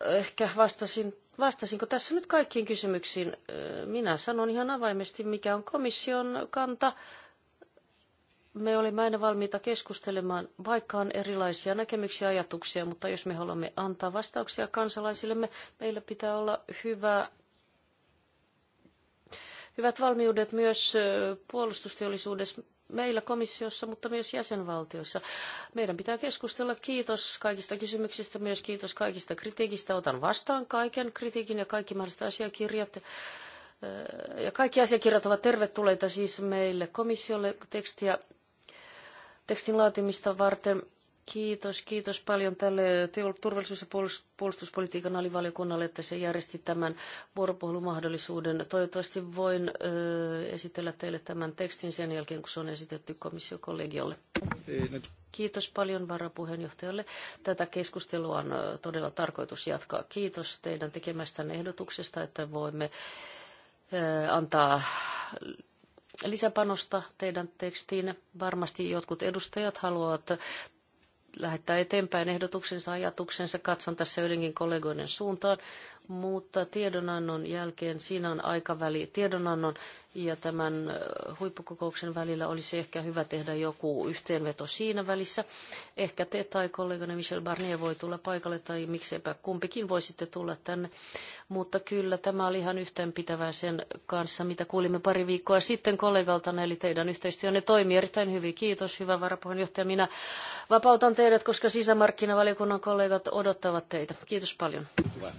Ehkä vastasin, vastasinko tässä nyt kaikkiin kysymyksiin. Minä sanon ihan avaimesti, mikä on komission kanta. Me olimme aina valmiita keskustelemaan, vaikka on erilaisia näkemyksiä ja ajatuksia, mutta jos me haluamme antaa vastauksia kansalaisillemme, meillä pitää olla hyvä hyvät valmiudet myös puolustusteollisuudessa meillä komissiossa, mutta myös jäsenvaltioissa. Meidän pitää keskustella. Kiitos kaikista kysymyksistä, myös kiitos kaikista kritiikistä. Otan vastaan kaiken kritiikin ja kaikki mahdolliset asiakirjat. Äh, ja kaikki asiakirjat ovat tervetulleita siis meille komissiolle tekstiä, tekstin laatimista varten. Kiitos, kiitos paljon tälle turvallisuus- ja puolustuspolitiikan alivaliokunnalle, että se järjesti tämän vuoropuhelumahdollisuuden. Toivottavasti voin ö, esitellä teille tämän tekstin sen jälkeen, kun se on esitetty komissiokollegiolle. Kiitos paljon varapuheenjohtajalle. Tätä keskustelua on todella tarkoitus jatkaa. Kiitos teidän tekemästänne ehdotuksesta, että voimme ö, antaa lisäpanosta teidän tekstiin. Varmasti jotkut edustajat haluavat lähettää eteenpäin ehdotuksensa, ajatuksensa. Katson tässä joidenkin kollegoiden suuntaan mutta tiedonannon jälkeen siinä on aikaväli tiedonannon ja tämän huippukokouksen välillä olisi ehkä hyvä tehdä joku yhteenveto siinä välissä. Ehkä te tai kollegani Michel Barnier voi tulla paikalle tai mikseipä kumpikin voisitte tulla tänne. Mutta kyllä tämä oli ihan yhteenpitävää sen kanssa, mitä kuulimme pari viikkoa sitten kollegalta, eli teidän yhteistyönne toimii erittäin hyvin. Kiitos, hyvä varapuheenjohtaja. Minä vapautan teidät, koska sisämarkkinavaliokunnan kollegat odottavat teitä. Kiitos paljon. Hyvä.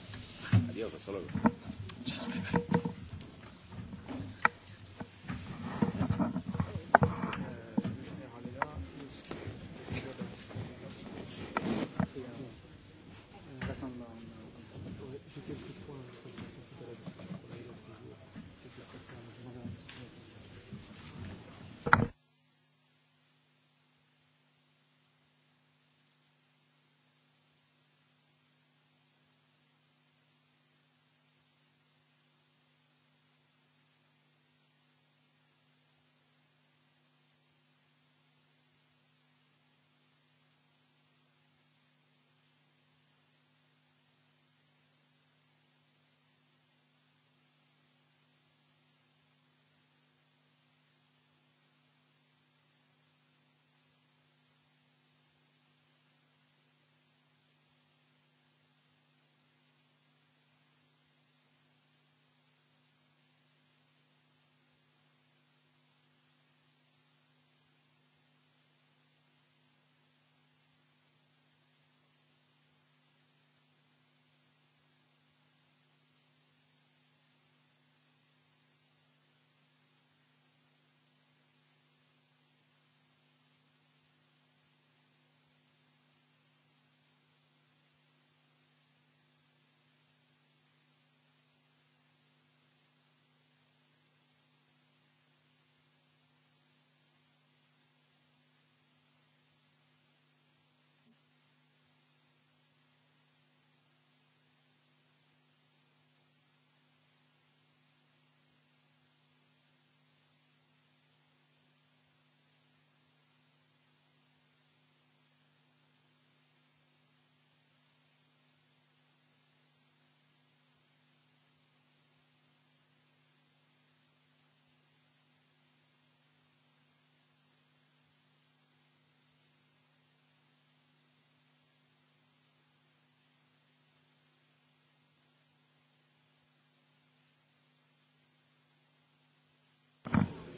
Adiós, hasta luego. Chao, bye, bye.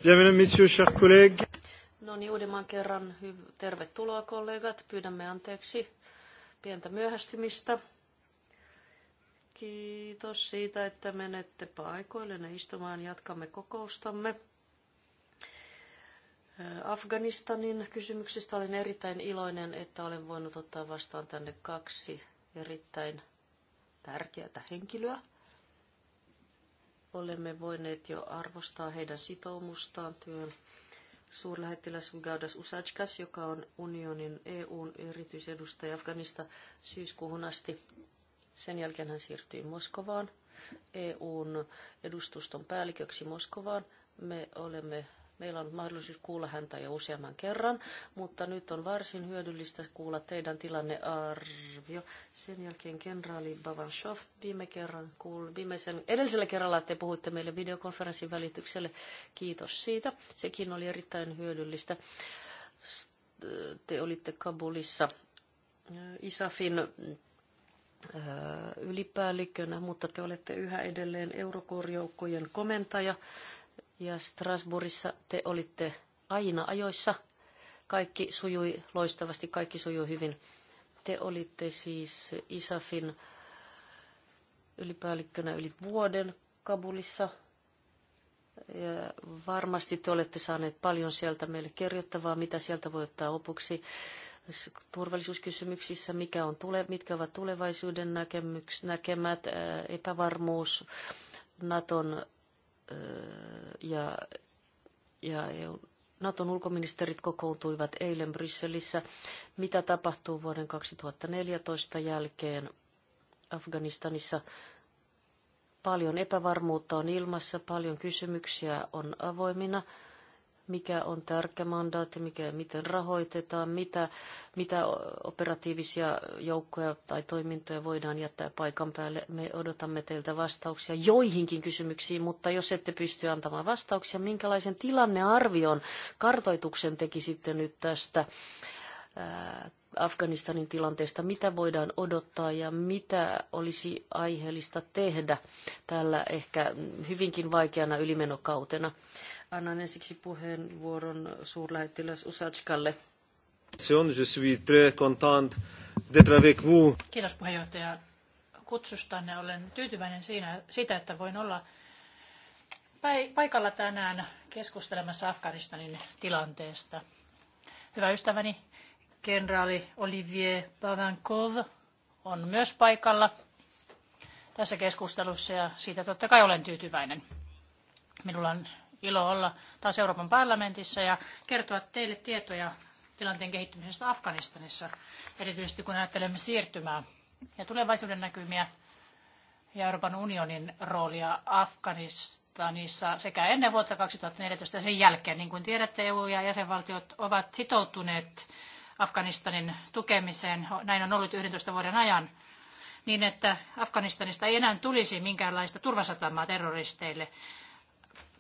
Bienvenue, messieurs, chers collègues. No niin, uudemman kerran tervetuloa kollegat. Pyydämme anteeksi pientä myöhästymistä. Kiitos siitä, että menette paikoillenne istumaan. Jatkamme kokoustamme. Äh, Afganistanin kysymyksistä olen erittäin iloinen, että olen voinut ottaa vastaan tänne kaksi erittäin tärkeää henkilöä olemme voineet jo arvostaa heidän sitoumustaan työn suurlähettiläs Gaudas Usajkas, joka on unionin EUn erityisedustaja Afganista syyskuuhun asti. Sen jälkeen hän siirtyi Moskovaan, EUn edustuston päälliköksi Moskovaan. Me olemme Meillä on mahdollisuus kuulla häntä jo useamman kerran, mutta nyt on varsin hyödyllistä kuulla teidän tilannearvio. Sen jälkeen kenraali Bavanshov viime kerran kuul, viimeisen, edellisellä kerralla te puhuitte meille videokonferenssin välitykselle. Kiitos siitä. Sekin oli erittäin hyödyllistä. Te olitte Kabulissa äh, ISAFin äh, ylipäällikkönä, mutta te olette yhä edelleen Eurokorjoukkojen komentaja ja Strasbourgissa te olitte aina ajoissa. Kaikki sujui loistavasti, kaikki sujui hyvin. Te olitte siis ISAFin ylipäällikkönä yli vuoden Kabulissa. Ja varmasti te olette saaneet paljon sieltä meille kerrottavaa, mitä sieltä voi ottaa opuksi turvallisuuskysymyksissä, mikä on tule, mitkä ovat tulevaisuuden näkemät, epävarmuus, Naton ja, ja EU, Naton ulkoministerit kokoontuivat eilen Brysselissä. Mitä tapahtuu vuoden 2014 jälkeen Afganistanissa? Paljon epävarmuutta on ilmassa, paljon kysymyksiä on avoimina mikä on tärkeä mandaatti, mikä, miten rahoitetaan, mitä, mitä operatiivisia joukkoja tai toimintoja voidaan jättää paikan päälle. Me odotamme teiltä vastauksia joihinkin kysymyksiin, mutta jos ette pysty antamaan vastauksia, minkälaisen tilannearvion kartoituksen tekisitte nyt tästä ää, Afganistanin tilanteesta, mitä voidaan odottaa ja mitä olisi aiheellista tehdä tällä ehkä hyvinkin vaikeana ylimenokautena. Annan ensiksi puheenvuoron suurlähettiläs Usatskalle. Je suis très content d'être avec vous. Kiitos puheenjohtaja kutsustanne. Olen tyytyväinen siinä, sitä, että voin olla paikalla tänään keskustelemassa Afganistanin tilanteesta. Hyvä ystäväni, kenraali Olivier Pavankov on myös paikalla tässä keskustelussa ja siitä totta kai olen tyytyväinen. Minulla on ilo olla taas Euroopan parlamentissa ja kertoa teille tietoja tilanteen kehittymisestä Afganistanissa, erityisesti kun ajattelemme siirtymää ja tulevaisuuden näkymiä ja Euroopan unionin roolia Afganistanissa sekä ennen vuotta 2014 ja sen jälkeen. Niin kuin tiedätte, EU ja jäsenvaltiot ovat sitoutuneet Afganistanin tukemiseen, näin on ollut 11 vuoden ajan, niin että Afganistanista ei enää tulisi minkäänlaista turvasatamaa terroristeille.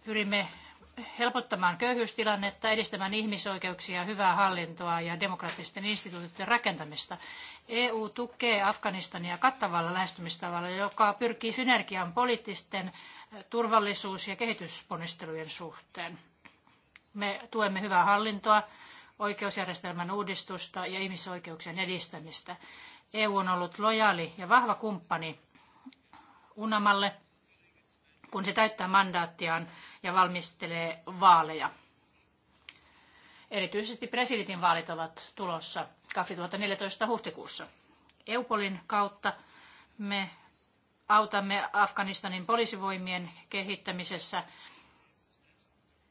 Pyrimme helpottamaan köyhyystilannetta, edistämään ihmisoikeuksia, hyvää hallintoa ja demokraattisten instituutioiden rakentamista. EU tukee Afganistania kattavalla lähestymistavalla, joka pyrkii synergiaan poliittisten turvallisuus- ja kehitysponnistelujen suhteen. Me tuemme hyvää hallintoa, oikeusjärjestelmän uudistusta ja ihmisoikeuksien edistämistä. EU on ollut lojaali ja vahva kumppani UNAMalle kun se täyttää mandaattiaan ja valmistelee vaaleja. Erityisesti presidentin vaalit ovat tulossa 2014 huhtikuussa. Eupolin kautta me autamme Afganistanin poliisivoimien kehittämisessä.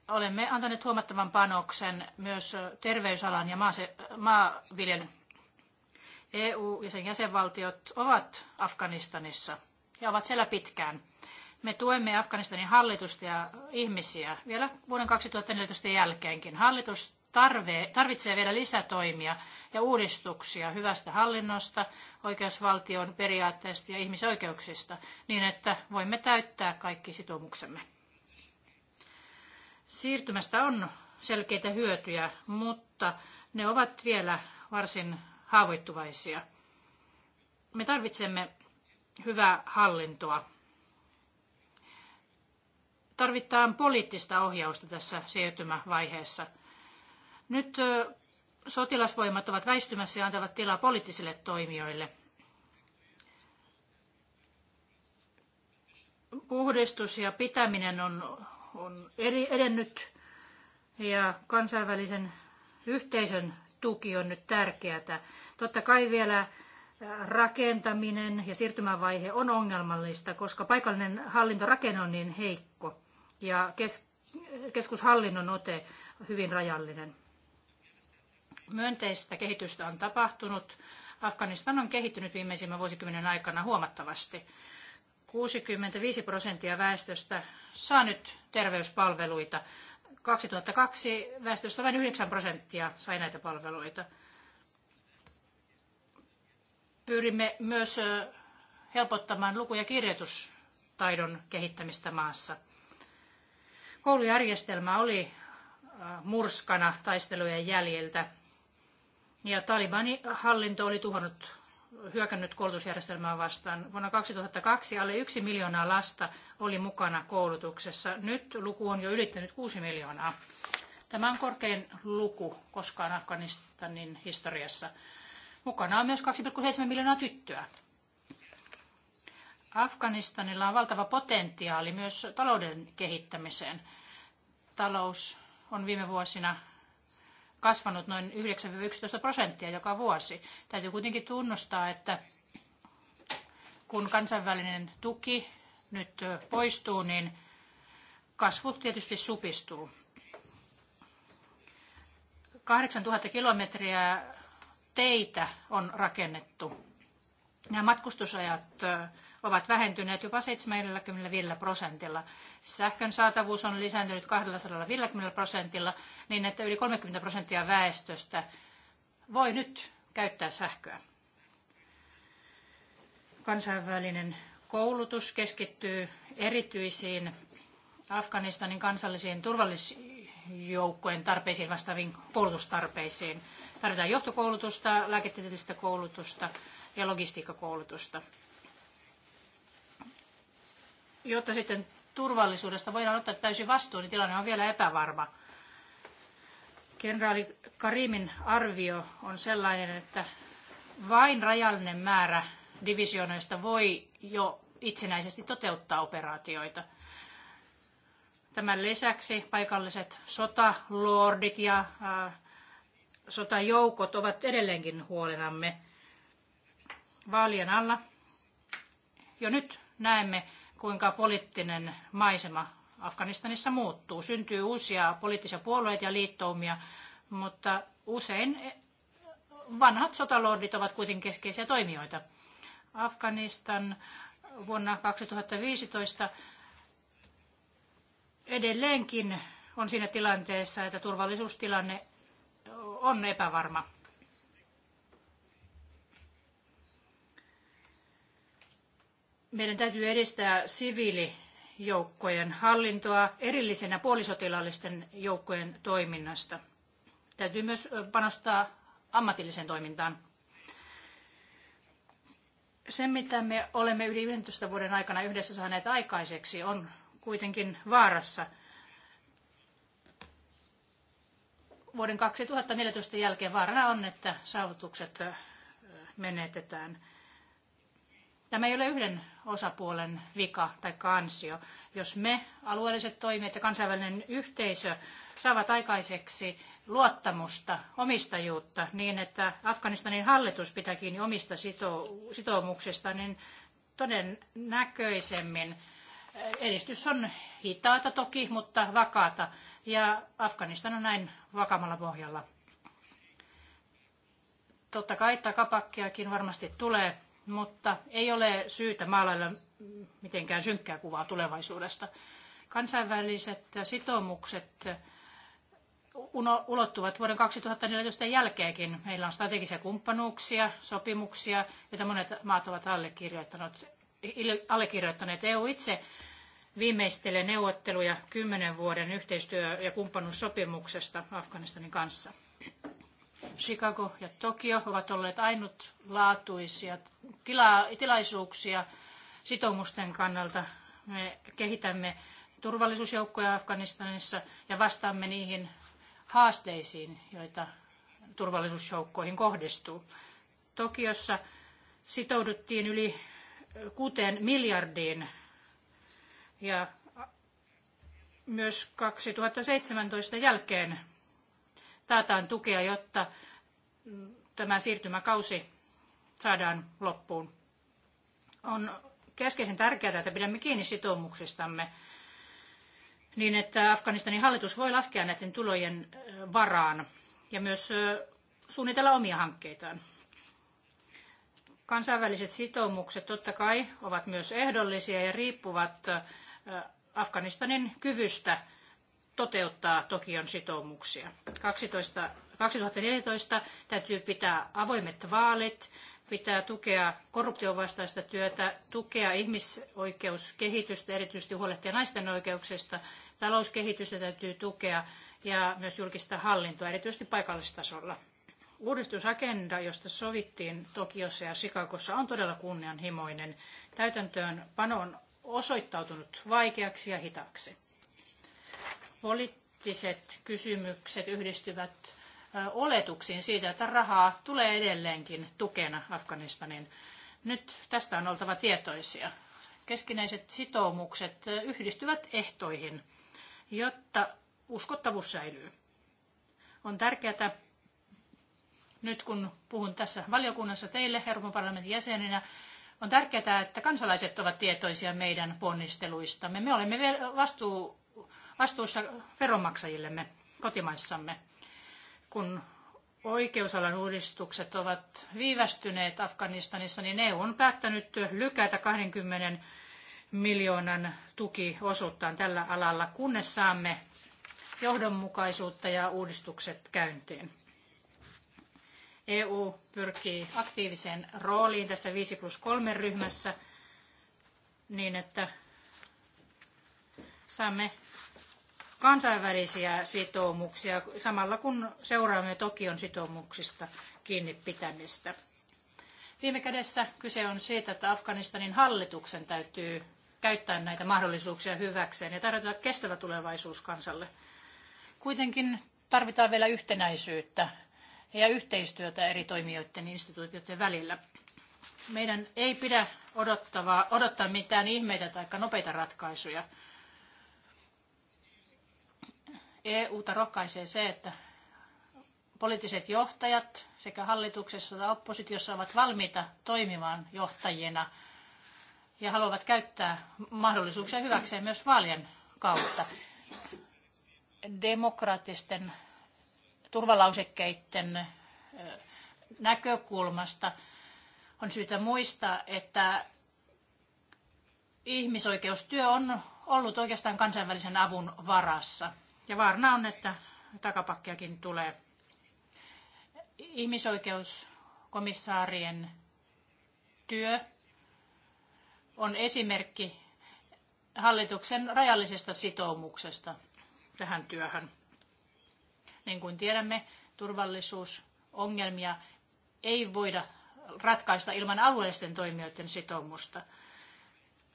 Olemme antaneet huomattavan panoksen myös terveysalan ja maaviljelyn. EU ja sen jäsenvaltiot ovat Afganistanissa ja ovat siellä pitkään. Me tuemme Afganistanin hallitusta ja ihmisiä vielä vuoden 2014 jälkeenkin. Hallitus tarve, tarvitsee vielä lisätoimia ja uudistuksia hyvästä hallinnosta, oikeusvaltion periaatteista ja ihmisoikeuksista, niin että voimme täyttää kaikki sitoumuksemme. Siirtymästä on selkeitä hyötyjä, mutta ne ovat vielä varsin haavoittuvaisia. Me tarvitsemme hyvää hallintoa tarvitaan poliittista ohjausta tässä siirtymävaiheessa. Nyt sotilasvoimat ovat väistymässä ja antavat tilaa poliittisille toimijoille. Puhdistus ja pitäminen on, on edennyt ja kansainvälisen yhteisön tuki on nyt tärkeää. Totta kai vielä rakentaminen ja siirtymävaihe on ongelmallista, koska paikallinen hallintorakenne on niin heikko ja kes, keskushallinnon ote hyvin rajallinen. Myönteistä kehitystä on tapahtunut. Afganistan on kehittynyt viimeisimmän vuosikymmenen aikana huomattavasti. 65 prosenttia väestöstä saa nyt terveyspalveluita. 2002 väestöstä vain 9 prosenttia sai näitä palveluita. Pyrimme myös helpottamaan luku- ja kirjoitustaidon kehittämistä maassa – Koulujärjestelmä oli äh, murskana taistelujen jäljiltä ja Talibanin hallinto oli tuhonnut hyökännyt koulutusjärjestelmää vastaan. Vuonna 2002 alle yksi miljoonaa lasta oli mukana koulutuksessa. Nyt luku on jo ylittänyt kuusi miljoonaa. Tämä on korkein luku koskaan Afganistanin historiassa. Mukana on myös 2,7 miljoonaa tyttöä. Afganistanilla on valtava potentiaali myös talouden kehittämiseen. Talous on viime vuosina kasvanut noin 9-11 prosenttia joka vuosi. Täytyy kuitenkin tunnustaa, että kun kansainvälinen tuki nyt poistuu, niin kasvu tietysti supistuu. 8000 kilometriä teitä on rakennettu. Nämä matkustusajat ovat vähentyneet jopa 75 prosentilla. Sähkön saatavuus on lisääntynyt 250 prosentilla niin, että yli 30 prosenttia väestöstä voi nyt käyttää sähköä. Kansainvälinen koulutus keskittyy erityisiin Afganistanin kansallisiin turvallisjoukkojen tarpeisiin vastaaviin koulutustarpeisiin. Tarvitaan johtokoulutusta, lääketieteellistä koulutusta ja logistiikkakoulutusta jotta sitten turvallisuudesta voidaan ottaa täysin vastuu, niin tilanne on vielä epävarma. Kenraali Karimin arvio on sellainen, että vain rajallinen määrä divisioneista voi jo itsenäisesti toteuttaa operaatioita. Tämän lisäksi paikalliset sotalordit ja äh, sotajoukot ovat edelleenkin huolenamme vaalien alla. Jo nyt näemme kuinka poliittinen maisema Afganistanissa muuttuu. Syntyy uusia poliittisia puolueita ja liittoumia, mutta usein vanhat sotalordit ovat kuitenkin keskeisiä toimijoita. Afganistan vuonna 2015 edelleenkin on siinä tilanteessa, että turvallisuustilanne on epävarma. meidän täytyy edistää siviilijoukkojen hallintoa erillisenä puolisotilaallisten joukkojen toiminnasta. Täytyy myös panostaa ammatilliseen toimintaan. Se, mitä me olemme yli 11 vuoden aikana yhdessä saaneet aikaiseksi, on kuitenkin vaarassa. Vuoden 2014 jälkeen vaarana on, että saavutukset menetetään – Tämä ei ole yhden osapuolen vika tai kansio, Jos me, alueelliset toimijat ja kansainvälinen yhteisö saavat aikaiseksi luottamusta, omistajuutta niin, että Afganistanin hallitus pitää kiinni omista sitoumuksista, niin todennäköisemmin eh, edistys on hitaata toki, mutta vakaata. Ja Afganistan on näin vakamalla pohjalla. Totta kai takapakkiakin varmasti tulee, mutta ei ole syytä maalailla mitenkään synkkää kuvaa tulevaisuudesta. Kansainväliset sitoumukset ulottuvat vuoden 2014 jälkeenkin. Meillä on strategisia kumppanuuksia, sopimuksia, joita monet maat ovat allekirjoittaneet. allekirjoittaneet. EU itse viimeistelee neuvotteluja kymmenen vuoden yhteistyö- ja kumppanuussopimuksesta Afganistanin kanssa. Chicago ja Tokio ovat olleet ainutlaatuisia tila- tilaisuuksia sitoumusten kannalta. Me kehitämme turvallisuusjoukkoja Afganistanissa ja vastaamme niihin haasteisiin, joita turvallisuusjoukkoihin kohdistuu. Tokiossa sitouduttiin yli kuuteen miljardiin ja myös 2017 jälkeen taataan tukea, jotta tämä siirtymäkausi saadaan loppuun. On keskeisen tärkeää, että pidämme kiinni sitoumuksistamme niin, että Afganistanin hallitus voi laskea näiden tulojen varaan ja myös suunnitella omia hankkeitaan. Kansainväliset sitoumukset totta kai ovat myös ehdollisia ja riippuvat Afganistanin kyvystä toteuttaa Tokion sitoumuksia. 12, 2014 täytyy pitää avoimet vaalit, pitää tukea korruptiovastaista työtä, tukea ihmisoikeuskehitystä, erityisesti huolehtia naisten oikeuksista, talouskehitystä täytyy tukea ja myös julkista hallintoa, erityisesti paikallistasolla. Uudistusagenda, josta sovittiin Tokiossa ja Chicagossa, on todella kunnianhimoinen. Täytäntöönpano on osoittautunut vaikeaksi ja hitaaksi poliittiset kysymykset yhdistyvät oletuksiin siitä, että rahaa tulee edelleenkin tukena Afganistanin. Nyt tästä on oltava tietoisia. Keskinäiset sitoumukset yhdistyvät ehtoihin, jotta uskottavuus säilyy. On tärkeää, nyt kun puhun tässä valiokunnassa teille Euroopan parlamentin jäseninä, on tärkeää, että kansalaiset ovat tietoisia meidän ponnisteluistamme. Me olemme vastuullisia vastuussa veronmaksajillemme kotimaissamme, kun oikeusalan uudistukset ovat viivästyneet Afganistanissa, niin EU on päättänyt lykätä 20 miljoonan tukiosuuttaan tällä alalla, kunnes saamme johdonmukaisuutta ja uudistukset käyntiin. EU pyrkii aktiiviseen rooliin tässä 5 plus 3 ryhmässä niin, että saamme kansainvälisiä sitoumuksia samalla kun seuraamme Tokion sitoumuksista kiinni pitämistä. Viime kädessä kyse on siitä, että Afganistanin hallituksen täytyy käyttää näitä mahdollisuuksia hyväkseen ja tarjota kestävä tulevaisuus kansalle. Kuitenkin tarvitaan vielä yhtenäisyyttä ja yhteistyötä eri toimijoiden ja instituutioiden välillä. Meidän ei pidä odottaa mitään ihmeitä tai nopeita ratkaisuja. EUta rohkaisee se, että poliittiset johtajat sekä hallituksessa että oppositiossa ovat valmiita toimimaan johtajina ja haluavat käyttää mahdollisuuksia hyväkseen myös vaalien kautta. Demokraattisten turvalausekkeiden näkökulmasta on syytä muistaa, että ihmisoikeustyö on ollut oikeastaan kansainvälisen avun varassa. Ja vaarana on, että takapakkiakin tulee. Ihmisoikeuskomissaarien työ on esimerkki hallituksen rajallisesta sitoumuksesta tähän työhön. Niin kuin tiedämme, turvallisuusongelmia ei voida ratkaista ilman alueellisten toimijoiden sitoumusta.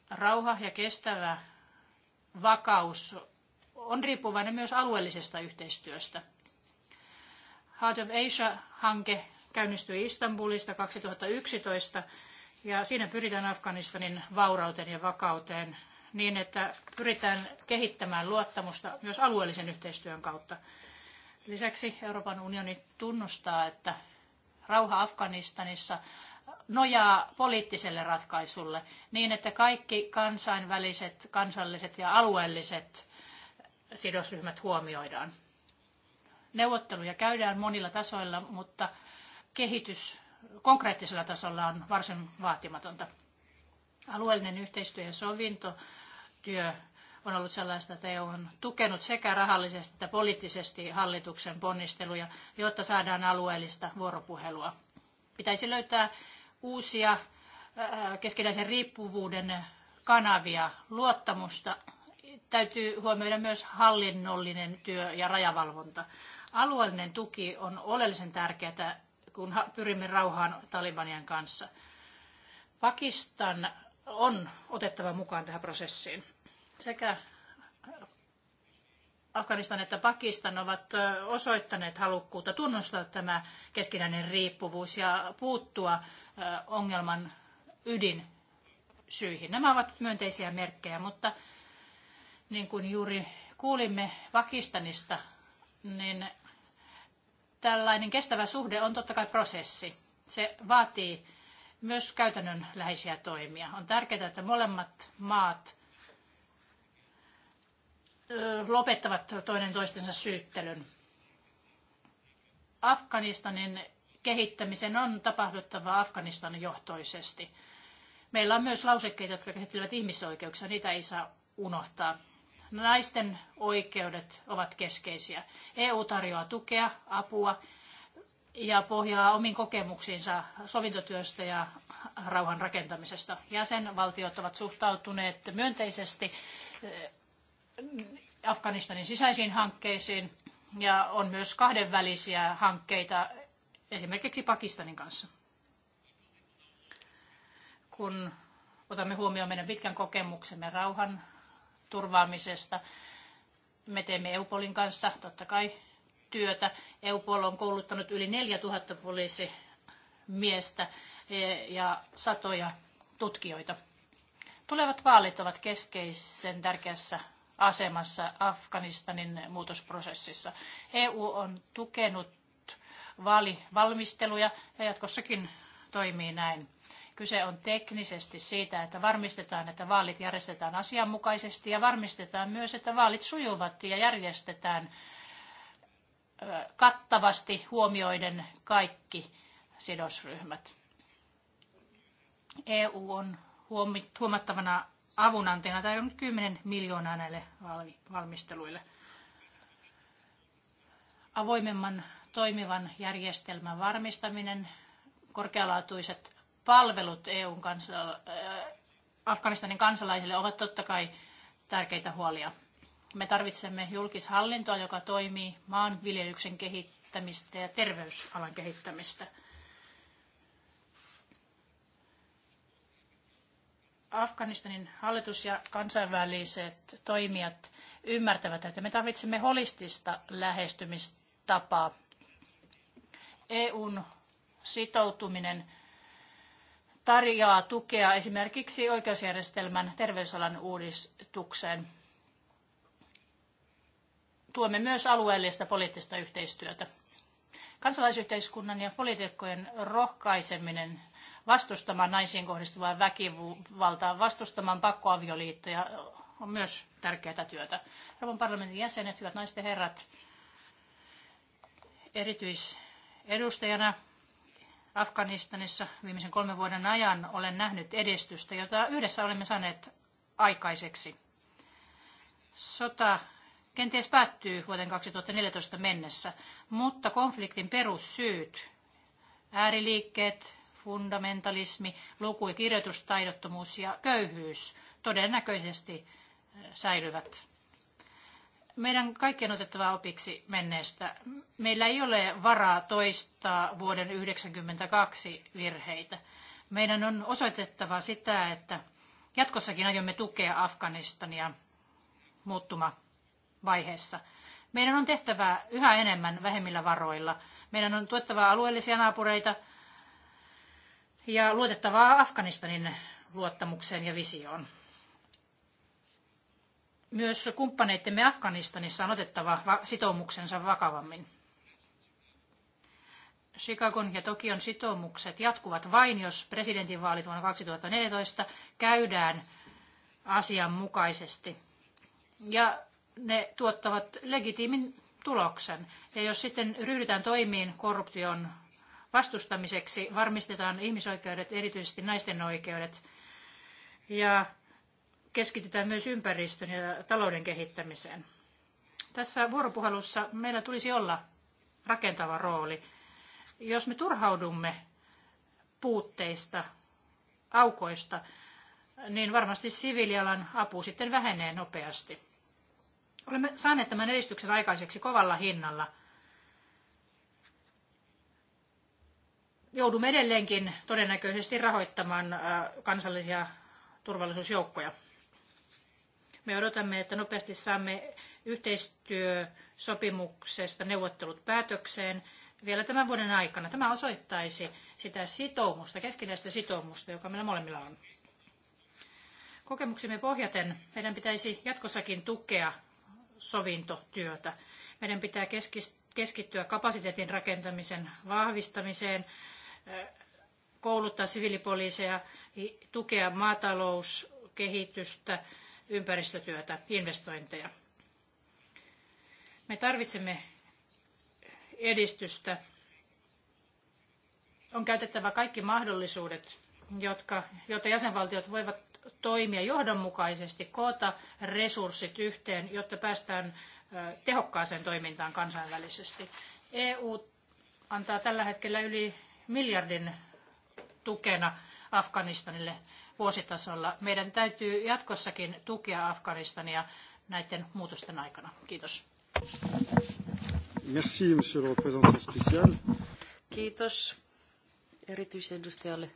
Rauha ja kestävä vakaus on riippuvainen myös alueellisesta yhteistyöstä. Heart of Asia-hanke käynnistyi Istanbulista 2011 ja siinä pyritään Afganistanin vaurauteen ja vakauteen niin, että pyritään kehittämään luottamusta myös alueellisen yhteistyön kautta. Lisäksi Euroopan unioni tunnustaa, että rauha Afganistanissa nojaa poliittiselle ratkaisulle niin, että kaikki kansainväliset, kansalliset ja alueelliset sidosryhmät huomioidaan. Neuvotteluja käydään monilla tasoilla, mutta kehitys konkreettisella tasolla on varsin vaatimatonta. Alueellinen yhteistyö ja sovintotyö on ollut sellaista, että EU on tukenut sekä rahallisesti että poliittisesti hallituksen ponnisteluja, jotta saadaan alueellista vuoropuhelua. Pitäisi löytää uusia keskinäisen riippuvuuden kanavia, luottamusta täytyy huomioida myös hallinnollinen työ ja rajavalvonta. Alueellinen tuki on oleellisen tärkeää, kun pyrimme rauhaan Talibanien kanssa. Pakistan on otettava mukaan tähän prosessiin. Sekä Afganistan että Pakistan ovat osoittaneet halukkuutta tunnustaa tämä keskinäinen riippuvuus ja puuttua ongelman ydinsyihin. Nämä ovat myönteisiä merkkejä, mutta niin kuin juuri kuulimme Pakistanista, niin tällainen kestävä suhde on totta kai prosessi. Se vaatii myös käytännön läheisiä toimia. On tärkeää, että molemmat maat lopettavat toinen toistensa syyttelyn. Afganistanin kehittämisen on tapahduttava Afganistan johtoisesti. Meillä on myös lausekkeita, jotka käsittelevät ihmisoikeuksia, niitä ei saa unohtaa naisten oikeudet ovat keskeisiä. EU tarjoaa tukea, apua ja pohjaa omiin kokemuksiinsa sovintotyöstä ja rauhan rakentamisesta. Jäsenvaltiot ovat suhtautuneet myönteisesti eh, Afganistanin sisäisiin hankkeisiin ja on myös kahdenvälisiä hankkeita esimerkiksi Pakistanin kanssa. Kun otamme huomioon meidän pitkän kokemuksemme rauhan turvaamisesta. Me teemme EUPOLin kanssa totta kai työtä. EUPOL on kouluttanut yli 4000 poliisimiestä e, ja satoja tutkijoita. Tulevat vaalit ovat keskeisen tärkeässä asemassa Afganistanin muutosprosessissa. EU on tukenut vaalivalmisteluja ja jatkossakin toimii näin. Kyse on teknisesti siitä, että varmistetaan, että vaalit järjestetään asianmukaisesti ja varmistetaan myös, että vaalit sujuvat ja järjestetään kattavasti huomioiden kaikki sidosryhmät. EU on huomattavana avunantajana tarjonnut 10 miljoonaa näille valmisteluille. Avoimemman toimivan järjestelmän varmistaminen, korkealaatuiset palvelut EUn äh, Afganistanin kansalaisille ovat totta kai tärkeitä huolia. Me tarvitsemme julkishallintoa, joka toimii maanviljelyksen kehittämistä ja terveysalan kehittämistä. Afganistanin hallitus ja kansainväliset toimijat ymmärtävät, että me tarvitsemme holistista lähestymistapaa. EUn sitoutuminen tarjoaa tukea esimerkiksi oikeusjärjestelmän terveysalan uudistukseen. Tuemme myös alueellista poliittista yhteistyötä. Kansalaisyhteiskunnan ja poliitikkojen rohkaiseminen vastustamaan naisiin kohdistuvaa väkivaltaa, vastustamaan pakkoavioliittoja on myös tärkeää työtä. Euroopan parlamentin jäsenet, hyvät naiset ja herrat, erityisedustajana Afganistanissa viimeisen kolmen vuoden ajan olen nähnyt edistystä, jota yhdessä olemme saaneet aikaiseksi. Sota kenties päättyy vuoteen 2014 mennessä, mutta konfliktin perussyyt, ääriliikkeet, fundamentalismi, luku- ja kirjoitustaidottomuus ja köyhyys todennäköisesti säilyvät meidän kaikkien otettava opiksi menneestä. Meillä ei ole varaa toistaa vuoden 1992 virheitä. Meidän on osoitettava sitä, että jatkossakin aiomme tukea Afganistania muuttumavaiheessa. Meidän on tehtävä yhä enemmän vähemmillä varoilla. Meidän on tuettava alueellisia naapureita ja luotettavaa Afganistanin luottamukseen ja visioon. Myös kumppaneittemme Afganistanissa on otettava sitoumuksensa vakavammin. Chicagon ja Tokion sitoumukset jatkuvat vain, jos presidentinvaalit vuonna 2014 käydään asianmukaisesti. Ja ne tuottavat legitiimin tuloksen. Ja jos sitten ryhdytään toimiin korruption vastustamiseksi, varmistetaan ihmisoikeudet, erityisesti naisten oikeudet. Ja keskitytään myös ympäristön ja talouden kehittämiseen. Tässä vuoropuhelussa meillä tulisi olla rakentava rooli. Jos me turhaudumme puutteista, aukoista, niin varmasti sivilialan apu sitten vähenee nopeasti. Olemme saaneet tämän edistyksen aikaiseksi kovalla hinnalla. Joudumme edelleenkin todennäköisesti rahoittamaan kansallisia turvallisuusjoukkoja. Me odotamme, että nopeasti saamme yhteistyösopimuksesta neuvottelut päätökseen vielä tämän vuoden aikana. Tämä osoittaisi sitä sitoumusta, keskinäistä sitoumusta, joka meillä molemmilla on. Kokemuksemme pohjaten meidän pitäisi jatkossakin tukea sovintotyötä. Meidän pitää keskittyä kapasiteetin rakentamisen vahvistamiseen, kouluttaa siviilipoliiseja, tukea maatalouskehitystä, ympäristötyötä, investointeja. Me tarvitsemme edistystä. On käytettävä kaikki mahdollisuudet, jotka, jotta jäsenvaltiot voivat toimia johdonmukaisesti, koota resurssit yhteen, jotta päästään tehokkaaseen toimintaan kansainvälisesti. EU antaa tällä hetkellä yli miljardin tukena Afganistanille vuositasolla. Meidän täytyy jatkossakin tukea Afganistania näiden muutosten aikana. Kiitos. Merci, monsieur le représentant spécial. Kiitos erityisedustajalle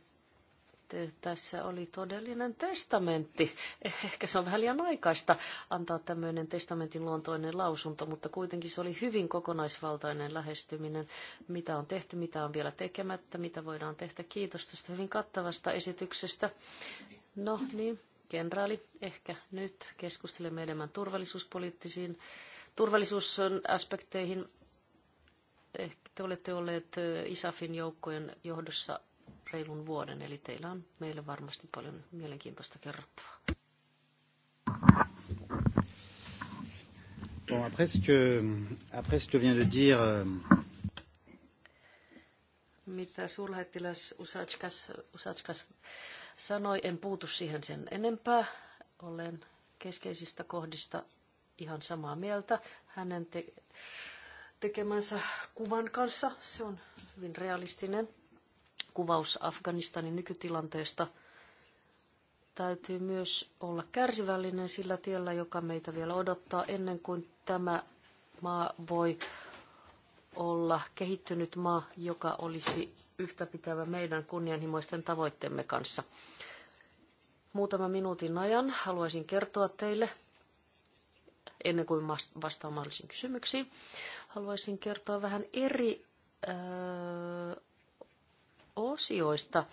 tässä oli todellinen testamentti. Ehkä se on vähän liian aikaista antaa tämmöinen testamentin luontoinen lausunto, mutta kuitenkin se oli hyvin kokonaisvaltainen lähestyminen, mitä on tehty, mitä on vielä tekemättä, mitä voidaan tehdä. Kiitos tästä hyvin kattavasta esityksestä. No niin, kenraali, ehkä nyt keskustelemme enemmän turvallisuuspoliittisiin turvallisuusaspekteihin. Ehkä te olette olleet ISAFin joukkojen johdossa reilun vuoden, eli teillä on meille varmasti paljon mielenkiintoista kerrottavaa. Bon, après ce que, après ce que vient de dire euh, mitä suurlähettiläs Usatskas, Usatskas sanoi, en puutu siihen sen enempää. Olen keskeisistä kohdista ihan samaa mieltä hänen te- tekemänsä kuvan kanssa. Se on hyvin realistinen kuvaus Afganistanin nykytilanteesta. Täytyy myös olla kärsivällinen sillä tiellä, joka meitä vielä odottaa ennen kuin tämä maa voi olla kehittynyt maa, joka olisi yhtäpitävä meidän kunnianhimoisten tavoitteemme kanssa. Muutaman minuutin ajan haluaisin kertoa teille, ennen kuin vastaan mahdollisiin kysymyksiin, haluaisin kertoa vähän eri osioista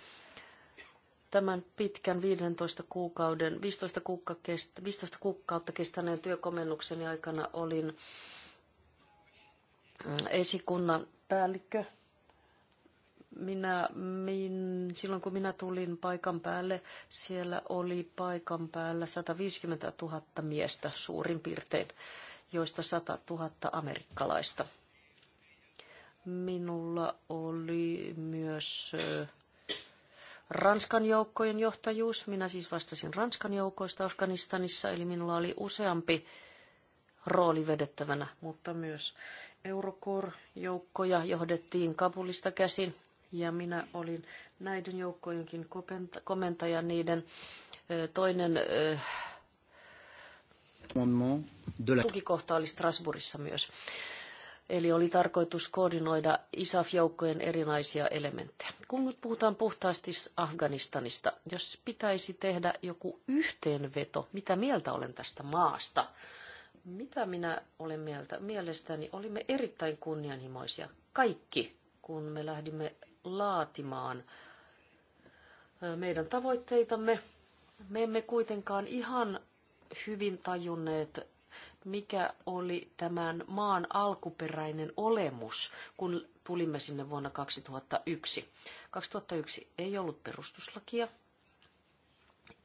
tämän pitkän 15 kuukauden, 15, kuukautta, kest, 15 kuukautta kestäneen työkomennukseni aikana olin mm, esikunnan päällikkö. Minä, min, silloin kun minä tulin paikan päälle, siellä oli paikan päällä 150 000 miestä suurin piirtein, joista 100 000 amerikkalaista – Minulla oli myös Ranskan joukkojen johtajuus. Minä siis vastasin Ranskan joukoista Afganistanissa, eli minulla oli useampi rooli vedettävänä, mutta myös Eurocore-joukkoja johdettiin Kabulista käsin ja minä olin näiden joukkojenkin komentaja niiden toinen tukikohta oli Strasbourgissa myös. Eli oli tarkoitus koordinoida ISAF-joukkojen erinäisiä elementtejä. Kun nyt puhutaan puhtaasti Afganistanista, jos pitäisi tehdä joku yhteenveto, mitä mieltä olen tästä maasta, mitä minä olen mieltä? Mielestäni olimme erittäin kunnianhimoisia kaikki, kun me lähdimme laatimaan meidän tavoitteitamme. Me emme kuitenkaan ihan hyvin tajunneet mikä oli tämän maan alkuperäinen olemus, kun tulimme sinne vuonna 2001. 2001 ei ollut perustuslakia,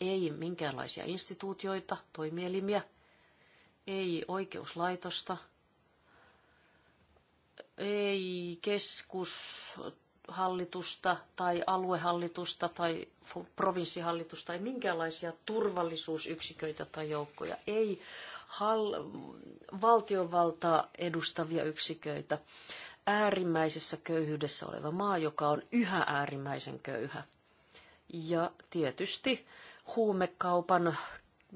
ei minkäänlaisia instituutioita, toimielimiä, ei oikeuslaitosta, ei keskushallitusta tai aluehallitusta tai provinssihallitusta, ei minkäänlaisia turvallisuusyksiköitä tai joukkoja, ei valtiovaltaa edustavia yksiköitä. Äärimmäisessä köyhyydessä oleva maa, joka on yhä äärimmäisen köyhä. Ja tietysti huumekaupan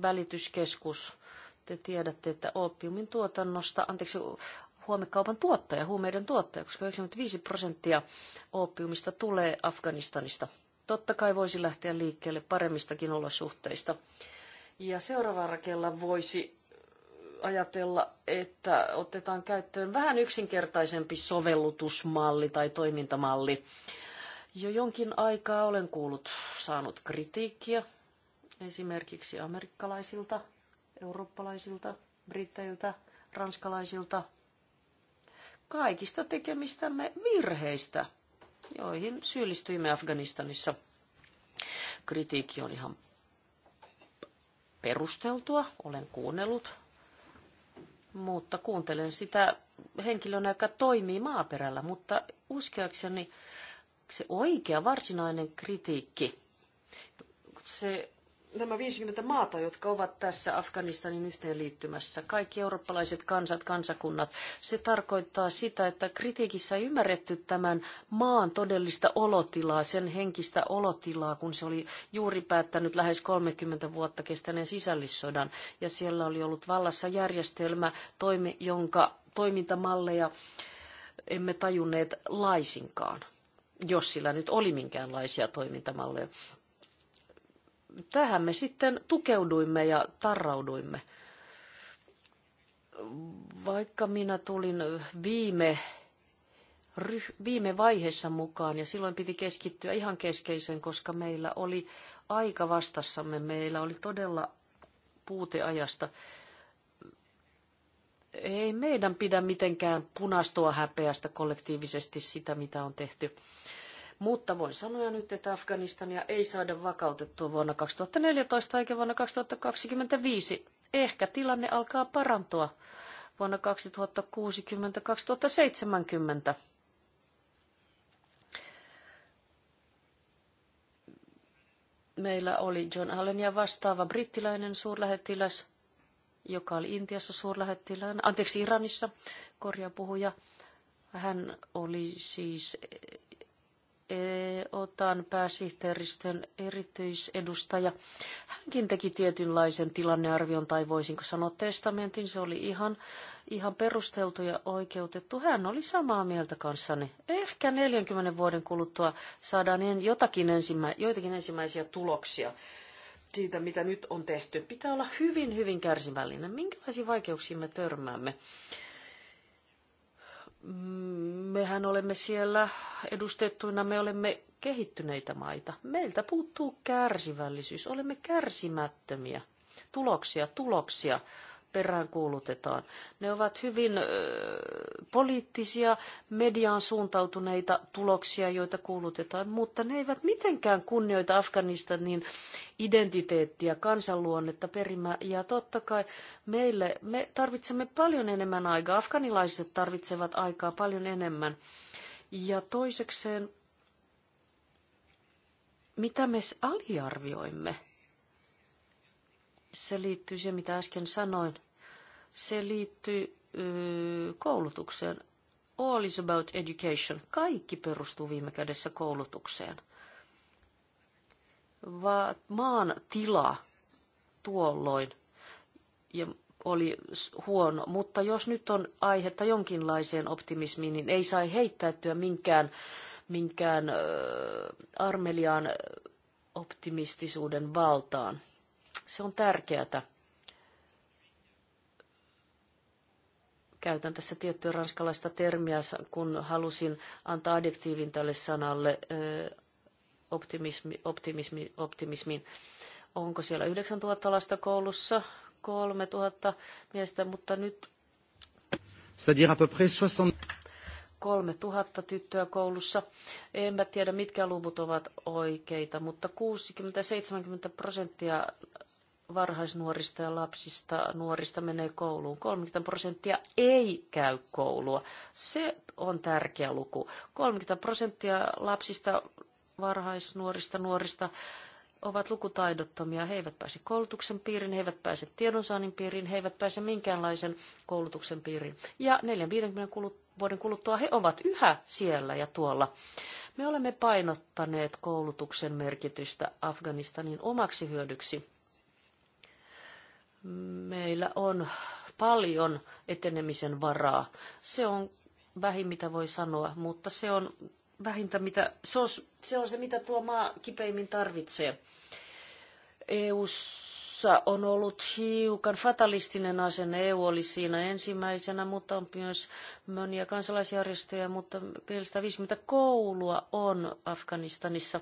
välityskeskus. Te tiedätte, että opiumin tuotannosta, anteeksi, huumekaupan tuottaja, huumeiden tuottaja, koska 95 prosenttia opiumista tulee Afganistanista. Totta kai voisi lähteä liikkeelle paremmistakin olosuhteista. Ja seuraavalla rakella voisi ajatella, että otetaan käyttöön vähän yksinkertaisempi sovellutusmalli tai toimintamalli. Jo jonkin aikaa olen kuullut saanut kritiikkiä esimerkiksi amerikkalaisilta, eurooppalaisilta, britteiltä, ranskalaisilta, kaikista tekemistämme virheistä, joihin syyllistyimme Afganistanissa. Kritiikki on ihan perusteltua, olen kuunnellut mutta kuuntelen sitä henkilönä, joka toimii maaperällä, mutta uskeakseni se oikea varsinainen kritiikki, se nämä 50 maata, jotka ovat tässä Afganistanin yhteenliittymässä, kaikki eurooppalaiset kansat, kansakunnat, se tarkoittaa sitä, että kritiikissä ei ymmärretty tämän maan todellista olotilaa, sen henkistä olotilaa, kun se oli juuri päättänyt lähes 30 vuotta kestäneen sisällissodan. Ja siellä oli ollut vallassa järjestelmä, toimi, jonka toimintamalleja emme tajunneet laisinkaan jos sillä nyt oli minkäänlaisia toimintamalleja tähän me sitten tukeuduimme ja tarrauduimme. Vaikka minä tulin viime, ryh, viime vaiheessa mukaan ja silloin piti keskittyä ihan keskeiseen, koska meillä oli aika vastassamme, meillä oli todella puuteajasta. Ei meidän pidä mitenkään punastua häpeästä kollektiivisesti sitä, mitä on tehty. Mutta voin sanoa nyt, että Afganistania ei saada vakautettua vuonna 2014 eikä vuonna 2025. Ehkä tilanne alkaa parantua vuonna 2060-2070. Meillä oli John Allenia vastaava brittiläinen suurlähettiläs, joka oli Intiassa suurlähettilään, anteeksi Iranissa, korjaa puhuja. Hän oli siis otan pääsihteeristön erityisedustaja. Hänkin teki tietynlaisen tilannearvion, tai voisinko sanoa testamentin, se oli ihan, ihan perusteltu ja oikeutettu. Hän oli samaa mieltä kanssani. Ehkä 40 vuoden kuluttua saadaan jotakin ensimmä, joitakin ensimmäisiä tuloksia siitä, mitä nyt on tehty. Pitää olla hyvin, hyvin kärsivällinen. Minkälaisia vaikeuksia me törmäämme? mehän olemme siellä edustettuina, me olemme kehittyneitä maita. Meiltä puuttuu kärsivällisyys, olemme kärsimättömiä. Tuloksia, tuloksia peräänkuulutetaan. Ne ovat hyvin ö, poliittisia, mediaan suuntautuneita tuloksia, joita kuulutetaan, mutta ne eivät mitenkään kunnioita Afganistanin identiteettiä, kansanluonnetta, perimää. Ja totta kai meille, me tarvitsemme paljon enemmän aikaa. Afganilaiset tarvitsevat aikaa paljon enemmän. Ja toisekseen, mitä me aliarvioimme – se liittyy siihen, mitä äsken sanoin. Se liittyy koulutukseen. All is about education. Kaikki perustuu viime kädessä koulutukseen. Va- maan tila tuolloin ja oli huono, mutta jos nyt on aihetta jonkinlaiseen optimismiin, niin ei saa heittäytyä minkään, minkään äh, armeliaan optimistisuuden valtaan. Se on tärkeää. Käytän tässä tiettyä ranskalaista termiä, kun halusin antaa adjektiivin tälle sanalle optimismi, optimismi, optimismin. Onko siellä 9000 lasta koulussa? 3000 miestä, mutta nyt... C'est-à-dire à peu près 60... 3000 tyttöä koulussa. En mä tiedä, mitkä luvut ovat oikeita, mutta 60-70 prosenttia varhaisnuorista ja lapsista nuorista menee kouluun. 30 prosenttia ei käy koulua. Se on tärkeä luku. 30 prosenttia lapsista, varhaisnuorista, nuorista ovat lukutaidottomia. He eivät pääse koulutuksen piiriin, he eivät pääse tiedonsaannin piiriin, he eivät pääse minkäänlaisen koulutuksen piiriin. Ja 4-50 vuoden kuluttua he ovat yhä siellä ja tuolla. Me olemme painottaneet koulutuksen merkitystä Afganistanin omaksi hyödyksi meillä on paljon etenemisen varaa. Se on vähin, mitä voi sanoa, mutta se on vähintä, mitä, se on se, on se mitä tuo maa kipeimmin tarvitsee. EUssa on ollut hiukan fatalistinen asenne. EU oli siinä ensimmäisenä, mutta on myös monia kansalaisjärjestöjä, mutta 450 koulua on Afganistanissa.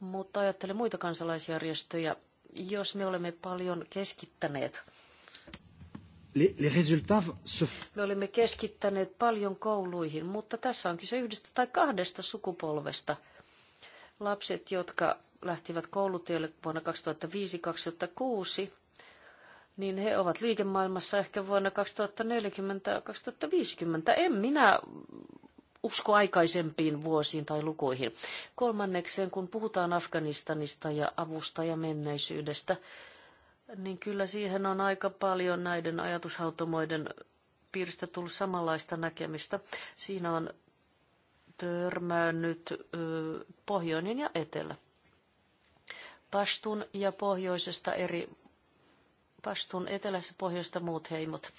Mutta ajattelen muita kansalaisjärjestöjä, jos me olemme paljon keskittäneet me olemme keskittäneet paljon kouluihin, mutta tässä on kyse yhdestä tai kahdesta sukupolvesta. Lapset, jotka lähtivät koulutielle vuonna 2005-2006, niin he ovat liikemaailmassa ehkä vuonna 2040-2050. En minä usko aikaisempiin vuosiin tai lukuihin. Kolmannekseen, kun puhutaan Afganistanista ja avusta ja menneisyydestä, niin kyllä siihen on aika paljon näiden ajatushautomoiden piiristä tullut samanlaista näkemystä. Siinä on törmännyt pohjoinen ja etelä. Pastun ja pohjoisesta eri, Pastun etelässä pohjoista muut heimot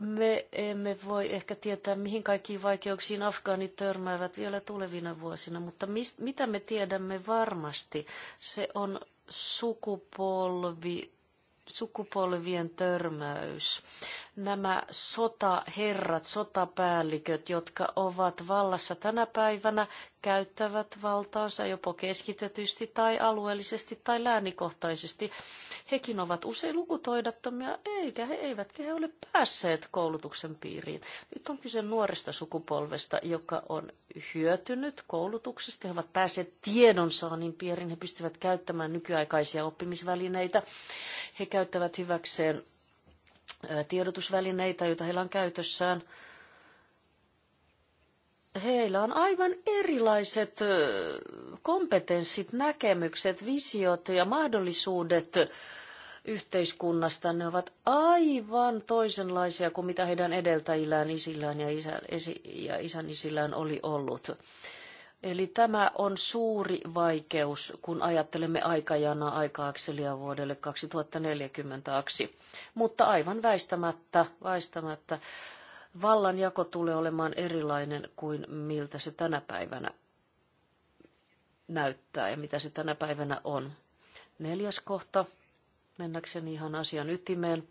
me emme voi ehkä tietää, mihin kaikkiin vaikeuksiin afgaanit törmäävät vielä tulevina vuosina, mutta mist, mitä me tiedämme varmasti, se on sukupolvi, sukupolvien törmäys. Nämä sotaherrat, sotapäälliköt, jotka ovat vallassa tänä päivänä, käyttävät valtaansa joko keskitetysti tai alueellisesti tai läänikohtaisesti. Hekin ovat usein lukutoidattomia, eikä he eivät he ole päässeet koulutuksen piiriin. Nyt on kyse nuoresta sukupolvesta, joka on hyötynyt koulutuksesta. He ovat päässeet tiedonsaannin piiriin. He pystyvät käyttämään nykyaikaisia oppimisvälineitä. He käyttävät hyväkseen tiedotusvälineitä, joita heillä on käytössään – heillä on aivan erilaiset kompetenssit, näkemykset, visiot ja mahdollisuudet yhteiskunnasta. Ne ovat aivan toisenlaisia kuin mitä heidän edeltäjillään, isillään ja, isä, esi, ja isän isillään oli ollut. Eli tämä on suuri vaikeus, kun ajattelemme aikajanaa akselia vuodelle 2040 aksi. Mutta aivan väistämättä, väistämättä vallanjako tulee olemaan erilainen kuin miltä se tänä päivänä näyttää ja mitä se tänä päivänä on. Neljäs kohta, mennäkseni ihan asian ytimeen.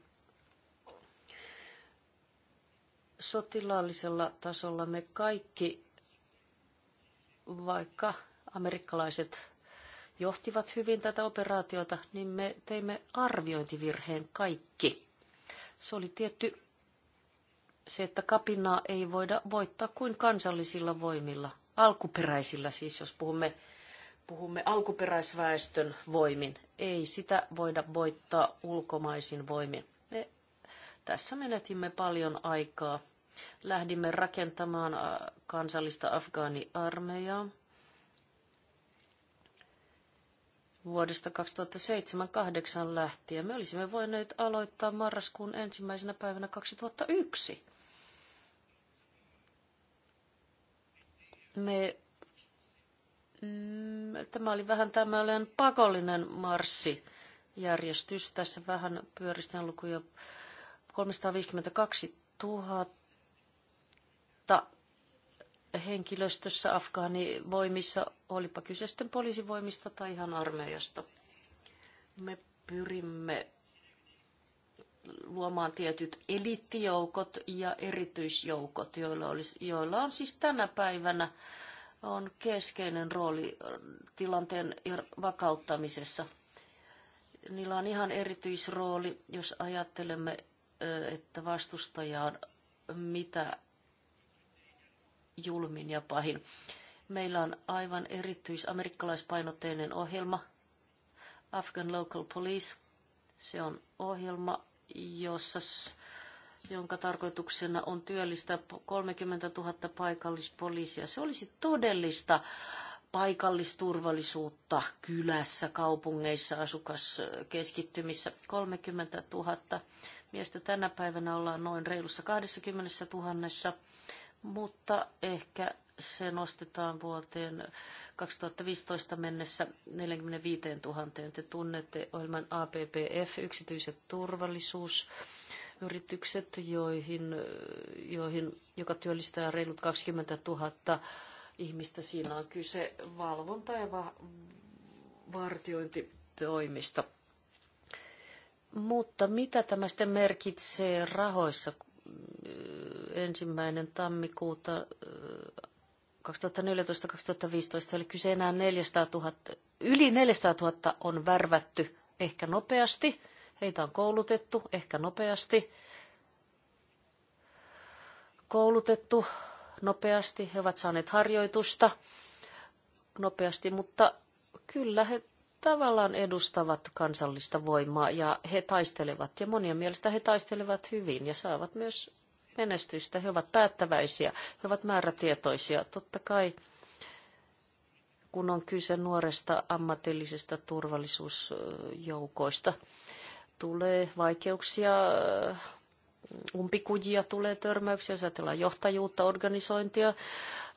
Sotilaallisella tasolla me kaikki, vaikka amerikkalaiset johtivat hyvin tätä operaatiota, niin me teimme arviointivirheen kaikki. Se oli tietty se, että kapinaa ei voida voittaa kuin kansallisilla voimilla, alkuperäisillä siis, jos puhumme, puhumme alkuperäisväestön voimin. Ei sitä voida voittaa ulkomaisin voimin. Me tässä menetimme paljon aikaa. Lähdimme rakentamaan äh, kansallista afgaaniarmeijaa. Vuodesta 2007-2008 lähtien me olisimme voineet aloittaa marraskuun ensimmäisenä päivänä 2001 me mm, Tämä oli vähän tämmöinen pakollinen marssijärjestys. Tässä vähän pyöristän lukuja 352 000 henkilöstössä afgaanivoimissa, olipa kyse sitten poliisivoimista tai ihan armeijasta. Me pyrimme luomaan tietyt elittijoukot ja erityisjoukot, joilla, olisi, joilla on siis tänä päivänä on keskeinen rooli äh, tilanteen er-, vakauttamisessa. Niillä on ihan erityisrooli, jos ajattelemme, äh, että vastustaja on mitä julmin ja pahin. Meillä on aivan amerikkalaispainotteinen ohjelma, Afghan Local Police. Se on ohjelma, jossa, jonka tarkoituksena on työllistää 30 000 paikallispoliisia. Se olisi todellista paikallisturvallisuutta kylässä, kaupungeissa, asukaskeskittymissä. 30 000 miestä tänä päivänä ollaan noin reilussa 20 000, mutta ehkä se nostetaan vuoteen 2015 mennessä 45 000. Te tunnette ohjelman APPF, yksityiset turvallisuus yritykset, joihin, joihin, joka työllistää reilut 20 000 ihmistä. Siinä on kyse valvonta- ja va- vartiointitoimista. Mutta mitä tämä sitten merkitsee rahoissa? Ensimmäinen tammikuuta 2014-2015 oli kyse enää 400 000, yli 400 000 on värvätty ehkä nopeasti, heitä on koulutettu ehkä nopeasti, koulutettu nopeasti, he ovat saaneet harjoitusta nopeasti, mutta kyllä he tavallaan edustavat kansallista voimaa ja he taistelevat ja monien mielestä he taistelevat hyvin ja saavat myös menestystä. He ovat päättäväisiä, he ovat määrätietoisia. Totta kai kun on kyse nuoresta ammatillisesta turvallisuusjoukoista. Tulee vaikeuksia, umpikujia, tulee törmäyksiä, jos ajatellaan johtajuutta, organisointia,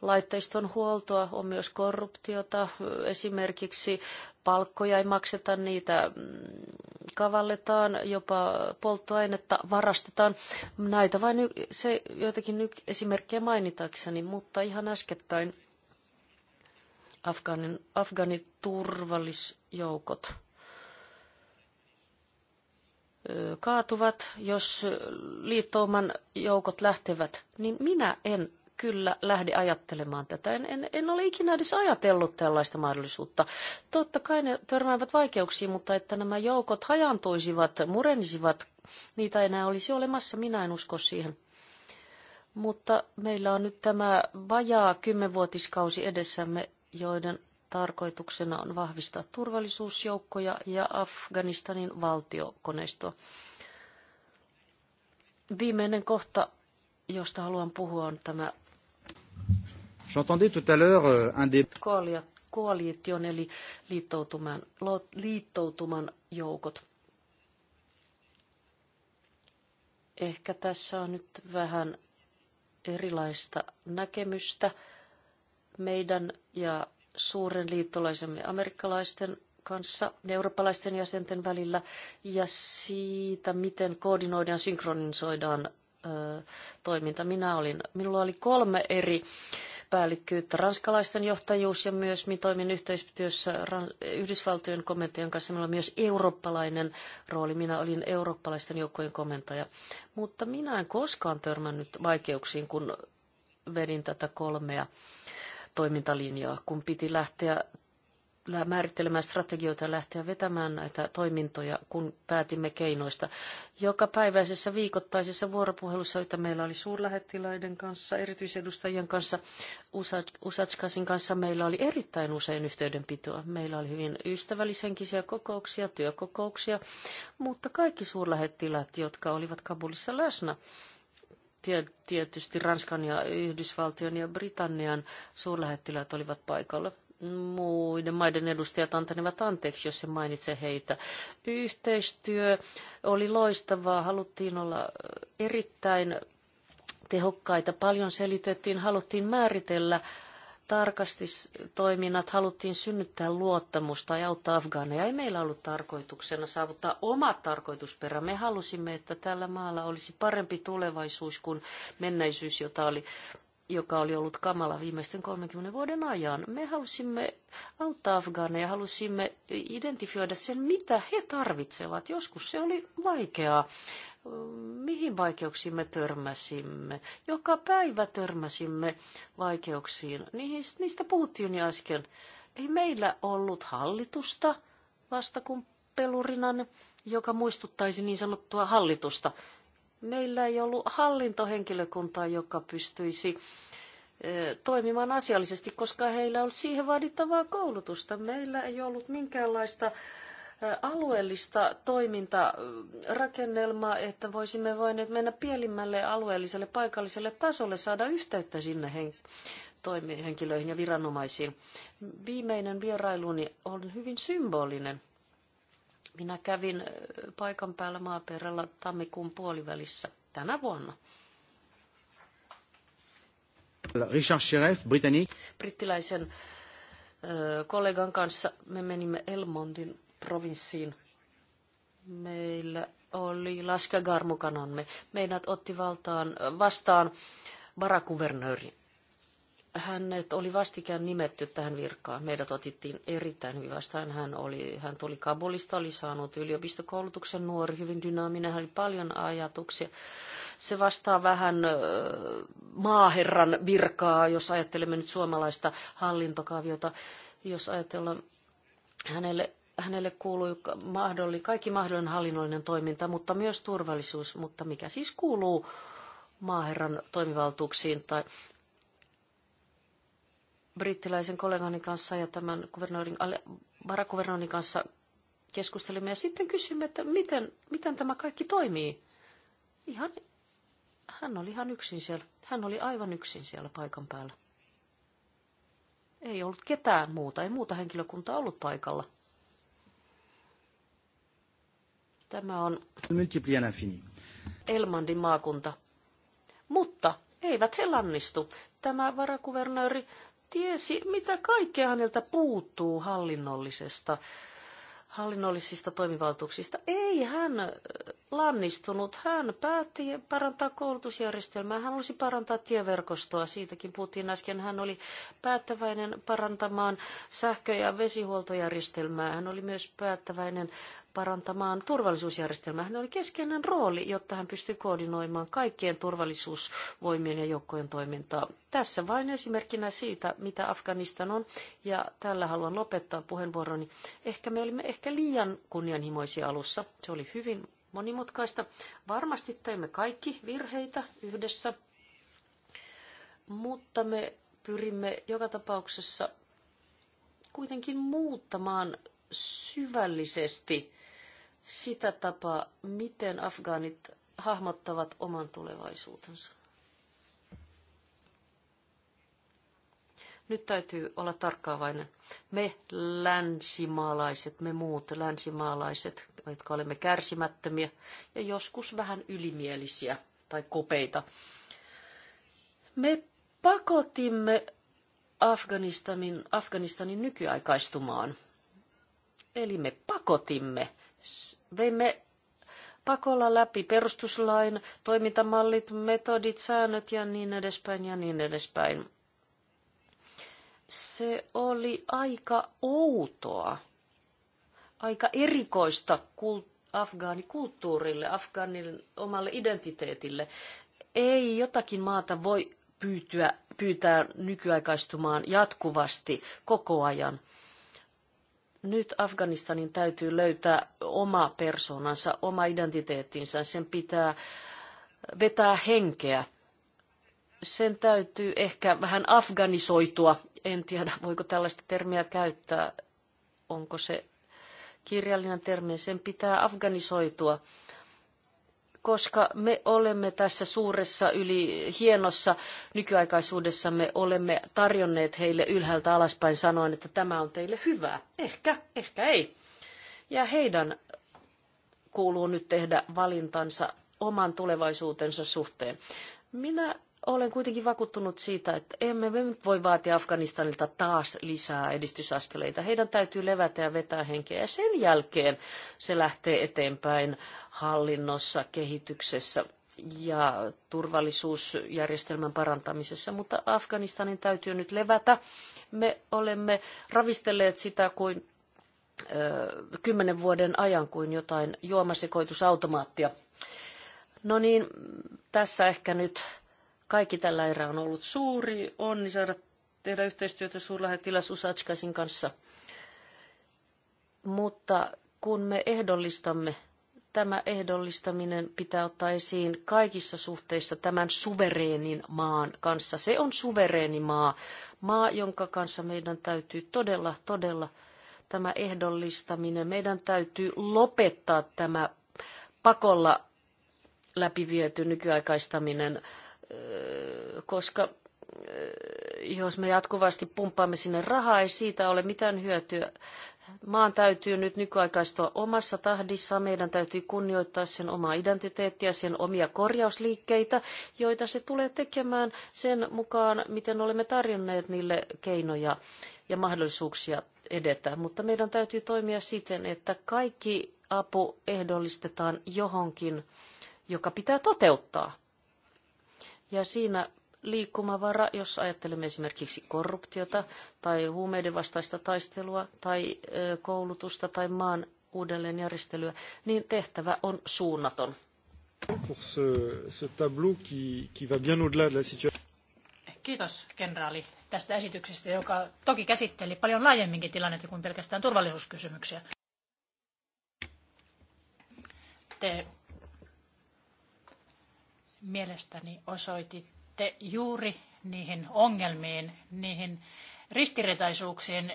laitteiston huoltoa, on myös korruptiota, esimerkiksi palkkoja ei makseta, niitä mm, kavalletaan, jopa polttoainetta varastetaan. Näitä vain se, joitakin nyt esimerkkejä mainitakseni, mutta ihan äskettäin Afganin, Afganin turvallisjoukot kaatuvat, jos liittouman joukot lähtevät, niin minä en kyllä lähde ajattelemaan tätä. En, en, en ole ikinä edes ajatellut tällaista mahdollisuutta. Totta kai ne törmäävät vaikeuksiin, mutta että nämä joukot hajantuisivat, murenisivat, niitä ei enää olisi olemassa, minä en usko siihen. Mutta meillä on nyt tämä vajaa kymmenvuotiskausi edessämme, joiden tarkoituksena on vahvistaa turvallisuusjoukkoja ja Afganistanin valtiokoneistoa. Viimeinen kohta, josta haluan puhua, on tämä J'entendais tout à l'heure euh, un des Koalition eli liittoutuman, liittoutuman joukot. Ehkä tässä on nyt vähän erilaista näkemystä meidän ja suuren liittolaisemme amerikkalaisten kanssa ja eurooppalaisten jäsenten välillä ja siitä, miten koordinoidaan ja synkronisoidaan ö, toiminta. Minä olin, minulla oli kolme eri ö, päällikkyyttä ranskalaisten johtajuus ja myös minä toimin yhteistyössä Yhdysvaltojen komentajan kanssa. Meillä on myös eurooppalainen rooli. Minä olin eurooppalaisten joukkojen komentaja. Mutta minä en koskaan törmännyt vaikeuksiin, kun vedin tätä kolmea toimintalinjaa, kun piti lähteä määrittelemään strategioita ja lähteä vetämään näitä toimintoja, kun päätimme keinoista. Joka päiväisessä viikoittaisessa vuoropuhelussa, jota meillä oli suurlähettiläiden kanssa, erityisedustajien kanssa, Usatskasin kanssa, meillä oli erittäin usein yhteydenpitoa. Meillä oli hyvin ystävällishenkisiä kokouksia, työkokouksia, mutta kaikki suurlähettilät, jotka olivat Kabulissa läsnä, tietysti Ranskan ja Yhdysvaltion ja Britannian suurlähettiläät olivat paikalla muiden maiden edustajat antanevat anteeksi, jos en mainitse heitä. Yhteistyö oli loistavaa, haluttiin olla erittäin tehokkaita, paljon selitettiin, haluttiin määritellä tarkasti toiminnat, haluttiin synnyttää luottamusta ja auttaa afgaaneja. Ei meillä ollut tarkoituksena saavuttaa oma tarkoitusperä. Me halusimme, että tällä maalla olisi parempi tulevaisuus kuin menneisyys, jota oli joka oli ollut kamala viimeisten 30 vuoden ajan. Me halusimme auttaa afgaaneja, halusimme identifioida sen, mitä he tarvitsevat. Joskus se oli vaikeaa. Mihin vaikeuksiin me törmäsimme? Joka päivä törmäsimme vaikeuksiin. Niistä puhuttiin jo äsken. Ei meillä ollut hallitusta vasta kun pelurinan, joka muistuttaisi niin sanottua hallitusta. Meillä ei ollut hallintohenkilökuntaa, joka pystyisi eh, toimimaan asiallisesti, koska heillä ei ollut siihen vaadittavaa koulutusta. Meillä ei ollut minkäänlaista eh, alueellista toimintarakennelmaa, että voisimme voineet mennä pielimmälle alueelliselle paikalliselle tasolle, saada yhteyttä sinne hen- ja viranomaisiin. Viimeinen vierailuni on hyvin symbolinen minä kävin äh, paikan päällä maaperällä tammikuun puolivälissä tänä vuonna. Richard Sheriff, Britannique. Brittiläisen äh, kollegan kanssa me menimme Elmondin provinssiin. Meillä oli Laskagar mukanamme. Meidät otti valtaan äh, vastaan varakuvernööri hänet oli vastikään nimetty tähän virkaan. Meidät otettiin erittäin hyvin vastaan. Hän, oli, hän tuli Kabulista, oli saanut yliopistokoulutuksen nuori, hyvin dynaaminen, hän oli paljon ajatuksia. Se vastaa vähän maaherran virkaa, jos ajattelemme nyt suomalaista hallintokaviota. Jos ajatellaan, hänelle hänelle kuului mahdolli, kaikki mahdollinen hallinnollinen toiminta, mutta myös turvallisuus, mutta mikä siis kuuluu maaherran toimivaltuuksiin tai brittiläisen kollegani kanssa ja tämän kuvernöörin, varakuvernöörin kanssa keskustelimme ja sitten kysyimme, että miten, miten tämä kaikki toimii. Ihan, hän oli ihan yksin siellä. Hän oli aivan yksin siellä paikan päällä. Ei ollut ketään muuta, ei muuta henkilökuntaa ollut paikalla. Tämä on Elmandin maakunta. Mutta eivät he lannistu. Tämä varakuvernööri tiesi, mitä kaikkea häneltä puuttuu hallinnollisesta hallinnollisista toimivaltuuksista. Ei hän lannistunut. Hän päätti parantaa koulutusjärjestelmää. Hän olisi parantaa tieverkostoa. Siitäkin puhuttiin äsken. Hän oli päättäväinen parantamaan sähkö- ja vesihuoltojärjestelmää. Hän oli myös päättäväinen parantamaan turvallisuusjärjestelmää. Hän oli keskeinen rooli, jotta hän pystyi koordinoimaan kaikkien turvallisuusvoimien ja joukkojen toimintaa. Tässä vain esimerkkinä siitä, mitä Afganistan on, ja tällä haluan lopettaa puheenvuoroni. Ehkä me olimme ehkä liian kunnianhimoisia alussa. Se oli hyvin monimutkaista. Varmasti teimme kaikki virheitä yhdessä, mutta me pyrimme joka tapauksessa kuitenkin muuttamaan syvällisesti sitä tapaa, miten afgaanit hahmottavat oman tulevaisuutensa. Nyt täytyy olla tarkkaavainen. Me länsimaalaiset, me muut länsimaalaiset, jotka olemme kärsimättömiä ja joskus vähän ylimielisiä tai kopeita, me pakotimme Afganistanin, Afganistanin nykyaikaistumaan. Eli me pakotimme veimme pakolla läpi perustuslain, toimintamallit, metodit, säännöt ja niin edespäin ja niin edespäin. Se oli aika outoa, aika erikoista kult- afgaanikulttuurille, afgaanin omalle identiteetille. Ei jotakin maata voi pyytyä, pyytää nykyaikaistumaan jatkuvasti koko ajan nyt Afganistanin täytyy löytää oma persoonansa, oma identiteettinsä. Sen pitää vetää henkeä. Sen täytyy ehkä vähän afganisoitua. En tiedä, voiko tällaista termiä käyttää. Onko se kirjallinen termi? Sen pitää afganisoitua koska me olemme tässä suuressa yli hienossa nykyaikaisuudessa me olemme tarjonneet heille ylhäältä alaspäin sanoen, että tämä on teille hyvää. Ehkä, ehkä ei. Ja heidän kuuluu nyt tehdä valintansa oman tulevaisuutensa suhteen. Minä olen kuitenkin vakuuttunut siitä, että emme me nyt voi vaatia Afganistanilta taas lisää edistysaskeleita. Heidän täytyy levätä ja vetää henkeä ja sen jälkeen se lähtee eteenpäin hallinnossa, kehityksessä ja turvallisuusjärjestelmän parantamisessa, mutta Afganistanin täytyy nyt levätä. Me olemme ravistelleet sitä kuin ö, kymmenen vuoden ajan kuin jotain juomasekoitusautomaattia. No niin, tässä ehkä nyt kaikki tällä erää on ollut suuri onni saada tehdä yhteistyötä suurlähettiläs Usatskasin kanssa. Mutta kun me ehdollistamme, tämä ehdollistaminen pitää ottaa esiin kaikissa suhteissa tämän suvereenin maan kanssa. Se on suvereeni maa, maa jonka kanssa meidän täytyy todella, todella tämä ehdollistaminen. Meidän täytyy lopettaa tämä pakolla läpiviety nykyaikaistaminen koska eh, jos me jatkuvasti pumppaamme sinne rahaa, ei siitä ole mitään hyötyä. Maan täytyy nyt nykyaikaistua omassa tahdissaan. Meidän täytyy kunnioittaa sen omaa identiteettiä, sen omia korjausliikkeitä, joita se tulee tekemään sen mukaan, miten olemme tarjonneet niille keinoja ja mahdollisuuksia edetä. Mutta meidän täytyy toimia siten, että kaikki apu ehdollistetaan johonkin, joka pitää toteuttaa ja siinä liikkumavara, jos ajattelemme esimerkiksi korruptiota tai huumeiden vastaista taistelua tai koulutusta tai maan uudelleenjärjestelyä, niin tehtävä on suunnaton. Kiitos, kenraali, tästä esityksestä, joka toki käsitteli paljon laajemminkin tilannetta kuin pelkästään turvallisuuskysymyksiä. Te Mielestäni osoititte juuri niihin ongelmiin, niihin ristiriitaisuuksiin,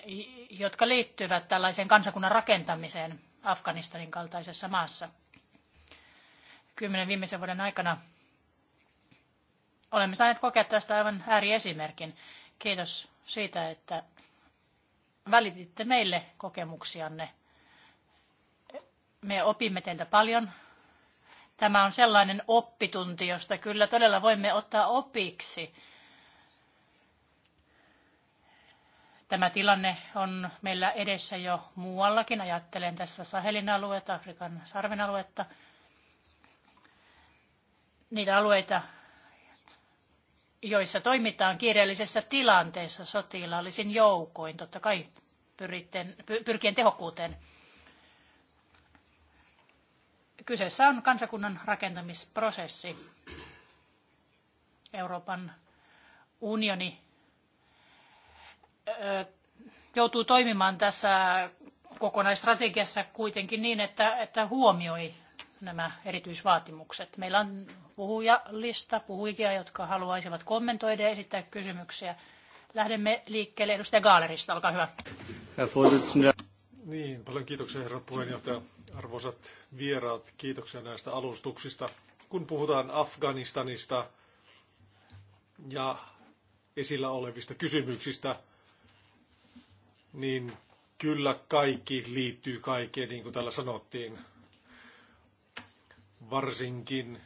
jotka liittyvät tällaiseen kansakunnan rakentamiseen Afganistanin kaltaisessa maassa. Kymmenen viimeisen vuoden aikana olemme saaneet kokea tästä aivan ääriesimerkin. Kiitos siitä, että välititte meille kokemuksianne. Me opimme teiltä paljon Tämä on sellainen oppitunti, josta kyllä todella voimme ottaa opiksi. Tämä tilanne on meillä edessä jo muuallakin. Ajattelen tässä Sahelin alueita, Afrikan sarven aluetta. Niitä alueita, joissa toimitaan kiireellisessä tilanteessa sotilaallisin joukoin, totta kai pyritten, pyrkien tehokkuuteen. Kyseessä on kansakunnan rakentamisprosessi. Euroopan unioni joutuu toimimaan tässä kokonaisstrategiassa kuitenkin niin, että, että huomioi nämä erityisvaatimukset. Meillä on puhujalista, puhujia, jotka haluaisivat kommentoida ja esittää kysymyksiä. Lähdemme liikkeelle edustaja Gaalerista, olkaa hyvä. Niin, paljon kiitoksia herra puheenjohtaja. Arvoisat vieraat, kiitoksia näistä alustuksista. Kun puhutaan Afganistanista ja esillä olevista kysymyksistä, niin kyllä kaikki liittyy kaikkeen, niin kuin täällä sanottiin. Varsinkin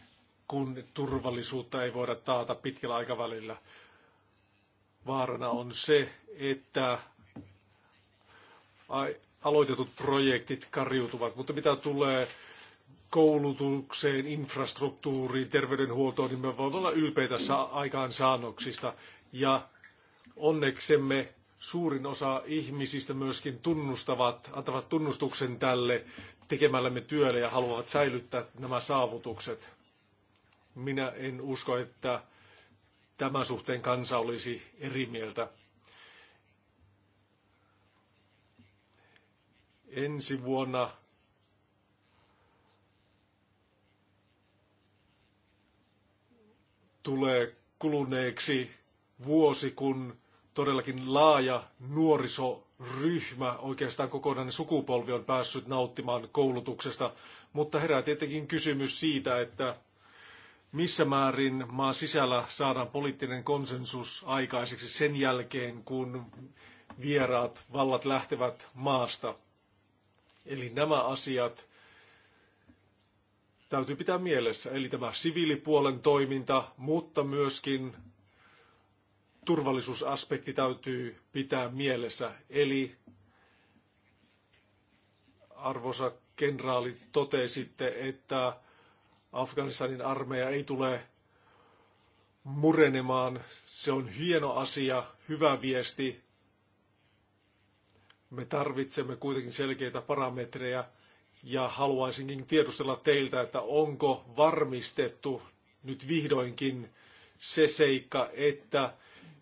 kun turvallisuutta ei voida taata pitkällä aikavälillä. Vaarana on se, että aloitetut projektit kariutuvat, mutta mitä tulee koulutukseen, infrastruktuuriin, terveydenhuoltoon, niin me voimme olla ylpeitä aikaansaannoksista. Ja onneksemme suurin osa ihmisistä myöskin tunnustavat, antavat tunnustuksen tälle tekemällämme työlle ja haluavat säilyttää nämä saavutukset. Minä en usko, että tämän suhteen kansa olisi eri mieltä. ensi vuonna tulee kuluneeksi vuosi, kun todellakin laaja nuorisoryhmä, oikeastaan kokonainen sukupolvi on päässyt nauttimaan koulutuksesta. Mutta herää tietenkin kysymys siitä, että missä määrin maan sisällä saadaan poliittinen konsensus aikaiseksi sen jälkeen, kun vieraat vallat lähtevät maasta. Eli nämä asiat täytyy pitää mielessä. Eli tämä siviilipuolen toiminta, mutta myöskin turvallisuusaspekti täytyy pitää mielessä. Eli arvoisa kenraali, totesitte, että Afganistanin armeija ei tule murenemaan. Se on hieno asia, hyvä viesti, me tarvitsemme kuitenkin selkeitä parametreja ja haluaisinkin tiedustella teiltä, että onko varmistettu nyt vihdoinkin se seikka, että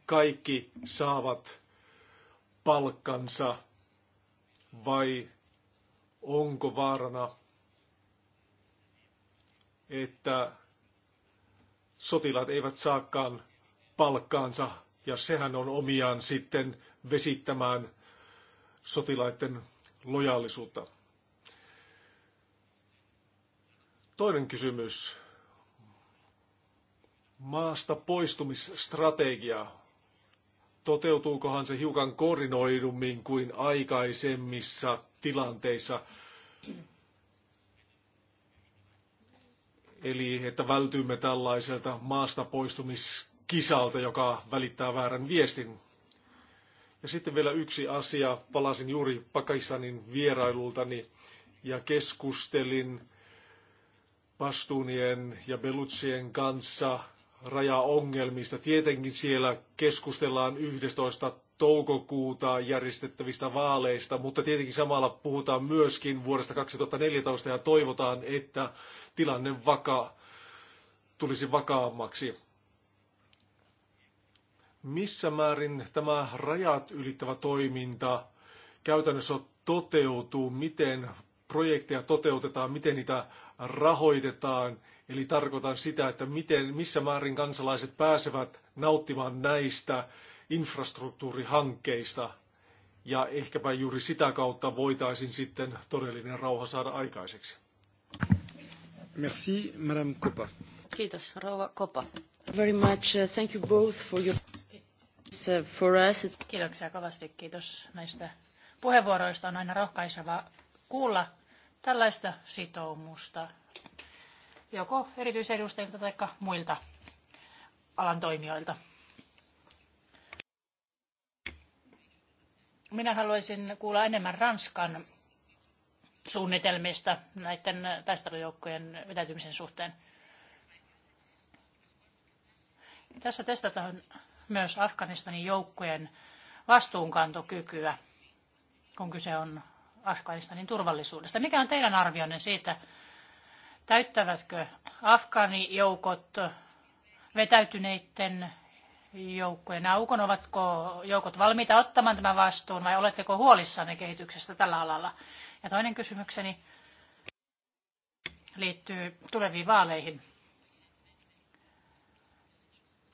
kaikki saavat palkkansa vai onko vaarana, että sotilaat eivät saakaan palkkaansa ja sehän on omiaan sitten vesittämään sotilaiden lojaalisuutta. Toinen kysymys. Maasta poistumisstrategia. Toteutuukohan se hiukan koordinoidummin kuin aikaisemmissa tilanteissa? Eli että vältymme tällaiselta maasta poistumiskisalta, joka välittää väärän viestin ja sitten vielä yksi asia. Palasin juuri Pakistanin vierailultani ja keskustelin Pastunien ja Belutsien kanssa rajaongelmista. Tietenkin siellä keskustellaan 11 toukokuuta järjestettävistä vaaleista, mutta tietenkin samalla puhutaan myöskin vuodesta 2014 ja toivotaan, että tilanne vaka tulisi vakaammaksi missä määrin tämä rajat ylittävä toiminta käytännössä toteutuu, miten projekteja toteutetaan, miten niitä rahoitetaan. Eli tarkoitan sitä, että miten, missä määrin kansalaiset pääsevät nauttimaan näistä infrastruktuurihankkeista. Ja ehkäpä juuri sitä kautta voitaisiin sitten todellinen rauha saada aikaiseksi. Merci, Madame Kopa. Kiitos, Rouva Kopa. Very much. Uh, thank you both for your... Uh, Kiitoksia kovasti. Kiitos näistä puheenvuoroista. On aina rohkaisevaa kuulla tällaista sitoumusta joko erityisedustajilta tai muilta alan toimijoilta. Minä haluaisin kuulla enemmän Ranskan suunnitelmista näiden taistelujoukkojen vetäytymisen suhteen. Tässä testataan myös Afganistanin joukkojen vastuunkantokykyä, kun kyse on Afganistanin turvallisuudesta. Mikä on teidän arvionne siitä, täyttävätkö Afgaanijoukot vetäytyneiden joukkojen aukon? Ovatko joukot valmiita ottamaan tämän vastuun vai oletteko huolissanne kehityksestä tällä alalla? Ja toinen kysymykseni liittyy tuleviin vaaleihin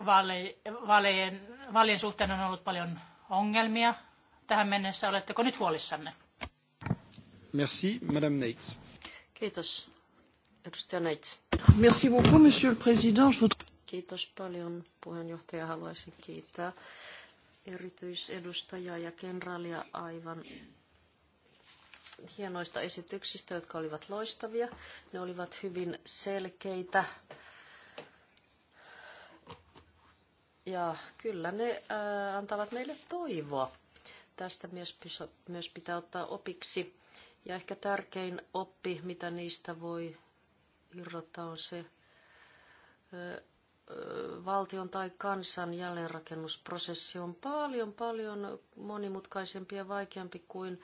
vaalien, vaalien suhteen on ollut paljon ongelmia tähän mennessä. Oletteko nyt huolissanne? Merci, Madame Neitz. Kiitos, edustaja Neitz. Merci beaucoup, Monsieur le Président. Kiitos paljon, puheenjohtaja. Haluaisin kiittää erityisedustajaa ja kenraalia aivan hienoista esityksistä, jotka olivat loistavia. Ne olivat hyvin selkeitä Ja kyllä ne äh, antavat meille toivoa. Tästä myös, myös pitää ottaa opiksi. Ja ehkä tärkein oppi, mitä niistä voi irrottaa, on se ää, äh, äh, valtion tai kansan jälleenrakennusprosessi on paljon, paljon monimutkaisempi ja vaikeampi kuin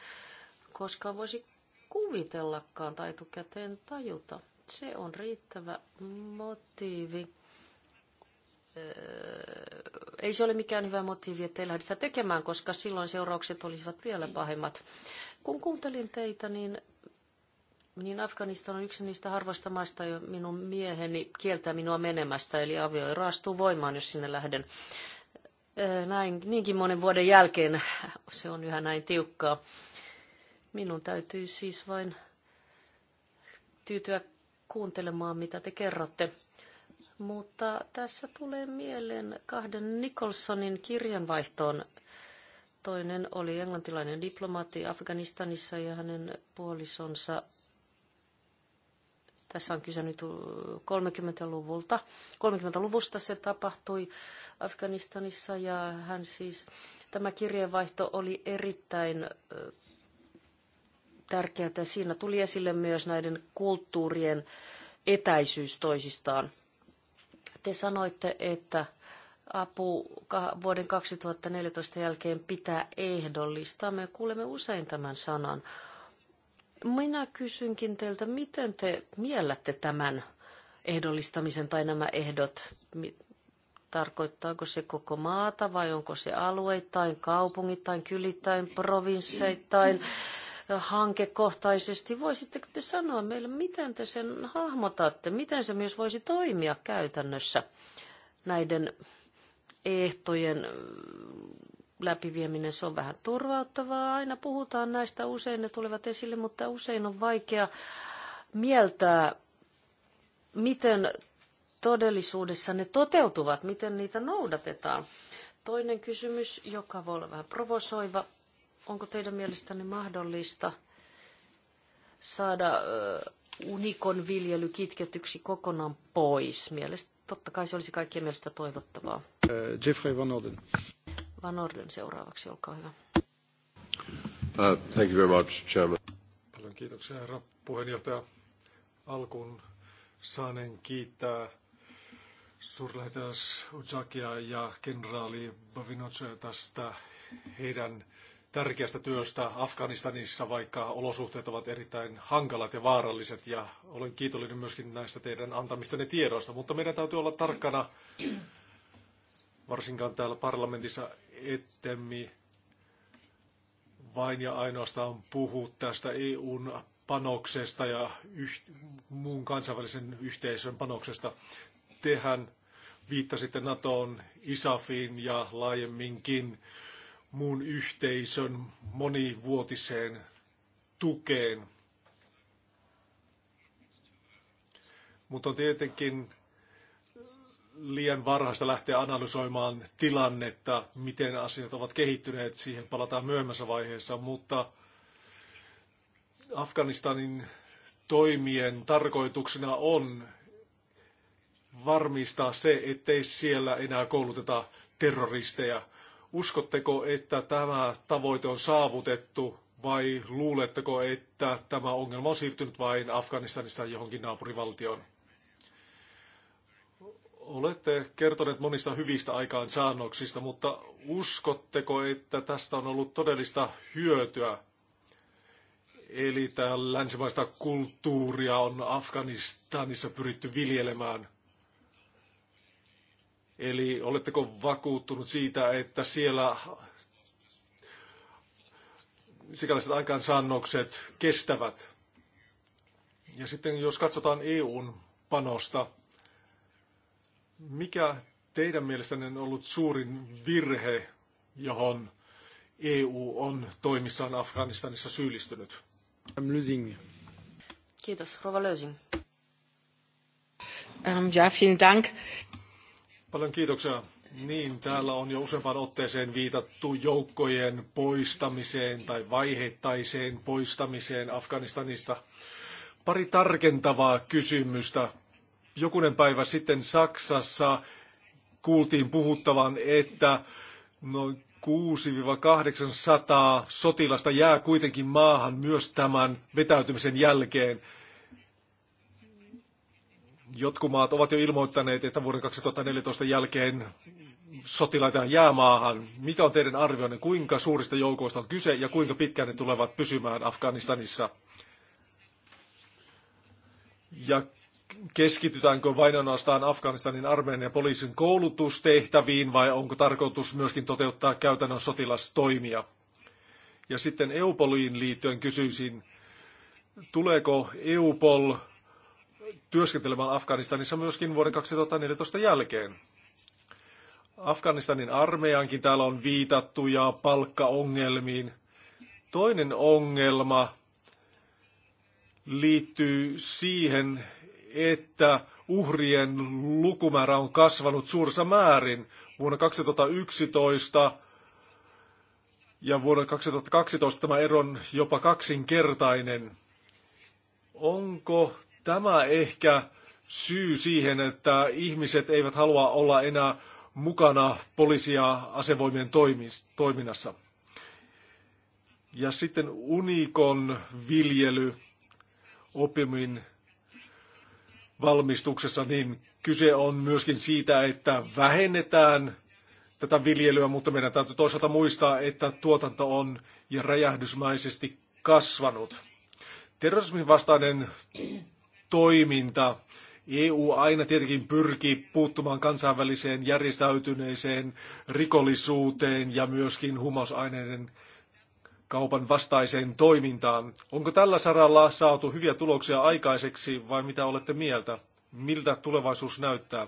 koskaan voisi kuvitellakaan tai etukäteen tajuta. Se on riittävä motiivi Äh, ei se ole mikään hyvä motiivi, ettei lähde sitä tekemään, koska silloin seuraukset olisivat vielä pahemmat. Kun kuuntelin teitä, niin, niin Afganistan on yksi niistä harvoista maista, jo minun mieheni kieltää minua menemästä, eli avioero astuu voimaan, jos sinne lähden. Äh, näin, niinkin monen vuoden jälkeen se on yhä näin tiukkaa. Minun täytyy siis vain tyytyä kuuntelemaan, mitä te kerrotte. Mutta tässä tulee mieleen kahden Nicholsonin kirjanvaihtoon. Toinen oli englantilainen diplomaatti Afganistanissa ja hänen puolisonsa. Tässä on kyse nyt 30-luvulta. 30-luvusta se tapahtui Afganistanissa ja hän siis, tämä kirjeenvaihto oli erittäin tärkeää. Siinä tuli esille myös näiden kulttuurien etäisyys toisistaan. Te sanoitte, että apu vuoden 2014 jälkeen pitää ehdollistaa. Me kuulemme usein tämän sanan. Minä kysynkin teiltä, miten te miellätte tämän ehdollistamisen tai nämä ehdot? Tarkoittaako se koko maata vai onko se alueittain, kaupungittain, kylittäin, provinsseittain? hankekohtaisesti. Voisitteko te sanoa meille, miten te sen hahmotatte, miten se myös voisi toimia käytännössä näiden ehtojen läpivieminen, se on vähän turvauttavaa. Aina puhutaan näistä, usein ne tulevat esille, mutta usein on vaikea mieltää, miten todellisuudessa ne toteutuvat, miten niitä noudatetaan. Toinen kysymys, joka voi olla vähän provosoiva, onko teidän mielestänne mahdollista saada unikon viljely kitketyksi kokonaan pois? Mielestä, totta kai se olisi kaikkien mielestä toivottavaa. Jeffrey Van Orden. Van Orden seuraavaksi, olkaa hyvä. Uh, thank you very much, Chairman. Paljon kiitoksia, herra puheenjohtaja. Alkuun saanen kiittää suurlähettiläs Ujakia ja kenraali Bavinoce tästä heidän tärkeästä työstä Afganistanissa, vaikka olosuhteet ovat erittäin hankalat ja vaaralliset. Ja olen kiitollinen myöskin näistä teidän antamistanne tiedoista, mutta meidän täytyy olla tarkkana, varsinkaan täällä parlamentissa, ettemme vain ja ainoastaan puhu tästä EUn panoksesta ja yh- muun kansainvälisen yhteisön panoksesta. Tehän viittasitte NATOon, ISAFiin ja laajemminkin muun yhteisön monivuotiseen tukeen. Mutta on tietenkin liian varhaista lähteä analysoimaan tilannetta, miten asiat ovat kehittyneet. Siihen palataan myöhemmässä vaiheessa, mutta Afganistanin toimien tarkoituksena on varmistaa se, ettei siellä enää kouluteta terroristeja. Uskotteko, että tämä tavoite on saavutettu vai luuletteko, että tämä ongelma on siirtynyt vain Afganistanista johonkin naapurivaltioon? Olette kertoneet monista hyvistä aikaansaannoksista, mutta uskotteko, että tästä on ollut todellista hyötyä? Eli tämä länsimaista kulttuuria on Afganistanissa pyritty viljelemään. Eli oletteko vakuuttunut siitä, että siellä sikäläiset aikaansaannokset kestävät? Ja sitten jos katsotaan EUn panosta, mikä teidän mielestänne on ollut suurin virhe, johon EU on toimissaan Afganistanissa syyllistynyt? Kiitos, Rova Lösing. Ähm, ja, vielen Dank. Paljon kiitoksia. Niin, täällä on jo useampaan otteeseen viitattu joukkojen poistamiseen tai vaiheittaiseen poistamiseen Afganistanista. Pari tarkentavaa kysymystä. Jokunen päivä sitten Saksassa kuultiin puhuttavan, että noin 6-800 sotilasta jää kuitenkin maahan myös tämän vetäytymisen jälkeen. Jotkut maat ovat jo ilmoittaneet, että vuoden 2014 jälkeen sotilaita maahan. Mikä on teidän arvionne, kuinka suurista joukoista on kyse ja kuinka pitkään ne tulevat pysymään Afganistanissa? Ja keskitytäänkö vain ainoastaan Afganistanin armeijan ja poliisin koulutustehtäviin vai onko tarkoitus myöskin toteuttaa käytännön sotilastoimia? Ja sitten Eupoliin liittyen kysyisin, tuleeko Eupol työskentelemään Afganistanissa myöskin vuoden 2014 jälkeen. Afganistanin armeijankin täällä on viitattu ja palkkaongelmiin. Toinen ongelma liittyy siihen, että uhrien lukumäärä on kasvanut suurissa määrin. Vuonna 2011 ja vuonna 2012 tämä ero on jopa kaksinkertainen. Onko Tämä ehkä syy siihen, että ihmiset eivät halua olla enää mukana poliisia asevoimien toiminnassa. Ja sitten unikon viljely opimin valmistuksessa, niin kyse on myöskin siitä, että vähennetään tätä viljelyä, mutta meidän täytyy toisaalta muistaa, että tuotanto on ja räjähdysmäisesti kasvanut. Terrorismin vastainen toiminta. EU aina tietenkin pyrkii puuttumaan kansainväliseen järjestäytyneeseen rikollisuuteen ja myöskin huumausaineiden kaupan vastaiseen toimintaan. Onko tällä saralla saatu hyviä tuloksia aikaiseksi vai mitä olette mieltä? Miltä tulevaisuus näyttää?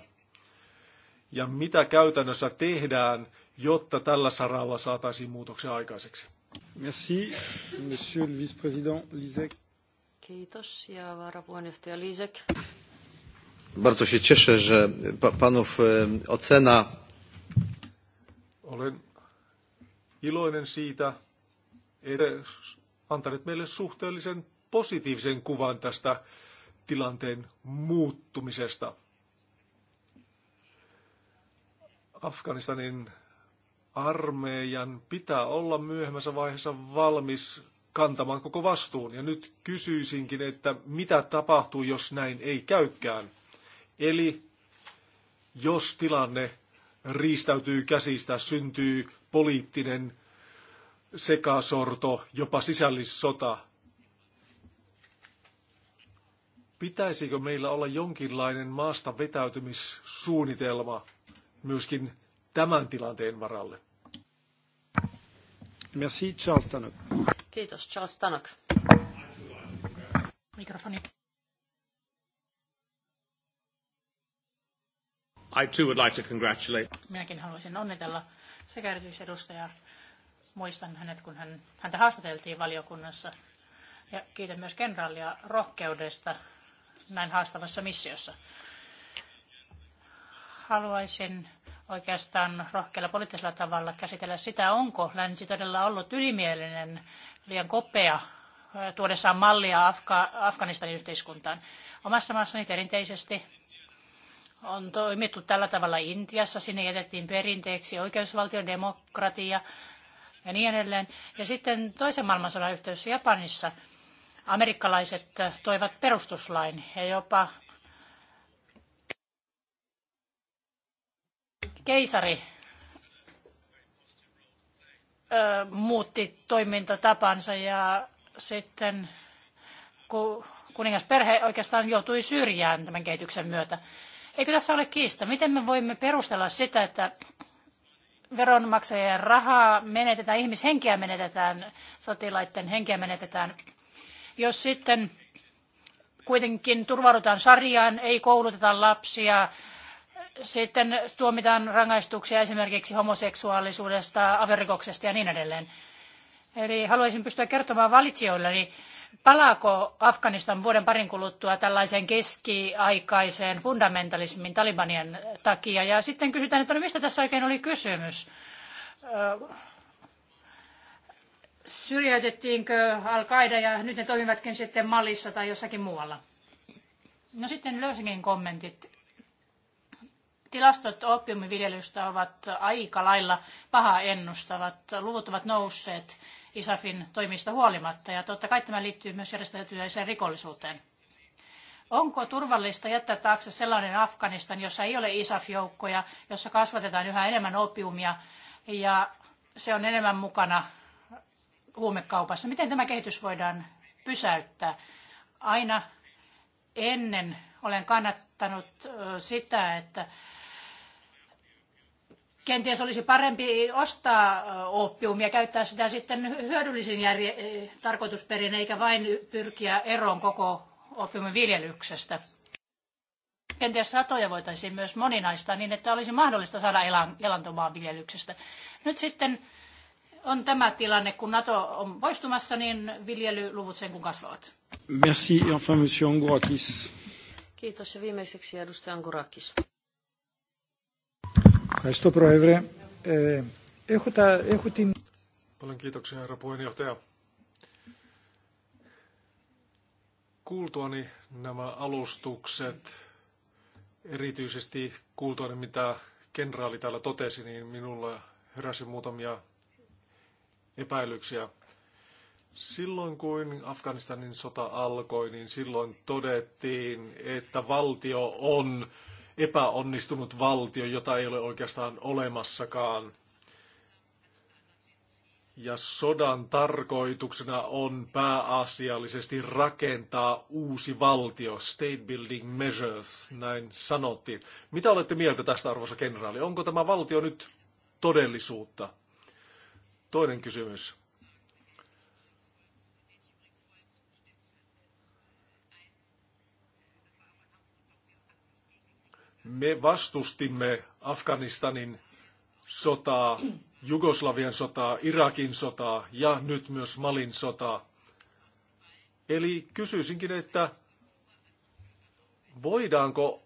Ja mitä käytännössä tehdään, jotta tällä saralla saataisiin muutoksia aikaiseksi? Merci, monsieur le vice-président Lisek. Kiitos. Ja varapuheenjohtaja Lisek. Bardzo się cieszę, że panów e, ocena... Olen iloinen siitä, edes antaneet meille suhteellisen positiivisen kuvan tästä tilanteen muuttumisesta. Afganistanin armeijan pitää olla myöhemmässä vaiheessa valmis kantamaan koko vastuun. Ja nyt kysyisinkin, että mitä tapahtuu, jos näin ei käykään. Eli jos tilanne riistäytyy käsistä, syntyy poliittinen sekasorto, jopa sisällissota. Pitäisikö meillä olla jonkinlainen maasta vetäytymissuunnitelma myöskin tämän tilanteen varalle? Merci, Charles Tannock. Kiitos, Charles Tannock. Mikrofoni. I too would like to congratulate. Minäkin haluaisin onnitella sekä erityisedustajaa. Muistan hänet, kun hän, häntä haastateltiin valiokunnassa. Ja kiitän myös kenraalia rohkeudesta näin haastavassa missiossa. Haluaisin oikeastaan rohkealla poliittisella tavalla käsitellä sitä, onko länsi todella ollut ylimielinen, liian kopea tuodessaan mallia Afga, Afganistanin yhteiskuntaan. Omassa maassani perinteisesti on toimittu tällä tavalla Intiassa, sinne jätettiin perinteeksi oikeusvaltio, demokratia ja niin edelleen. Ja sitten toisen maailmansodan yhteydessä Japanissa amerikkalaiset toivat perustuslain ja jopa keisari ö, muutti toimintatapansa ja sitten ku, kuningasperhe oikeastaan joutui syrjään tämän kehityksen myötä. Eikö tässä ole kiista? Miten me voimme perustella sitä, että veronmaksajien rahaa menetetään, ihmishenkiä menetetään, sotilaiden henkiä menetetään, jos sitten kuitenkin turvaudutaan sarjaan, ei kouluteta lapsia, sitten tuomitaan rangaistuksia esimerkiksi homoseksuaalisuudesta, averikoksesta ja niin edelleen. Eli haluaisin pystyä kertomaan niin palaako Afganistan vuoden parin kuluttua tällaiseen keskiaikaiseen fundamentalismin talibanien takia. Ja sitten kysytään, että no mistä tässä oikein oli kysymys? Syrjäytettiinkö Al-Qaida ja nyt ne toimivatkin sitten Malissa tai jossakin muualla? No sitten löysinkin kommentit Tilastot oppiumiviljelystä ovat aika lailla paha ennustavat. Luvut ovat nousseet ISAFin toimista huolimatta ja totta kai tämä liittyy myös järjestäytyneeseen rikollisuuteen. Onko turvallista jättää taakse sellainen Afganistan, jossa ei ole ISAF-joukkoja, jossa kasvatetaan yhä enemmän opiumia ja se on enemmän mukana huumekaupassa? Miten tämä kehitys voidaan pysäyttää? Aina ennen olen kannattanut sitä, että kenties olisi parempi ostaa oppiumia, käyttää sitä sitten hyödyllisiin järje- tarkoitusperiin, eikä vain pyrkiä eroon koko oppiumin viljelyksestä. Kenties satoja voitaisiin myös moninaistaa niin, että olisi mahdollista saada elantomaan viljelyksestä. Nyt sitten on tämä tilanne, kun NATO on poistumassa, niin viljelyluvut sen kun kasvavat. Merci, enfin, monsieur Angurakis. Kiitos ja viimeiseksi edustaja Angurakis. Ευχαριστώ, Πρόεδρε. Ε, έχω, τα, έχω την... Kuultuani nämä alustukset, erityisesti kuultuani mitä kenraali täällä totesi, niin minulla heräsi muutamia epäilyksiä. Silloin kun Afganistanin sota alkoi, niin silloin todettiin, että valtio on epäonnistunut valtio, jota ei ole oikeastaan olemassakaan. Ja sodan tarkoituksena on pääasiallisesti rakentaa uusi valtio, state building measures, näin sanottiin. Mitä olette mieltä tästä, arvoisa kenraali? Onko tämä valtio nyt todellisuutta? Toinen kysymys. Me vastustimme Afganistanin sotaa, Jugoslavian sotaa, Irakin sotaa ja nyt myös Malin sotaa. Eli kysyisinkin, että voidaanko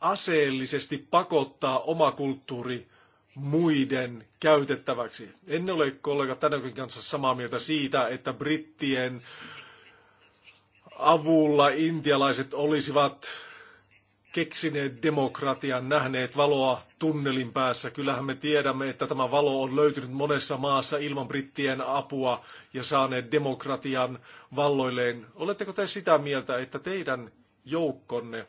aseellisesti pakottaa oma kulttuuri muiden käytettäväksi. En ole kollega tänäkin kanssa samaa mieltä siitä, että brittien avulla intialaiset olisivat keksineet demokratian, nähneet valoa tunnelin päässä. Kyllähän me tiedämme, että tämä valo on löytynyt monessa maassa ilman brittien apua ja saaneet demokratian valloilleen. Oletteko te sitä mieltä, että teidän joukkonne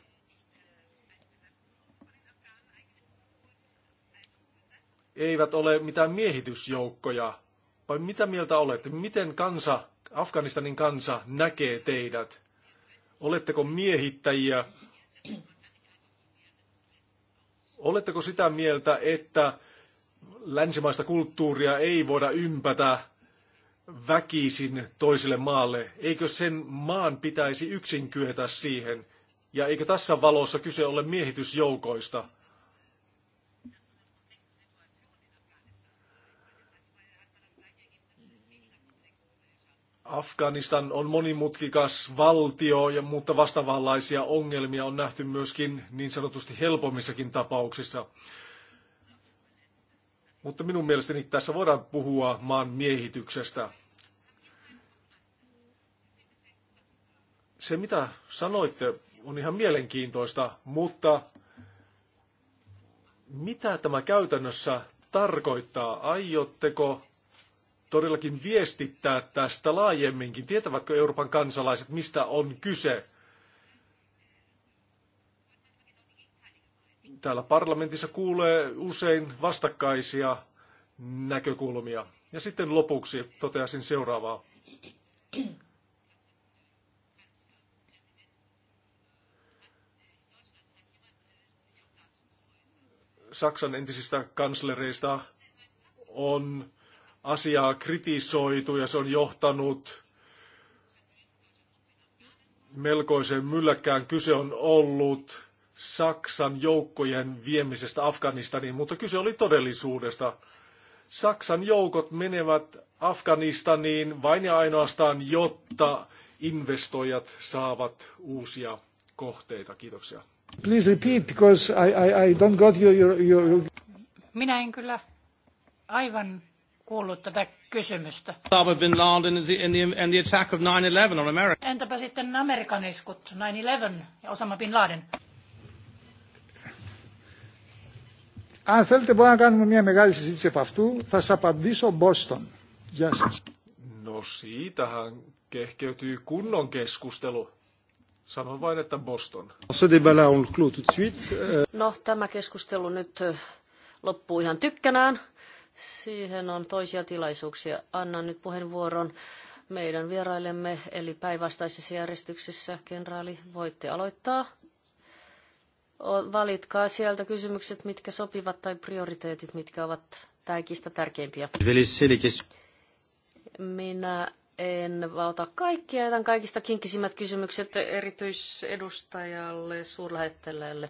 eivät ole mitään miehitysjoukkoja? Vai mitä mieltä olette? Miten kansa, Afganistanin kansa näkee teidät? Oletteko miehittäjiä Oletteko sitä mieltä, että länsimaista kulttuuria ei voida ympätä väkisin toiselle maalle? Eikö sen maan pitäisi yksin kyetä siihen? Ja eikö tässä valossa kyse ole miehitysjoukoista? Afganistan on monimutkikas valtio, ja, mutta vastaavanlaisia ongelmia on nähty myöskin niin sanotusti helpommissakin tapauksissa. Mutta minun mielestäni tässä voidaan puhua maan miehityksestä. Se, mitä sanoitte, on ihan mielenkiintoista, mutta mitä tämä käytännössä tarkoittaa? Aiotteko todellakin viestittää tästä laajemminkin? Tietävätkö Euroopan kansalaiset, mistä on kyse? Täällä parlamentissa kuulee usein vastakkaisia näkökulmia. Ja sitten lopuksi toteaisin seuraavaa. Saksan entisistä kanslereista on asiaa kritisoitu ja se on johtanut melkoisen mylläkkään. Kyse on ollut Saksan joukkojen viemisestä Afganistaniin, mutta kyse oli todellisuudesta. Saksan joukot menevät Afganistaniin vain ja ainoastaan, jotta investoijat saavat uusia kohteita. Kiitoksia. Please repeat, because I, I, I don't got your, your, your... Minä en kyllä aivan kuullut tätä kysymystä. Osama bin Laden and the, and the attack of 9-11 on America. Entäpä sitten Amerikan iskut, 9-11 ja Osama bin Laden? Αν θέλετε μπορούμε να κάνουμε μια μεγάλη συζήτηση από αυτού. Θα σας απαντήσω Μπόστον. Γεια σας. No siitähän kehkeytyy kunnon keskustelu. Sanon vain, että Boston. Euh, no, tämä keskustelu nyt äh, loppuu ihan tykkänään. Siihen on toisia tilaisuuksia. Annan nyt puheenvuoron meidän vierailemme, eli päinvastaisessa järjestyksessä, kenraali, voitte aloittaa. Valitkaa sieltä kysymykset, mitkä sopivat, tai prioriteetit, mitkä ovat täikistä tärkeimpiä. Minä en valta kaikkia, jätän kaikista kinkisimmät kysymykset erityisedustajalle, suurlähettelijälle.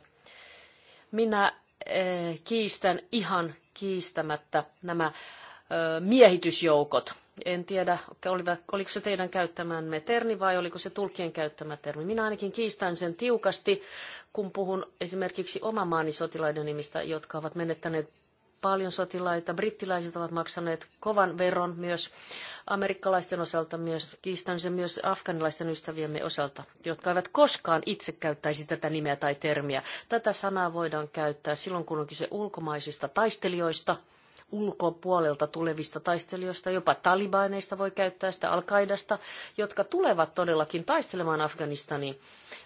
Minä eh, kiistän ihan kiistämättä nämä miehitysjoukot. En tiedä, oliko se teidän käyttämänne termi vai oliko se tulkien käyttämä termi. Minä ainakin kiistän sen tiukasti, kun puhun esimerkiksi oman maani sotilaiden nimistä, jotka ovat menettäneet paljon sotilaita. Brittiläiset ovat maksaneet kovan veron myös amerikkalaisten osalta, myös kiistanisen myös afganilaisten ystäviemme osalta, jotka eivät koskaan itse käyttäisi tätä nimeä tai termiä. Tätä sanaa voidaan käyttää silloin, kun on kyse ulkomaisista taistelijoista, ulkopuolelta tulevista taistelijoista, jopa talibaneista voi käyttää sitä al jotka tulevat todellakin taistelemaan Afganistaniin,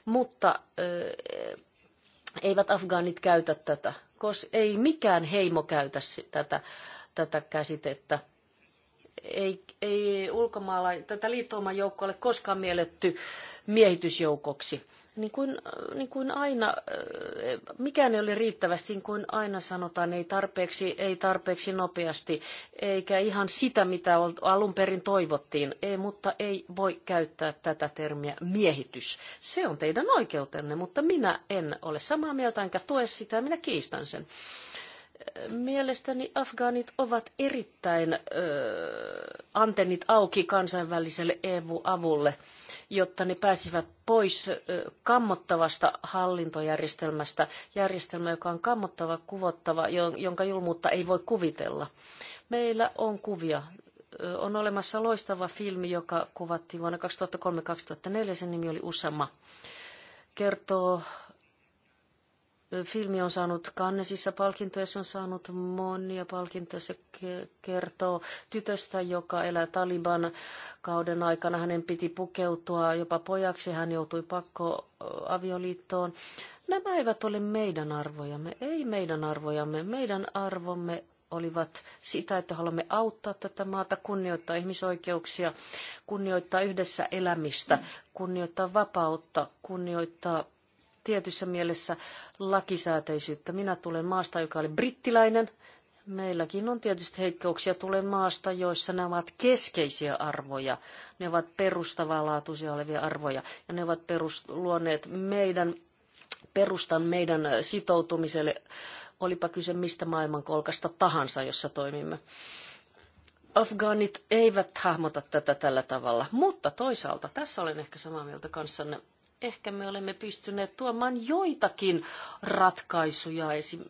mutta ö, eivät afgaanit käytä tätä koska ei mikään heimo käytä tätä, tätä käsitettä. Ei, ei ulkomaala, tätä liittoumajoukkoa ole koskaan mielletty miehitysjoukoksi. Niin kuin, niin kuin aina, eh, mikään ei ole riittävästi, niin kuin aina sanotaan, ei tarpeeksi, ei tarpeeksi nopeasti, eikä ihan sitä, mitä alun perin toivottiin, ei, mutta ei voi käyttää tätä termiä miehitys. Se on teidän oikeutenne, mutta minä en ole samaa mieltä, enkä tue sitä, minä kiistän sen mielestäni afgaanit ovat erittäin ö, eh, antennit auki kansainväliselle EU-avulle jotta ne pääsisivät pois kammottavasta hallintojärjestelmästä, järjestelmä, joka on kammottava, kuvottava, jonka julmuutta ei voi kuvitella. Meillä on kuvia on olemassa loistava filmi, joka kuvattiin vuonna 2003-2004, sen nimi oli Usama. Kertoo Filmi on saanut Kannesissa palkintoja, se on saanut monia palkintoja. Se kertoo tytöstä, joka elää Taliban kauden aikana. Hänen piti pukeutua jopa pojaksi, hän joutui pakko avioliittoon. Nämä eivät ole meidän arvojamme, ei meidän arvojamme. Meidän arvomme olivat sitä, että haluamme auttaa tätä maata, kunnioittaa ihmisoikeuksia, kunnioittaa yhdessä elämistä, kunnioittaa vapautta, kunnioittaa tietyssä mielessä lakisääteisyyttä. Minä tulen maasta, joka oli brittiläinen. Meilläkin on tietysti heikkouksia. Tulen maasta, joissa nämä ovat keskeisiä arvoja. Ne ovat perustavanlaatuisia olevia arvoja ja ne ovat perust- luoneet meidän perustan meidän sitoutumiselle, olipa kyse mistä maailmankolkasta tahansa, jossa toimimme. Afgaanit eivät hahmota tätä tällä tavalla, mutta toisaalta, tässä olen ehkä samaa mieltä kanssanne, ehkä me olemme pystyneet tuomaan joitakin ratkaisuja. Esim.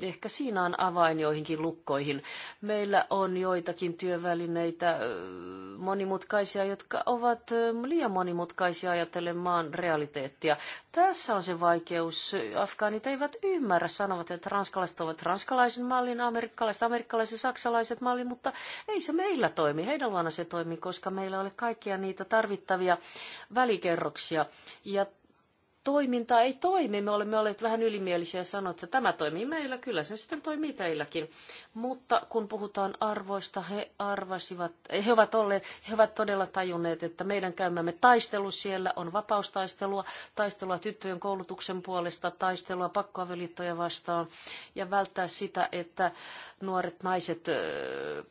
Ehkä siinä on avain joihinkin lukkoihin. Meillä on joitakin työvälineitä monimutkaisia, jotka ovat liian monimutkaisia ajatelemaan realiteettia. Tässä on se vaikeus. Afgaanit eivät ymmärrä, sanovat, että ranskalaiset ovat ranskalaisen mallin, amerikkalaiset, amerikkalaiset, saksalaiset mallin, mutta ei se meillä toimi. Heidän luona se toimii, koska meillä ei ole kaikkia niitä tarvittavia välikerroksia ja toiminta ei toimi. Me olemme olleet vähän ylimielisiä ja sanoneet, että tämä toimii meillä, kyllä se sitten toimii teilläkin. Mutta kun puhutaan arvoista, he arvasivat, he ovat, olleet, he ovat todella tajunneet, että meidän käymämme taistelu siellä on vapaustaistelua, taistelua tyttöjen koulutuksen puolesta, taistelua pakkoavioliittoja vastaan ja välttää sitä, että nuoret naiset öö,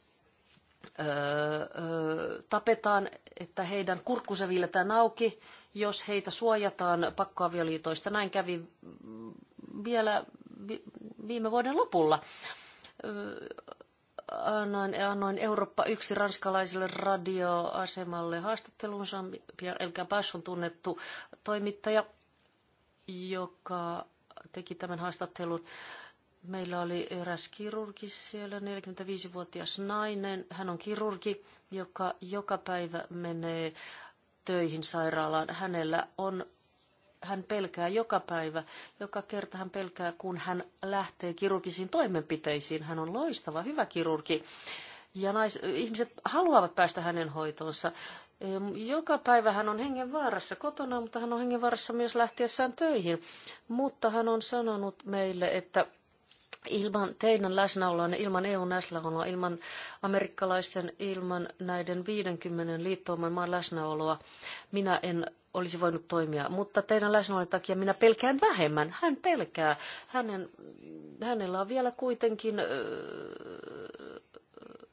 öö, tapetaan, että heidän kurkkunsa viiletään auki, jos heitä suojataan pakkoavioliitoista. Näin kävi vielä viime vuoden lopulla. Annoin, annoin Eurooppa yksi ranskalaiselle radioasemalle haastattelunsa. Pierre Elkabash on tunnettu toimittaja, joka teki tämän haastattelun. Meillä oli eräs kirurgi siellä, 45-vuotias nainen. Hän on kirurgi, joka joka päivä menee töihin sairaalaan. Hänellä on hän pelkää joka päivä, joka kerta hän pelkää, kun hän lähtee kirurgisiin toimenpiteisiin. Hän on loistava, hyvä kirurgi. Ja nais, ihmiset haluavat päästä hänen hoitoonsa. Joka päivä hän on hengenvaarassa kotona, mutta hän on hengenvaarassa myös lähtiessään töihin. Mutta hän on sanonut meille, että Ilman teidän läsnäoloanne, ilman EUn läsnäoloa, ilman amerikkalaisten, ilman näiden 50 liittouman maan läsnäoloa, minä en olisi voinut toimia. Mutta teidän läsnäolon takia minä pelkään vähemmän. Hän pelkää. Hänen, hänellä on vielä kuitenkin öö,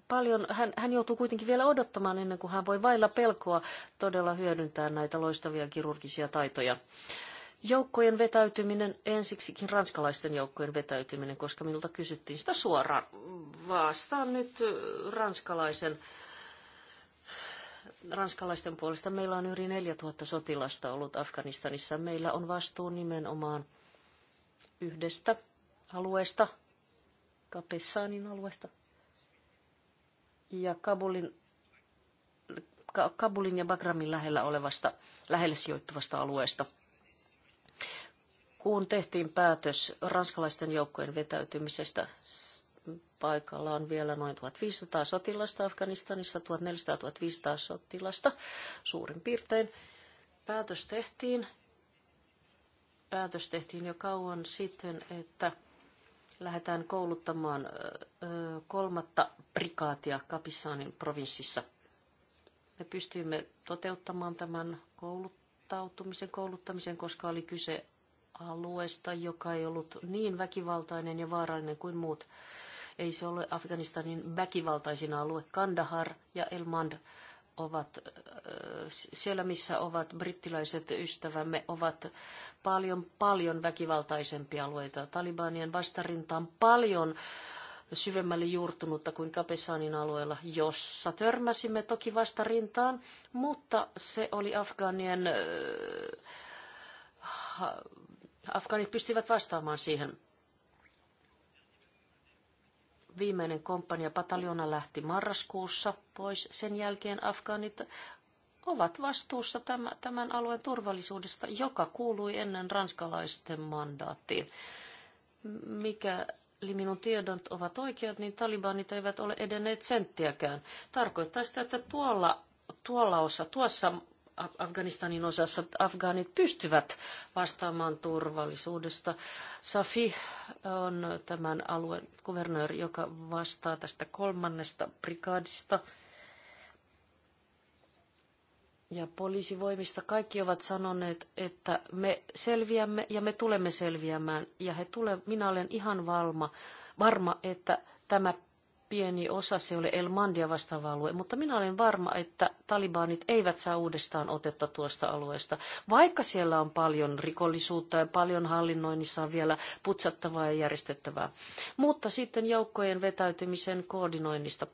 paljon, hän, hän joutuu kuitenkin vielä odottamaan ennen kuin hän voi vailla pelkoa todella hyödyntää näitä loistavia kirurgisia taitoja. Öö, joukkojen vetäytyminen, ensiksikin ranskalaisten joukkojen vetäytyminen, koska minulta kysyttiin sitä suoraan. Vastaan nyt ranskalaisen, ranskalaisten puolesta. Meillä on yli 4000 sotilasta ollut Afganistanissa. Meillä on vastuu nimenomaan yhdestä alueesta, Kapessaanin alueesta. Ja Kabulin Kabulin ja Bagramin lähellä olevasta, lähelle sijoittuvasta alueesta – kun tehtiin päätös ranskalaisten joukkojen vetäytymisestä, paikalla on vielä noin 1500 sotilasta Afganistanissa, 1400-1500 sotilasta suurin piirtein. Päätös tehtiin, päätös tehtiin jo kauan sitten, että lähdetään kouluttamaan kolmatta prikaatia Kapissaanin provinssissa. Me pystyimme toteuttamaan tämän kouluttautumisen kouluttamisen, koska oli kyse alueesta, joka ei ollut niin väkivaltainen ja vaarallinen kuin muut. Ei se ole Afganistanin väkivaltaisin alue. Kandahar ja Elmand ovat siellä, missä ovat brittiläiset ystävämme, ovat paljon, paljon väkivaltaisempia alueita. Talibanien vastarinta on paljon syvemmälle juurtunutta kuin Kapesanin alueella, jossa törmäsimme toki vastarintaan, mutta se oli Afgaanien afgaanit pystyivät vastaamaan siihen. Viimeinen komppania pataljona lähti marraskuussa pois. Sen jälkeen afgaanit ovat vastuussa tämän alueen turvallisuudesta, joka kuului ennen ranskalaisten mandaattiin. Mikä eli minun tiedot ovat oikeat, niin talibanit eivät ole edenneet senttiäkään. Tarkoittaa sitä, että tuolla, tuolla osa, tuossa Afganistanin osassa afgaanit pystyvät vastaamaan turvallisuudesta. Safi on tämän alueen kuvernööri, joka vastaa tästä kolmannesta brigadista ja poliisivoimista kaikki ovat sanoneet, että me selviämme ja me tulemme selviämään. Ja he tule, minä olen ihan valma, varma, että tämä pieni osa, se oli El Mandia vastaava alue, mutta minä olen varma, että talibanit eivät saa uudestaan otetta tuosta alueesta. Vaikka siellä on paljon rikollisuutta ja paljon hallinnoinnissa on vielä putsattavaa ja järjestettävää. Mutta sitten joukkojen vetäytymisen koordinoinnista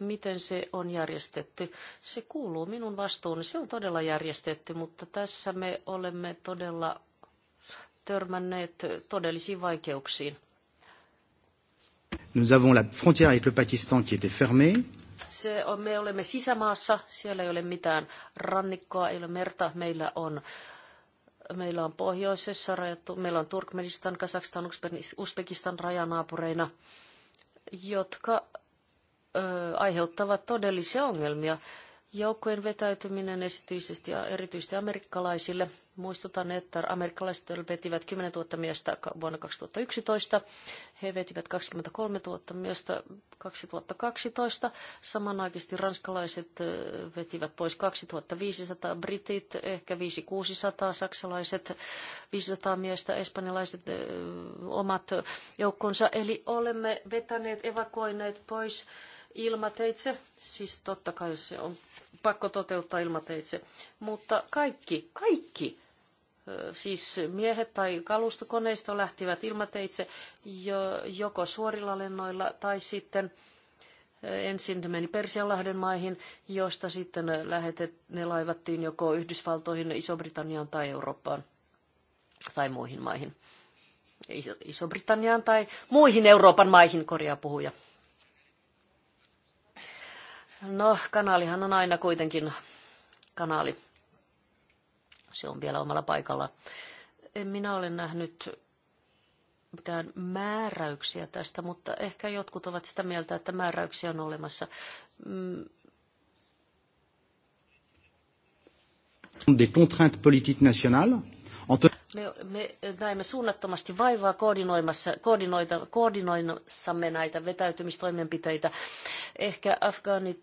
miten se on järjestetty. Se kuuluu minun vastuuni. Se on todella järjestetty, mutta tässä me olemme todella törmänneet todellisiin vaikeuksiin. Nous avons la frontière avec le Pakistan qui était fermée. Se on, me olemme sisämaassa, siellä ei ole mitään rannikkoa, ei ole merta, meillä on meillä on pohjoisessa rajattu, meillä on Turkmenistan, Kazakstan, Uzbekistan rajanaapureina, jotka ö, aiheuttavat todellisia ongelmia. Joukkojen vetäytyminen esityisesti ja erityisesti amerikkalaisille. Muistutan, että amerikkalaiset vetivät 10 000 miestä vuonna 2011. He vetivät 23 000 miestä 2012. Samanaikaisesti ranskalaiset vetivät pois 2500, britit ehkä 5600, saksalaiset 500 miestä, espanjalaiset omat joukkonsa. Eli olemme vetäneet, evakuoineet pois ilmateitse. Siis totta kai se on pakko toteuttaa ilmateitse. Mutta kaikki, kaikki siis miehet tai kalustokoneisto lähtivät ilmateitse joko suorilla lennoilla tai sitten ensin ne meni Persianlahden maihin, josta sitten lähetet, ne laivattiin joko Yhdysvaltoihin, Iso-Britanniaan tai Eurooppaan tai muihin maihin. Iso-Britanniaan tai muihin Euroopan maihin, korjaa puhuja. No, kanaalihan on aina kuitenkin kanaali. Se on vielä omalla paikalla. En minä ole nähnyt mitään määräyksiä tästä, mutta ehkä jotkut ovat sitä mieltä, että määräyksiä on olemassa. Mm. Des contraintes politiques nationales. Me, me näimme suunnattomasti vaivaa koordinoimassa, koordinoita, koordinoimassamme näitä vetäytymistoimenpiteitä. Ehkä afgaanit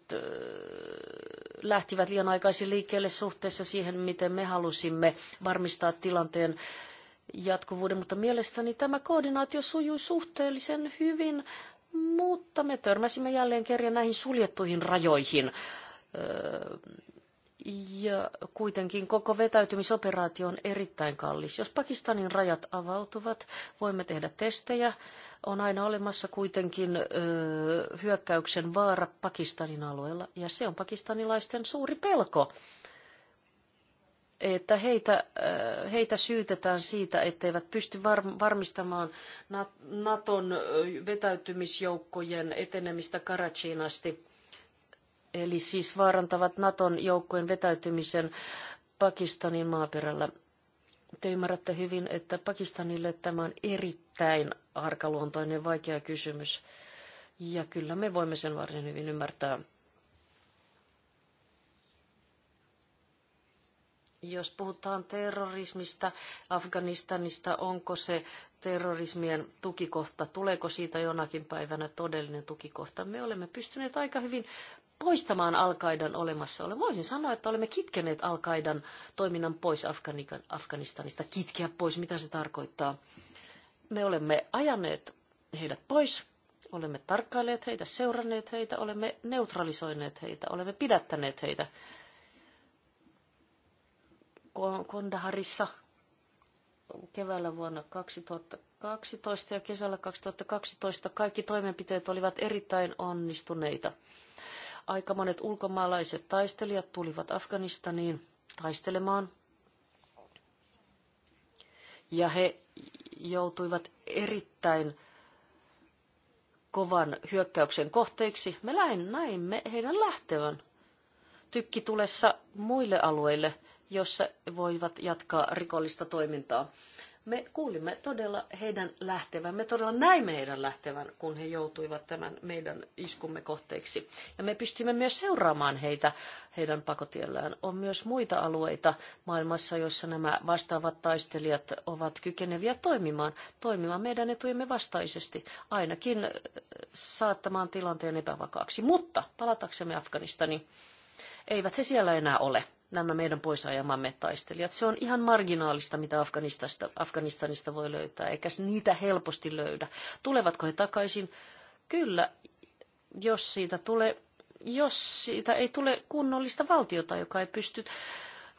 lähtivät liian aikaisin liikkeelle suhteessa siihen, miten me halusimme varmistaa tilanteen jatkuvuuden, mutta mielestäni tämä koordinaatio sujui suhteellisen hyvin, mutta me törmäsimme jälleen kerran näihin suljettuihin rajoihin ja kuitenkin koko vetäytymisoperaatio on erittäin kallis. Jos Pakistanin rajat avautuvat, voimme tehdä testejä. On aina olemassa kuitenkin ö, hyökkäyksen vaara Pakistanin alueella, ja se on pakistanilaisten suuri pelko että heitä, heitä syytetään siitä, etteivät pysty varmistamaan Naton vetäytymisjoukkojen etenemistä Karachiin asti eli siis vaarantavat Naton joukkojen vetäytymisen Pakistanin maaperällä. Te ymmärrätte hyvin, että Pakistanille tämä on erittäin arkaluontoinen vaikea kysymys. Ja kyllä me voimme sen varsin hyvin ymmärtää. Jos puhutaan terrorismista, Afganistanista, onko se terrorismien tukikohta, tuleeko siitä jonakin päivänä todellinen tukikohta? Me olemme pystyneet aika hyvin poistamaan Al-Qaidan olemassaolo. Voisin sanoa, että olemme kitkeneet Al-Qaidan toiminnan pois Afganistanista. Kitkeä pois, mitä se tarkoittaa? Me olemme ajaneet heidät pois, olemme tarkkailleet heitä, seuranneet heitä, olemme neutralisoineet heitä, olemme pidättäneet heitä. Kondaharissa keväällä vuonna 2012 ja kesällä 2012 kaikki toimenpiteet olivat erittäin onnistuneita. Aika monet ulkomaalaiset taistelijat tulivat Afganistaniin taistelemaan. Ja he joutuivat erittäin kovan hyökkäyksen kohteiksi. Me näimme heidän lähtevän tykkitulessa muille alueille, jossa voivat jatkaa rikollista toimintaa. Me kuulimme todella heidän lähtevän, me todella näimme heidän lähtevän, kun he joutuivat tämän meidän iskumme kohteeksi. Ja me pystymme myös seuraamaan heitä heidän pakotiellään. On myös muita alueita maailmassa, joissa nämä vastaavat taistelijat ovat kykeneviä toimimaan, toimimaan meidän etujemme vastaisesti, ainakin saattamaan tilanteen epävakaaksi. Mutta palataksemme Afganistaniin. Eivät he siellä enää ole, nämä meidän poisajamamme taistelijat. Se on ihan marginaalista, mitä Afganistanista, Afganistanista voi löytää, eikä niitä helposti löydä. Tulevatko he takaisin? Kyllä, jos siitä, tulee, jos siitä ei tule kunnollista valtiota, joka ei pysty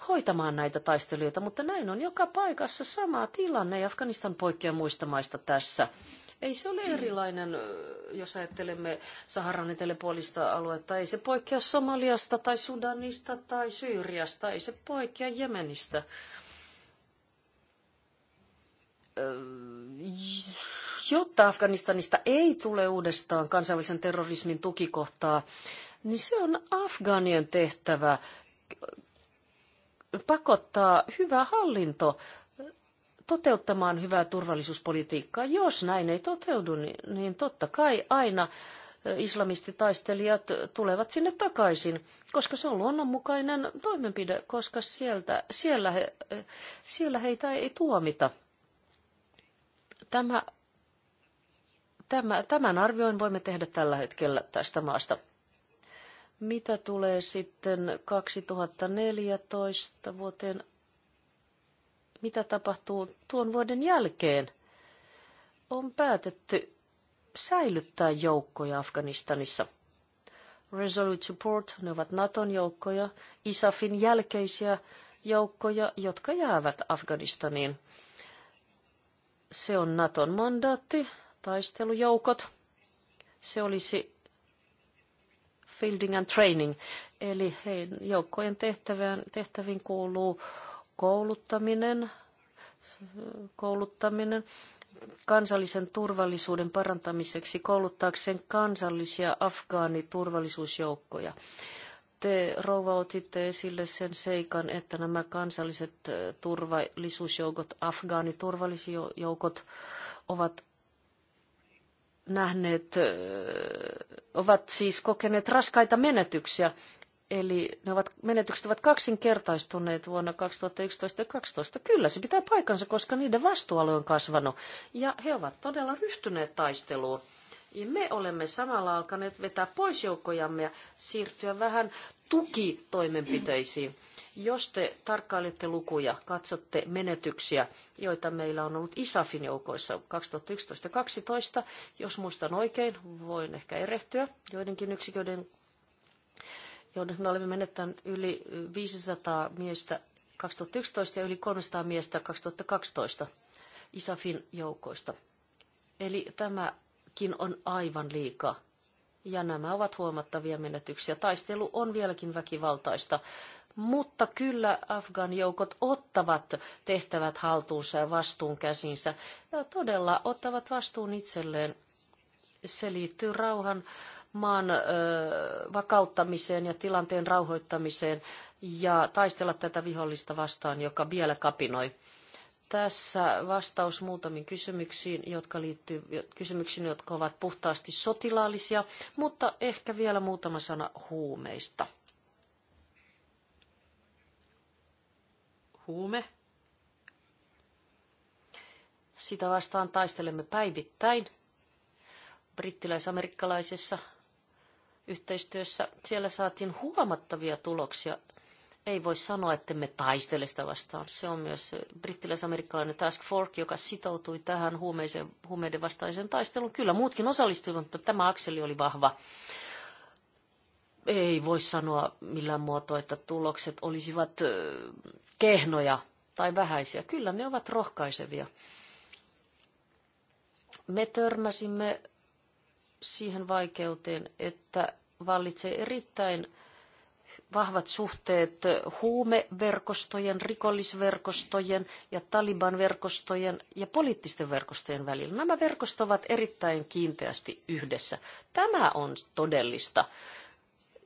hoitamaan näitä taistelijoita, mutta näin on joka paikassa sama tilanne. Afganistan poikkeaa muista maista tässä. Ei se ole erilainen, jos ajattelemme Saharan eteläpuolista aluetta. Ei se poikkea Somaliasta tai Sudanista tai Syyriasta. Ei se poikkea Jemenistä. Jotta Afganistanista ei tule uudestaan kansainvälisen terrorismin tukikohtaa, niin se on Afganien tehtävä pakottaa hyvä hallinto toteuttamaan hyvää turvallisuuspolitiikkaa. Jos näin ei toteudu, niin, niin totta kai aina islamistitaistelijat tulevat sinne takaisin, koska se on luonnonmukainen toimenpide, koska sieltä, siellä, he, siellä heitä ei tuomita. Tämä, tämä, tämän arvioin voimme tehdä tällä hetkellä tästä maasta. Mitä tulee sitten 2014 vuoteen mitä tapahtuu tuon vuoden jälkeen. On päätetty säilyttää joukkoja Afganistanissa. Resolute Support, ne ovat Naton joukkoja, ISAFin jälkeisiä joukkoja, jotka jäävät Afganistaniin. Se on Naton mandaatti, taistelujoukot. Se olisi fielding and training, eli heidän joukkojen tehtäviin kuuluu kouluttaminen, kouluttaminen kansallisen turvallisuuden parantamiseksi kouluttaakseen kansallisia afgaaniturvallisuusjoukkoja. Te, rouva, otitte esille sen seikan, että nämä kansalliset turvallisuusjoukot, afgaaniturvallisuusjoukot ovat nähneet, ovat siis kokeneet raskaita menetyksiä Eli ne ovat, menetykset ovat kaksinkertaistuneet vuonna 2011 ja 2012. Kyllä, se pitää paikansa, koska niiden vastuualue on kasvanut. Ja he ovat todella ryhtyneet taisteluun. Ja me olemme samalla alkaneet vetää pois joukkojamme ja siirtyä vähän tukitoimenpiteisiin. Jos te tarkkailette lukuja, katsotte menetyksiä, joita meillä on ollut ISAFin joukoissa 2011-2012, jos muistan oikein, voin ehkä erehtyä joidenkin yksiköiden jonne me olemme menettäneet yli 500 miestä 2011 ja yli 300 miestä 2012 ISAFin joukoista. Eli tämäkin on aivan liikaa. Ja nämä ovat huomattavia menetyksiä. Taistelu on vieläkin väkivaltaista. Mutta kyllä Afgan joukot ottavat tehtävät haltuunsa ja vastuun käsinsä. Ja todella ottavat vastuun itselleen. Se liittyy rauhan maan vakauttamiseen ja tilanteen rauhoittamiseen ja taistella tätä vihollista vastaan, joka vielä kapinoi. Tässä vastaus muutamiin kysymyksiin, jotka liittyy, kysymyksiin, jotka ovat puhtaasti sotilaallisia, mutta ehkä vielä muutama sana huumeista. Huume. Sitä vastaan taistelemme päivittäin brittiläis-amerikkalaisessa yhteistyössä. Siellä saatiin huomattavia tuloksia. Ei voi sanoa, että me taistele sitä vastaan. Se on myös brittiläis-amerikkalainen Task Force, joka sitoutui tähän huumeiseen, huumeiden vastaiseen taisteluun. Kyllä muutkin osallistuivat, mutta tämä akseli oli vahva. Ei voi sanoa millään muotoa, että tulokset olisivat kehnoja tai vähäisiä. Kyllä ne ovat rohkaisevia me törmäsimme siihen vaikeuteen, että vallitsee erittäin vahvat suhteet huumeverkostojen, rikollisverkostojen ja Taliban-verkostojen ja poliittisten verkostojen välillä. Nämä verkostot ovat erittäin kiinteästi yhdessä. Tämä on todellista.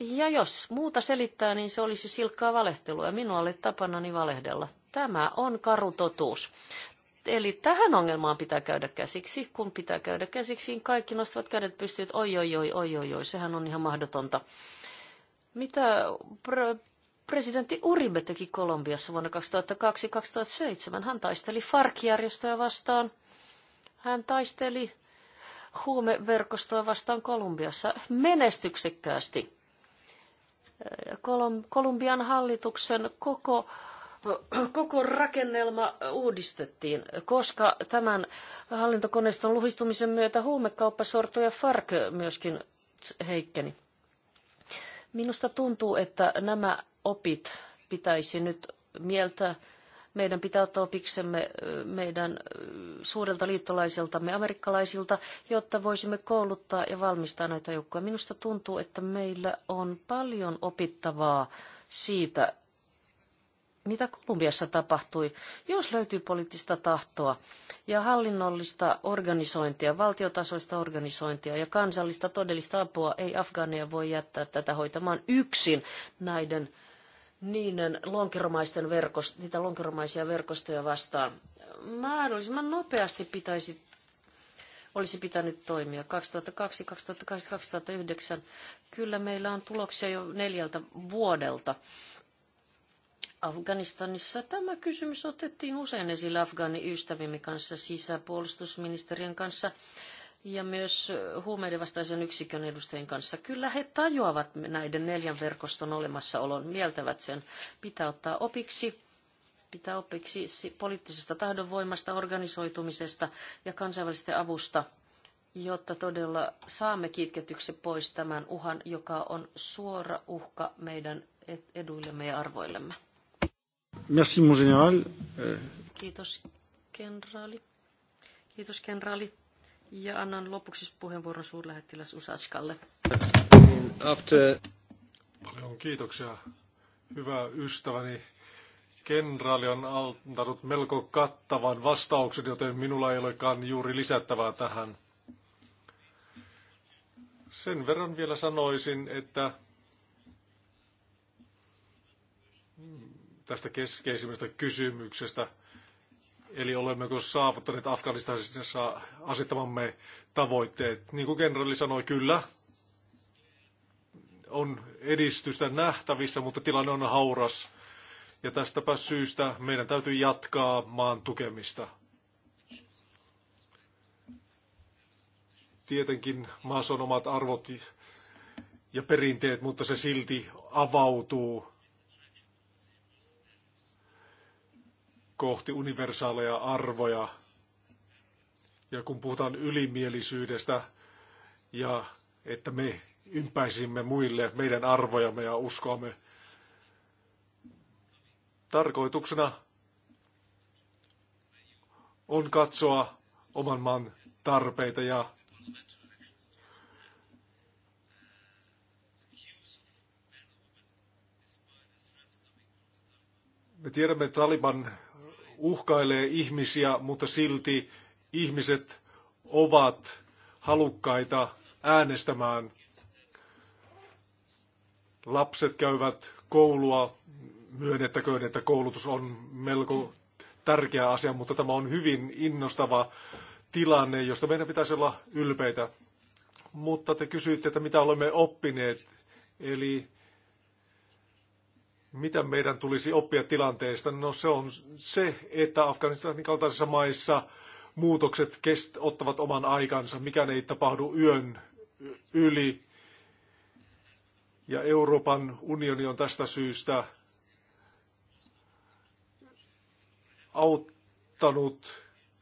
Ja jos muuta selittää, niin se olisi silkkaa valehtelua. Minulla oli tapanani niin valehdella. Tämä on karu totuus. Eli tähän ongelmaan pitää käydä käsiksi. Kun pitää käydä käsiksi, niin kaikki nostavat kädet pystyyn, että oi, oi, oi, oi, oi, oi, sehän on ihan mahdotonta. Mitä pre- presidentti Uribe teki Kolumbiassa vuonna 2002-2007? Hän taisteli FARC-järjestöä vastaan. Hän taisteli huumeverkostoa vastaan Kolumbiassa menestyksekkäästi. Kolumbian hallituksen koko koko rakennelma uudistettiin, koska tämän hallintokoneiston luhistumisen myötä huumekauppasorto ja FARC myöskin heikkeni. Minusta tuntuu, että nämä opit pitäisi nyt mieltä. Meidän pitää ottaa opiksemme meidän suurelta liittolaisiltamme amerikkalaisilta, jotta voisimme kouluttaa ja valmistaa näitä joukkoja. Minusta tuntuu, että meillä on paljon opittavaa siitä, mitä Kolumbiassa tapahtui, jos löytyy poliittista tahtoa ja hallinnollista organisointia, valtiotasoista organisointia ja kansallista todellista apua, ei Afgaania voi jättää tätä hoitamaan yksin näiden niiden lonkeromaisten verkost, niitä lonkeromaisia verkostoja vastaan. Mahdollisimman nopeasti pitäisi olisi pitänyt toimia 2002, 2008, 2009. Kyllä meillä on tuloksia jo neljältä vuodelta Afganistanissa tämä kysymys otettiin usein esille afgaaniystävimme kanssa, sisäpuolustusministeriön kanssa ja myös huumeiden vastaisen yksikön edustajien kanssa. Kyllä he tajuavat näiden neljän verkoston olemassaolon, mieltävät sen. Pitää ottaa opiksi, pitää opiksi poliittisesta tahdonvoimasta, organisoitumisesta ja kansainvälisestä avusta, jotta todella saamme kitketyksi pois tämän uhan, joka on suora uhka meidän eduillemme ja arvoillemme. Merci, mon général. Kiitos, kenraali. Kiitos, kenraali. Ja annan lopuksi puheenvuoron suurlähettiläs Usatskalle. After... Paljon kiitoksia, hyvä ystäväni. Kenraali on antanut melko kattavan vastauksen, joten minulla ei olekaan juuri lisättävää tähän. Sen verran vielä sanoisin, että tästä keskeisimmästä kysymyksestä. Eli olemmeko saavuttaneet Afganistanissa asettamamme tavoitteet? Niin kuin kenraali sanoi, kyllä, on edistystä nähtävissä, mutta tilanne on hauras. Ja tästäpä syystä meidän täytyy jatkaa maan tukemista. Tietenkin maassa on omat arvot ja perinteet, mutta se silti avautuu kohti universaaleja arvoja. Ja kun puhutaan ylimielisyydestä ja että me ympäisimme muille meidän arvojamme ja uskoamme, tarkoituksena on katsoa oman maan tarpeita ja me tiedämme Taliban uhkailee ihmisiä, mutta silti ihmiset ovat halukkaita äänestämään. Lapset käyvät koulua, myönnettäköön, että koulutus on melko tärkeä asia, mutta tämä on hyvin innostava tilanne, josta meidän pitäisi olla ylpeitä. Mutta te kysyitte, että mitä olemme oppineet. Eli mitä meidän tulisi oppia tilanteesta? No se on se, että Afganistanin kaltaisissa maissa muutokset kest, ottavat oman aikansa. Mikään ei tapahdu yön yli. Ja Euroopan unioni on tästä syystä auttanut,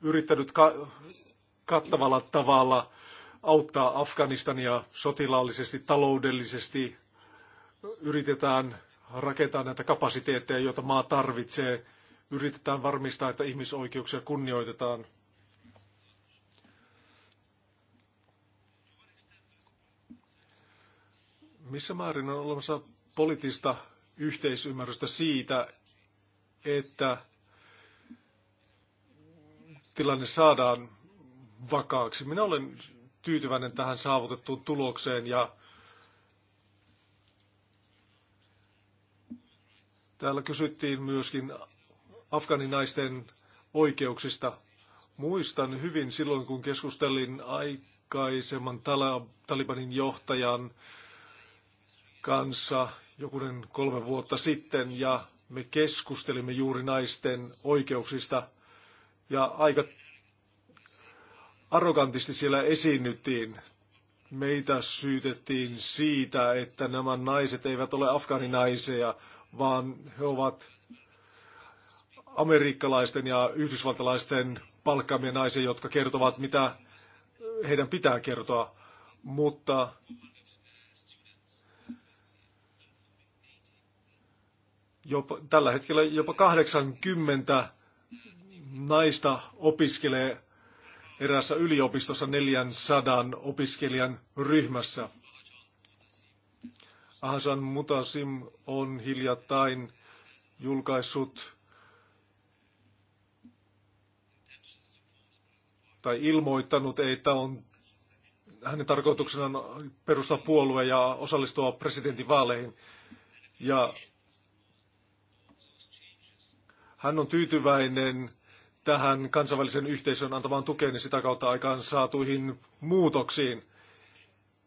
yrittänyt ka- kattavalla tavalla auttaa Afganistania sotilaallisesti, taloudellisesti. Yritetään rakentaa näitä kapasiteetteja, joita maa tarvitsee. Yritetään varmistaa, että ihmisoikeuksia kunnioitetaan. Missä määrin on olemassa poliittista yhteisymmärrystä siitä, että tilanne saadaan vakaaksi. Minä olen tyytyväinen tähän saavutettuun tulokseen ja Täällä kysyttiin myöskin afganinaisten oikeuksista. Muistan hyvin silloin, kun keskustelin aikaisemman Talibanin johtajan kanssa jokunen kolme vuotta sitten ja me keskustelimme juuri naisten oikeuksista ja aika arrogantisti siellä esiinnyttiin. Meitä syytettiin siitä, että nämä naiset eivät ole afganinaisia, vaan he ovat amerikkalaisten ja yhdysvaltalaisten palkkaamia naisia, jotka kertovat, mitä heidän pitää kertoa. Mutta jopa, tällä hetkellä jopa 80 naista opiskelee erässä yliopistossa 400 opiskelijan ryhmässä. Ahsan Mutasim on hiljattain julkaissut tai ilmoittanut, että on hänen tarkoituksena on perustaa puolue ja osallistua presidentinvaaleihin. Ja hän on tyytyväinen tähän kansainvälisen yhteisön antamaan tukeen ja sitä kautta aikaan saatuihin muutoksiin.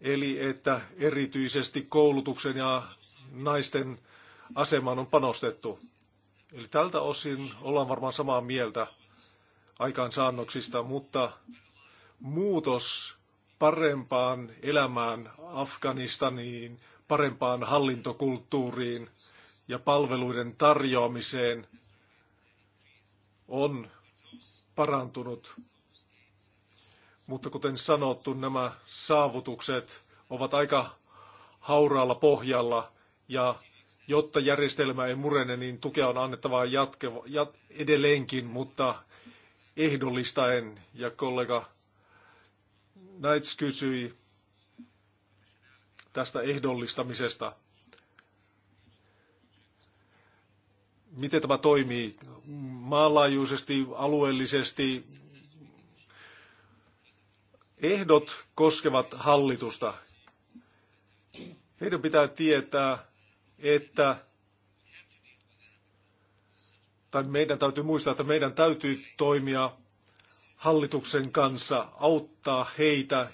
Eli että erityisesti koulutuksen ja naisten asemaan on panostettu. Eli tältä osin ollaan varmaan samaa mieltä aikaansaannoksista, mutta muutos parempaan elämään Afganistaniin, parempaan hallintokulttuuriin ja palveluiden tarjoamiseen on parantunut. Mutta kuten sanottu, nämä saavutukset ovat aika hauraalla pohjalla ja jotta järjestelmä ei murene, niin tukea on annettava jatkeva, jat, edelleenkin, mutta ehdollistaen. Ja kollega Naits kysyi tästä ehdollistamisesta. Miten tämä toimii? Maanlaajuisesti, alueellisesti, Ehdot koskevat hallitusta. Heidän pitää tietää, että tai meidän täytyy muistaa, että meidän täytyy toimia hallituksen kanssa, auttaa heitä,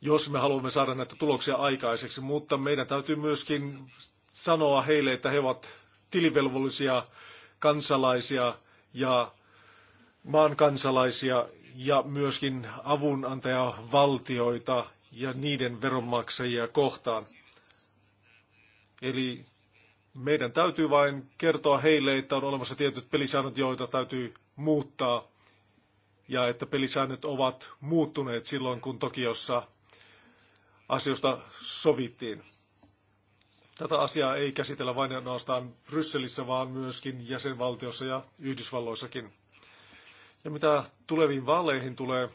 jos me haluamme saada näitä tuloksia aikaiseksi, mutta meidän täytyy myöskin sanoa heille, että he ovat tilivelvollisia kansalaisia ja maan kansalaisia, ja myöskin avunantajavaltioita ja niiden veronmaksajia kohtaan. Eli meidän täytyy vain kertoa heille, että on olemassa tietyt pelisäännöt, joita täytyy muuttaa, ja että pelisäännöt ovat muuttuneet silloin, kun Tokiossa asioista sovittiin. Tätä asiaa ei käsitellä vain ainoastaan Brysselissä, vaan myöskin jäsenvaltiossa ja Yhdysvalloissakin. Ja mitä tuleviin vaaleihin tulee,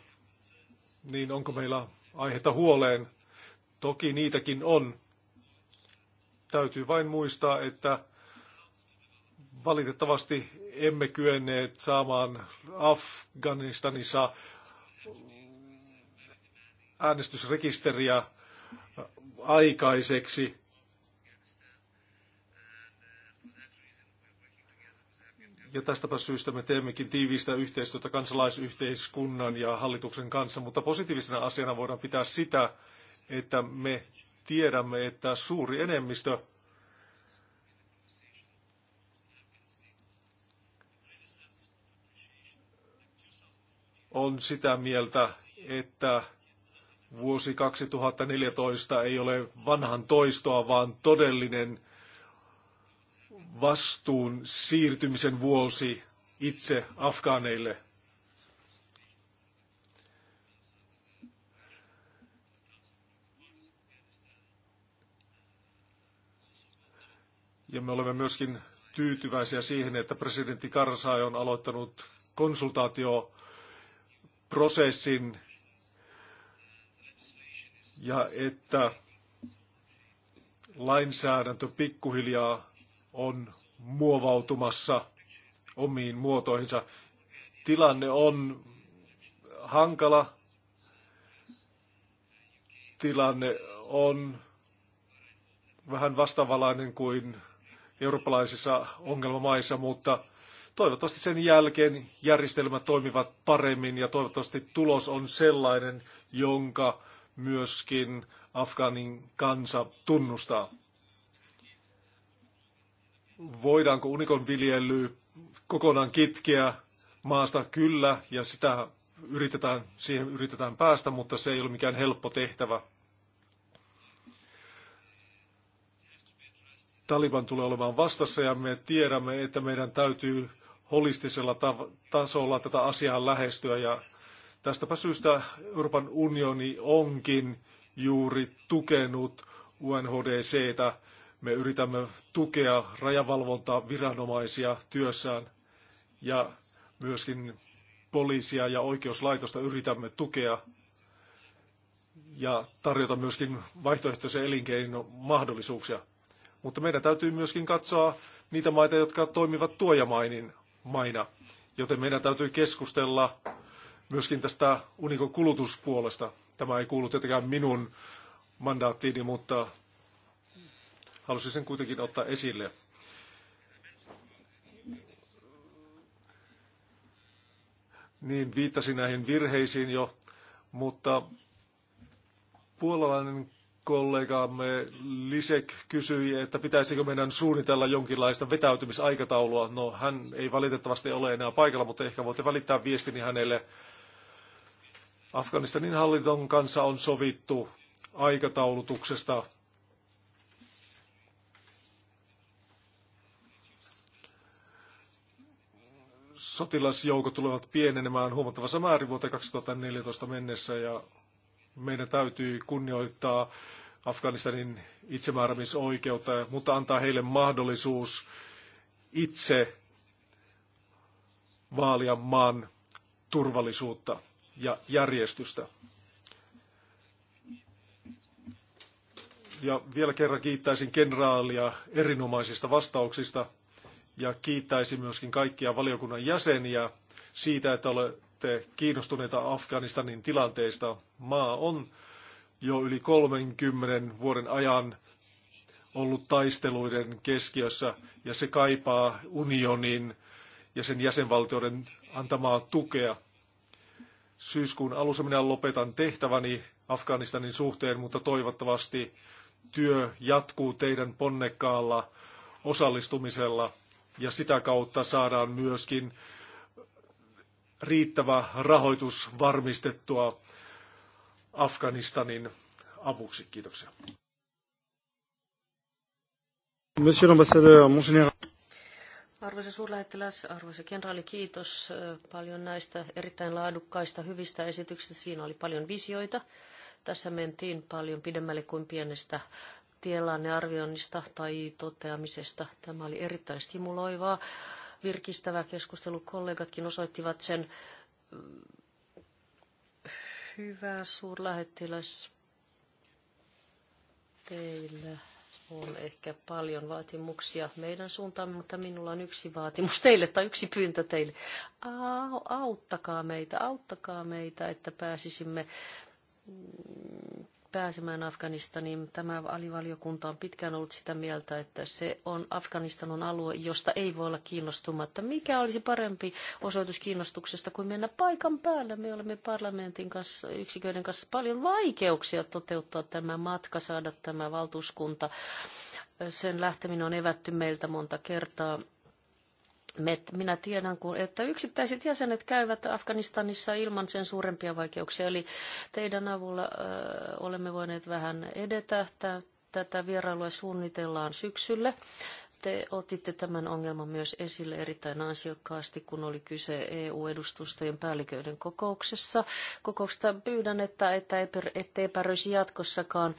niin onko meillä aiheita huoleen? Toki niitäkin on. Täytyy vain muistaa, että valitettavasti emme kyenneet saamaan Afganistanissa äänestysrekisteriä aikaiseksi. Ja tästäpä syystä me teemmekin tiivistä yhteistyötä kansalaisyhteiskunnan ja hallituksen kanssa, mutta positiivisena asiana voidaan pitää sitä, että me tiedämme, että suuri enemmistö on sitä mieltä, että vuosi 2014 ei ole vanhan toistoa, vaan todellinen vastuun siirtymisen vuosi itse afgaaneille. Ja me olemme myöskin tyytyväisiä siihen, että presidentti Karzai on aloittanut konsultaatioprosessin ja että lainsäädäntö pikkuhiljaa on muovautumassa omiin muotoihinsa. Tilanne on hankala. Tilanne on vähän vastavalainen kuin eurooppalaisissa ongelmamaissa, mutta toivottavasti sen jälkeen järjestelmät toimivat paremmin ja toivottavasti tulos on sellainen, jonka myöskin Afganin kansa tunnustaa voidaanko unikon viljely kokonaan kitkeä maasta? Kyllä, ja sitä yritetään, siihen yritetään päästä, mutta se ei ole mikään helppo tehtävä. Taliban tulee olemaan vastassa ja me tiedämme, että meidän täytyy holistisella tasolla tätä asiaa lähestyä ja tästäpä syystä Euroopan unioni onkin juuri tukenut UNHDCtä me yritämme tukea rajavalvontaa viranomaisia työssään ja myöskin poliisia ja oikeuslaitosta yritämme tukea ja tarjota myöskin vaihtoehtoisia elinkeinomahdollisuuksia. Mutta meidän täytyy myöskin katsoa niitä maita, jotka toimivat tuojamainin maina. Joten meidän täytyy keskustella myöskin tästä unikon kulutuspuolesta. Tämä ei kuulu tietenkään minun mandaattiini, mutta Halusin sen kuitenkin ottaa esille. Niin viittasin näihin virheisiin jo, mutta puolalainen kollegaamme Lisek kysyi, että pitäisikö meidän suunnitella jonkinlaista vetäytymisaikataulua. No hän ei valitettavasti ole enää paikalla, mutta ehkä voitte välittää viestini hänelle. Afganistanin hallinton kanssa on sovittu aikataulutuksesta sotilasjoukot tulevat pienenemään huomattavassa määrin vuoteen 2014 mennessä ja meidän täytyy kunnioittaa Afganistanin itsemääräämisoikeutta, mutta antaa heille mahdollisuus itse vaalia maan turvallisuutta ja järjestystä. Ja vielä kerran kiittäisin kenraalia erinomaisista vastauksista ja kiittäisin myöskin kaikkia valiokunnan jäseniä siitä, että olette kiinnostuneita Afganistanin tilanteesta. Maa on jo yli 30 vuoden ajan ollut taisteluiden keskiössä ja se kaipaa unionin ja sen jäsenvaltioiden antamaa tukea. Syyskuun alussa minä lopetan tehtäväni Afganistanin suhteen, mutta toivottavasti työ jatkuu teidän ponnekkaalla osallistumisella – ja sitä kautta saadaan myöskin riittävä rahoitus varmistettua Afganistanin avuksi. Kiitoksia. Monsieur l'ambassadeur, mon général. Arvoisa suurlähettiläs, arvoisa kenraali, kiitos paljon näistä erittäin laadukkaista hyvistä esityksistä. Siinä oli paljon visioita. Tässä mentiin paljon pidemmälle kuin pienestä arvioinnista tai toteamisesta. Tämä oli erittäin stimuloivaa, virkistävä keskustelu. Kollegatkin osoittivat sen mm, hyvää suurlähettiläs. Teillä on ehkä paljon vaatimuksia meidän suuntaan, mutta minulla on yksi vaatimus teille tai yksi pyyntö teille. Auttakaa meitä, auttakaa meitä, että pääsisimme mm, pääsemään Afganistaniin. Tämä alivaliokunta on pitkään ollut sitä mieltä, että se on Afganistan alue, josta ei voi olla kiinnostumatta. Mikä olisi parempi osoitus kiinnostuksesta kuin mennä paikan päälle? Me olemme parlamentin kanssa, yksiköiden kanssa paljon vaikeuksia toteuttaa tämä matka, saada tämä valtuuskunta. Sen lähteminen on evätty meiltä monta kertaa minä tiedän, että yksittäiset jäsenet käyvät Afganistanissa ilman sen suurempia vaikeuksia. Eli teidän avulla olemme voineet vähän edetä. Tätä vierailua suunnitellaan syksylle. Te otitte tämän ongelman myös esille erittäin ansiokkaasti, kun oli kyse EU-edustustojen päälliköiden kokouksessa. Kokouksesta pyydän, että, ette epäröisi jatkossakaan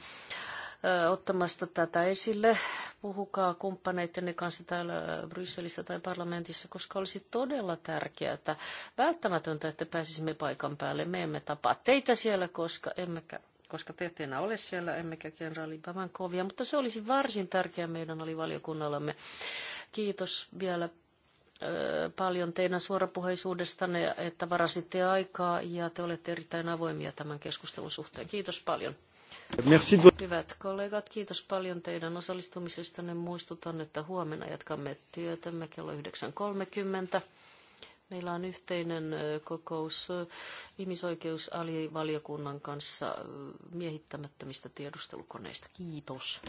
ottamasta tätä esille. Puhukaa kumppaneittenne kanssa täällä Brysselissä tai parlamentissa, koska olisi todella tärkeää, että välttämätöntä, että pääsisimme paikan päälle. Me emme tapaa teitä siellä, koska emmekä koska te ette enää ole siellä, emmekä kenraali kovia, mutta se olisi varsin tärkeää meidän alivaliokunnallamme. Kiitos vielä paljon teidän suorapuheisuudestanne, että varasitte aikaa ja te olette erittäin avoimia tämän keskustelun suhteen. Kiitos paljon. Merci. Hyvät kollegat, kiitos paljon teidän osallistumisestanne. Muistutan, että huomenna jatkamme työtämme kello 9.30. Meillä on yhteinen kokous ihmisoikeusalivaliokunnan kanssa miehittämättömistä tiedustelukoneista. Kiitos.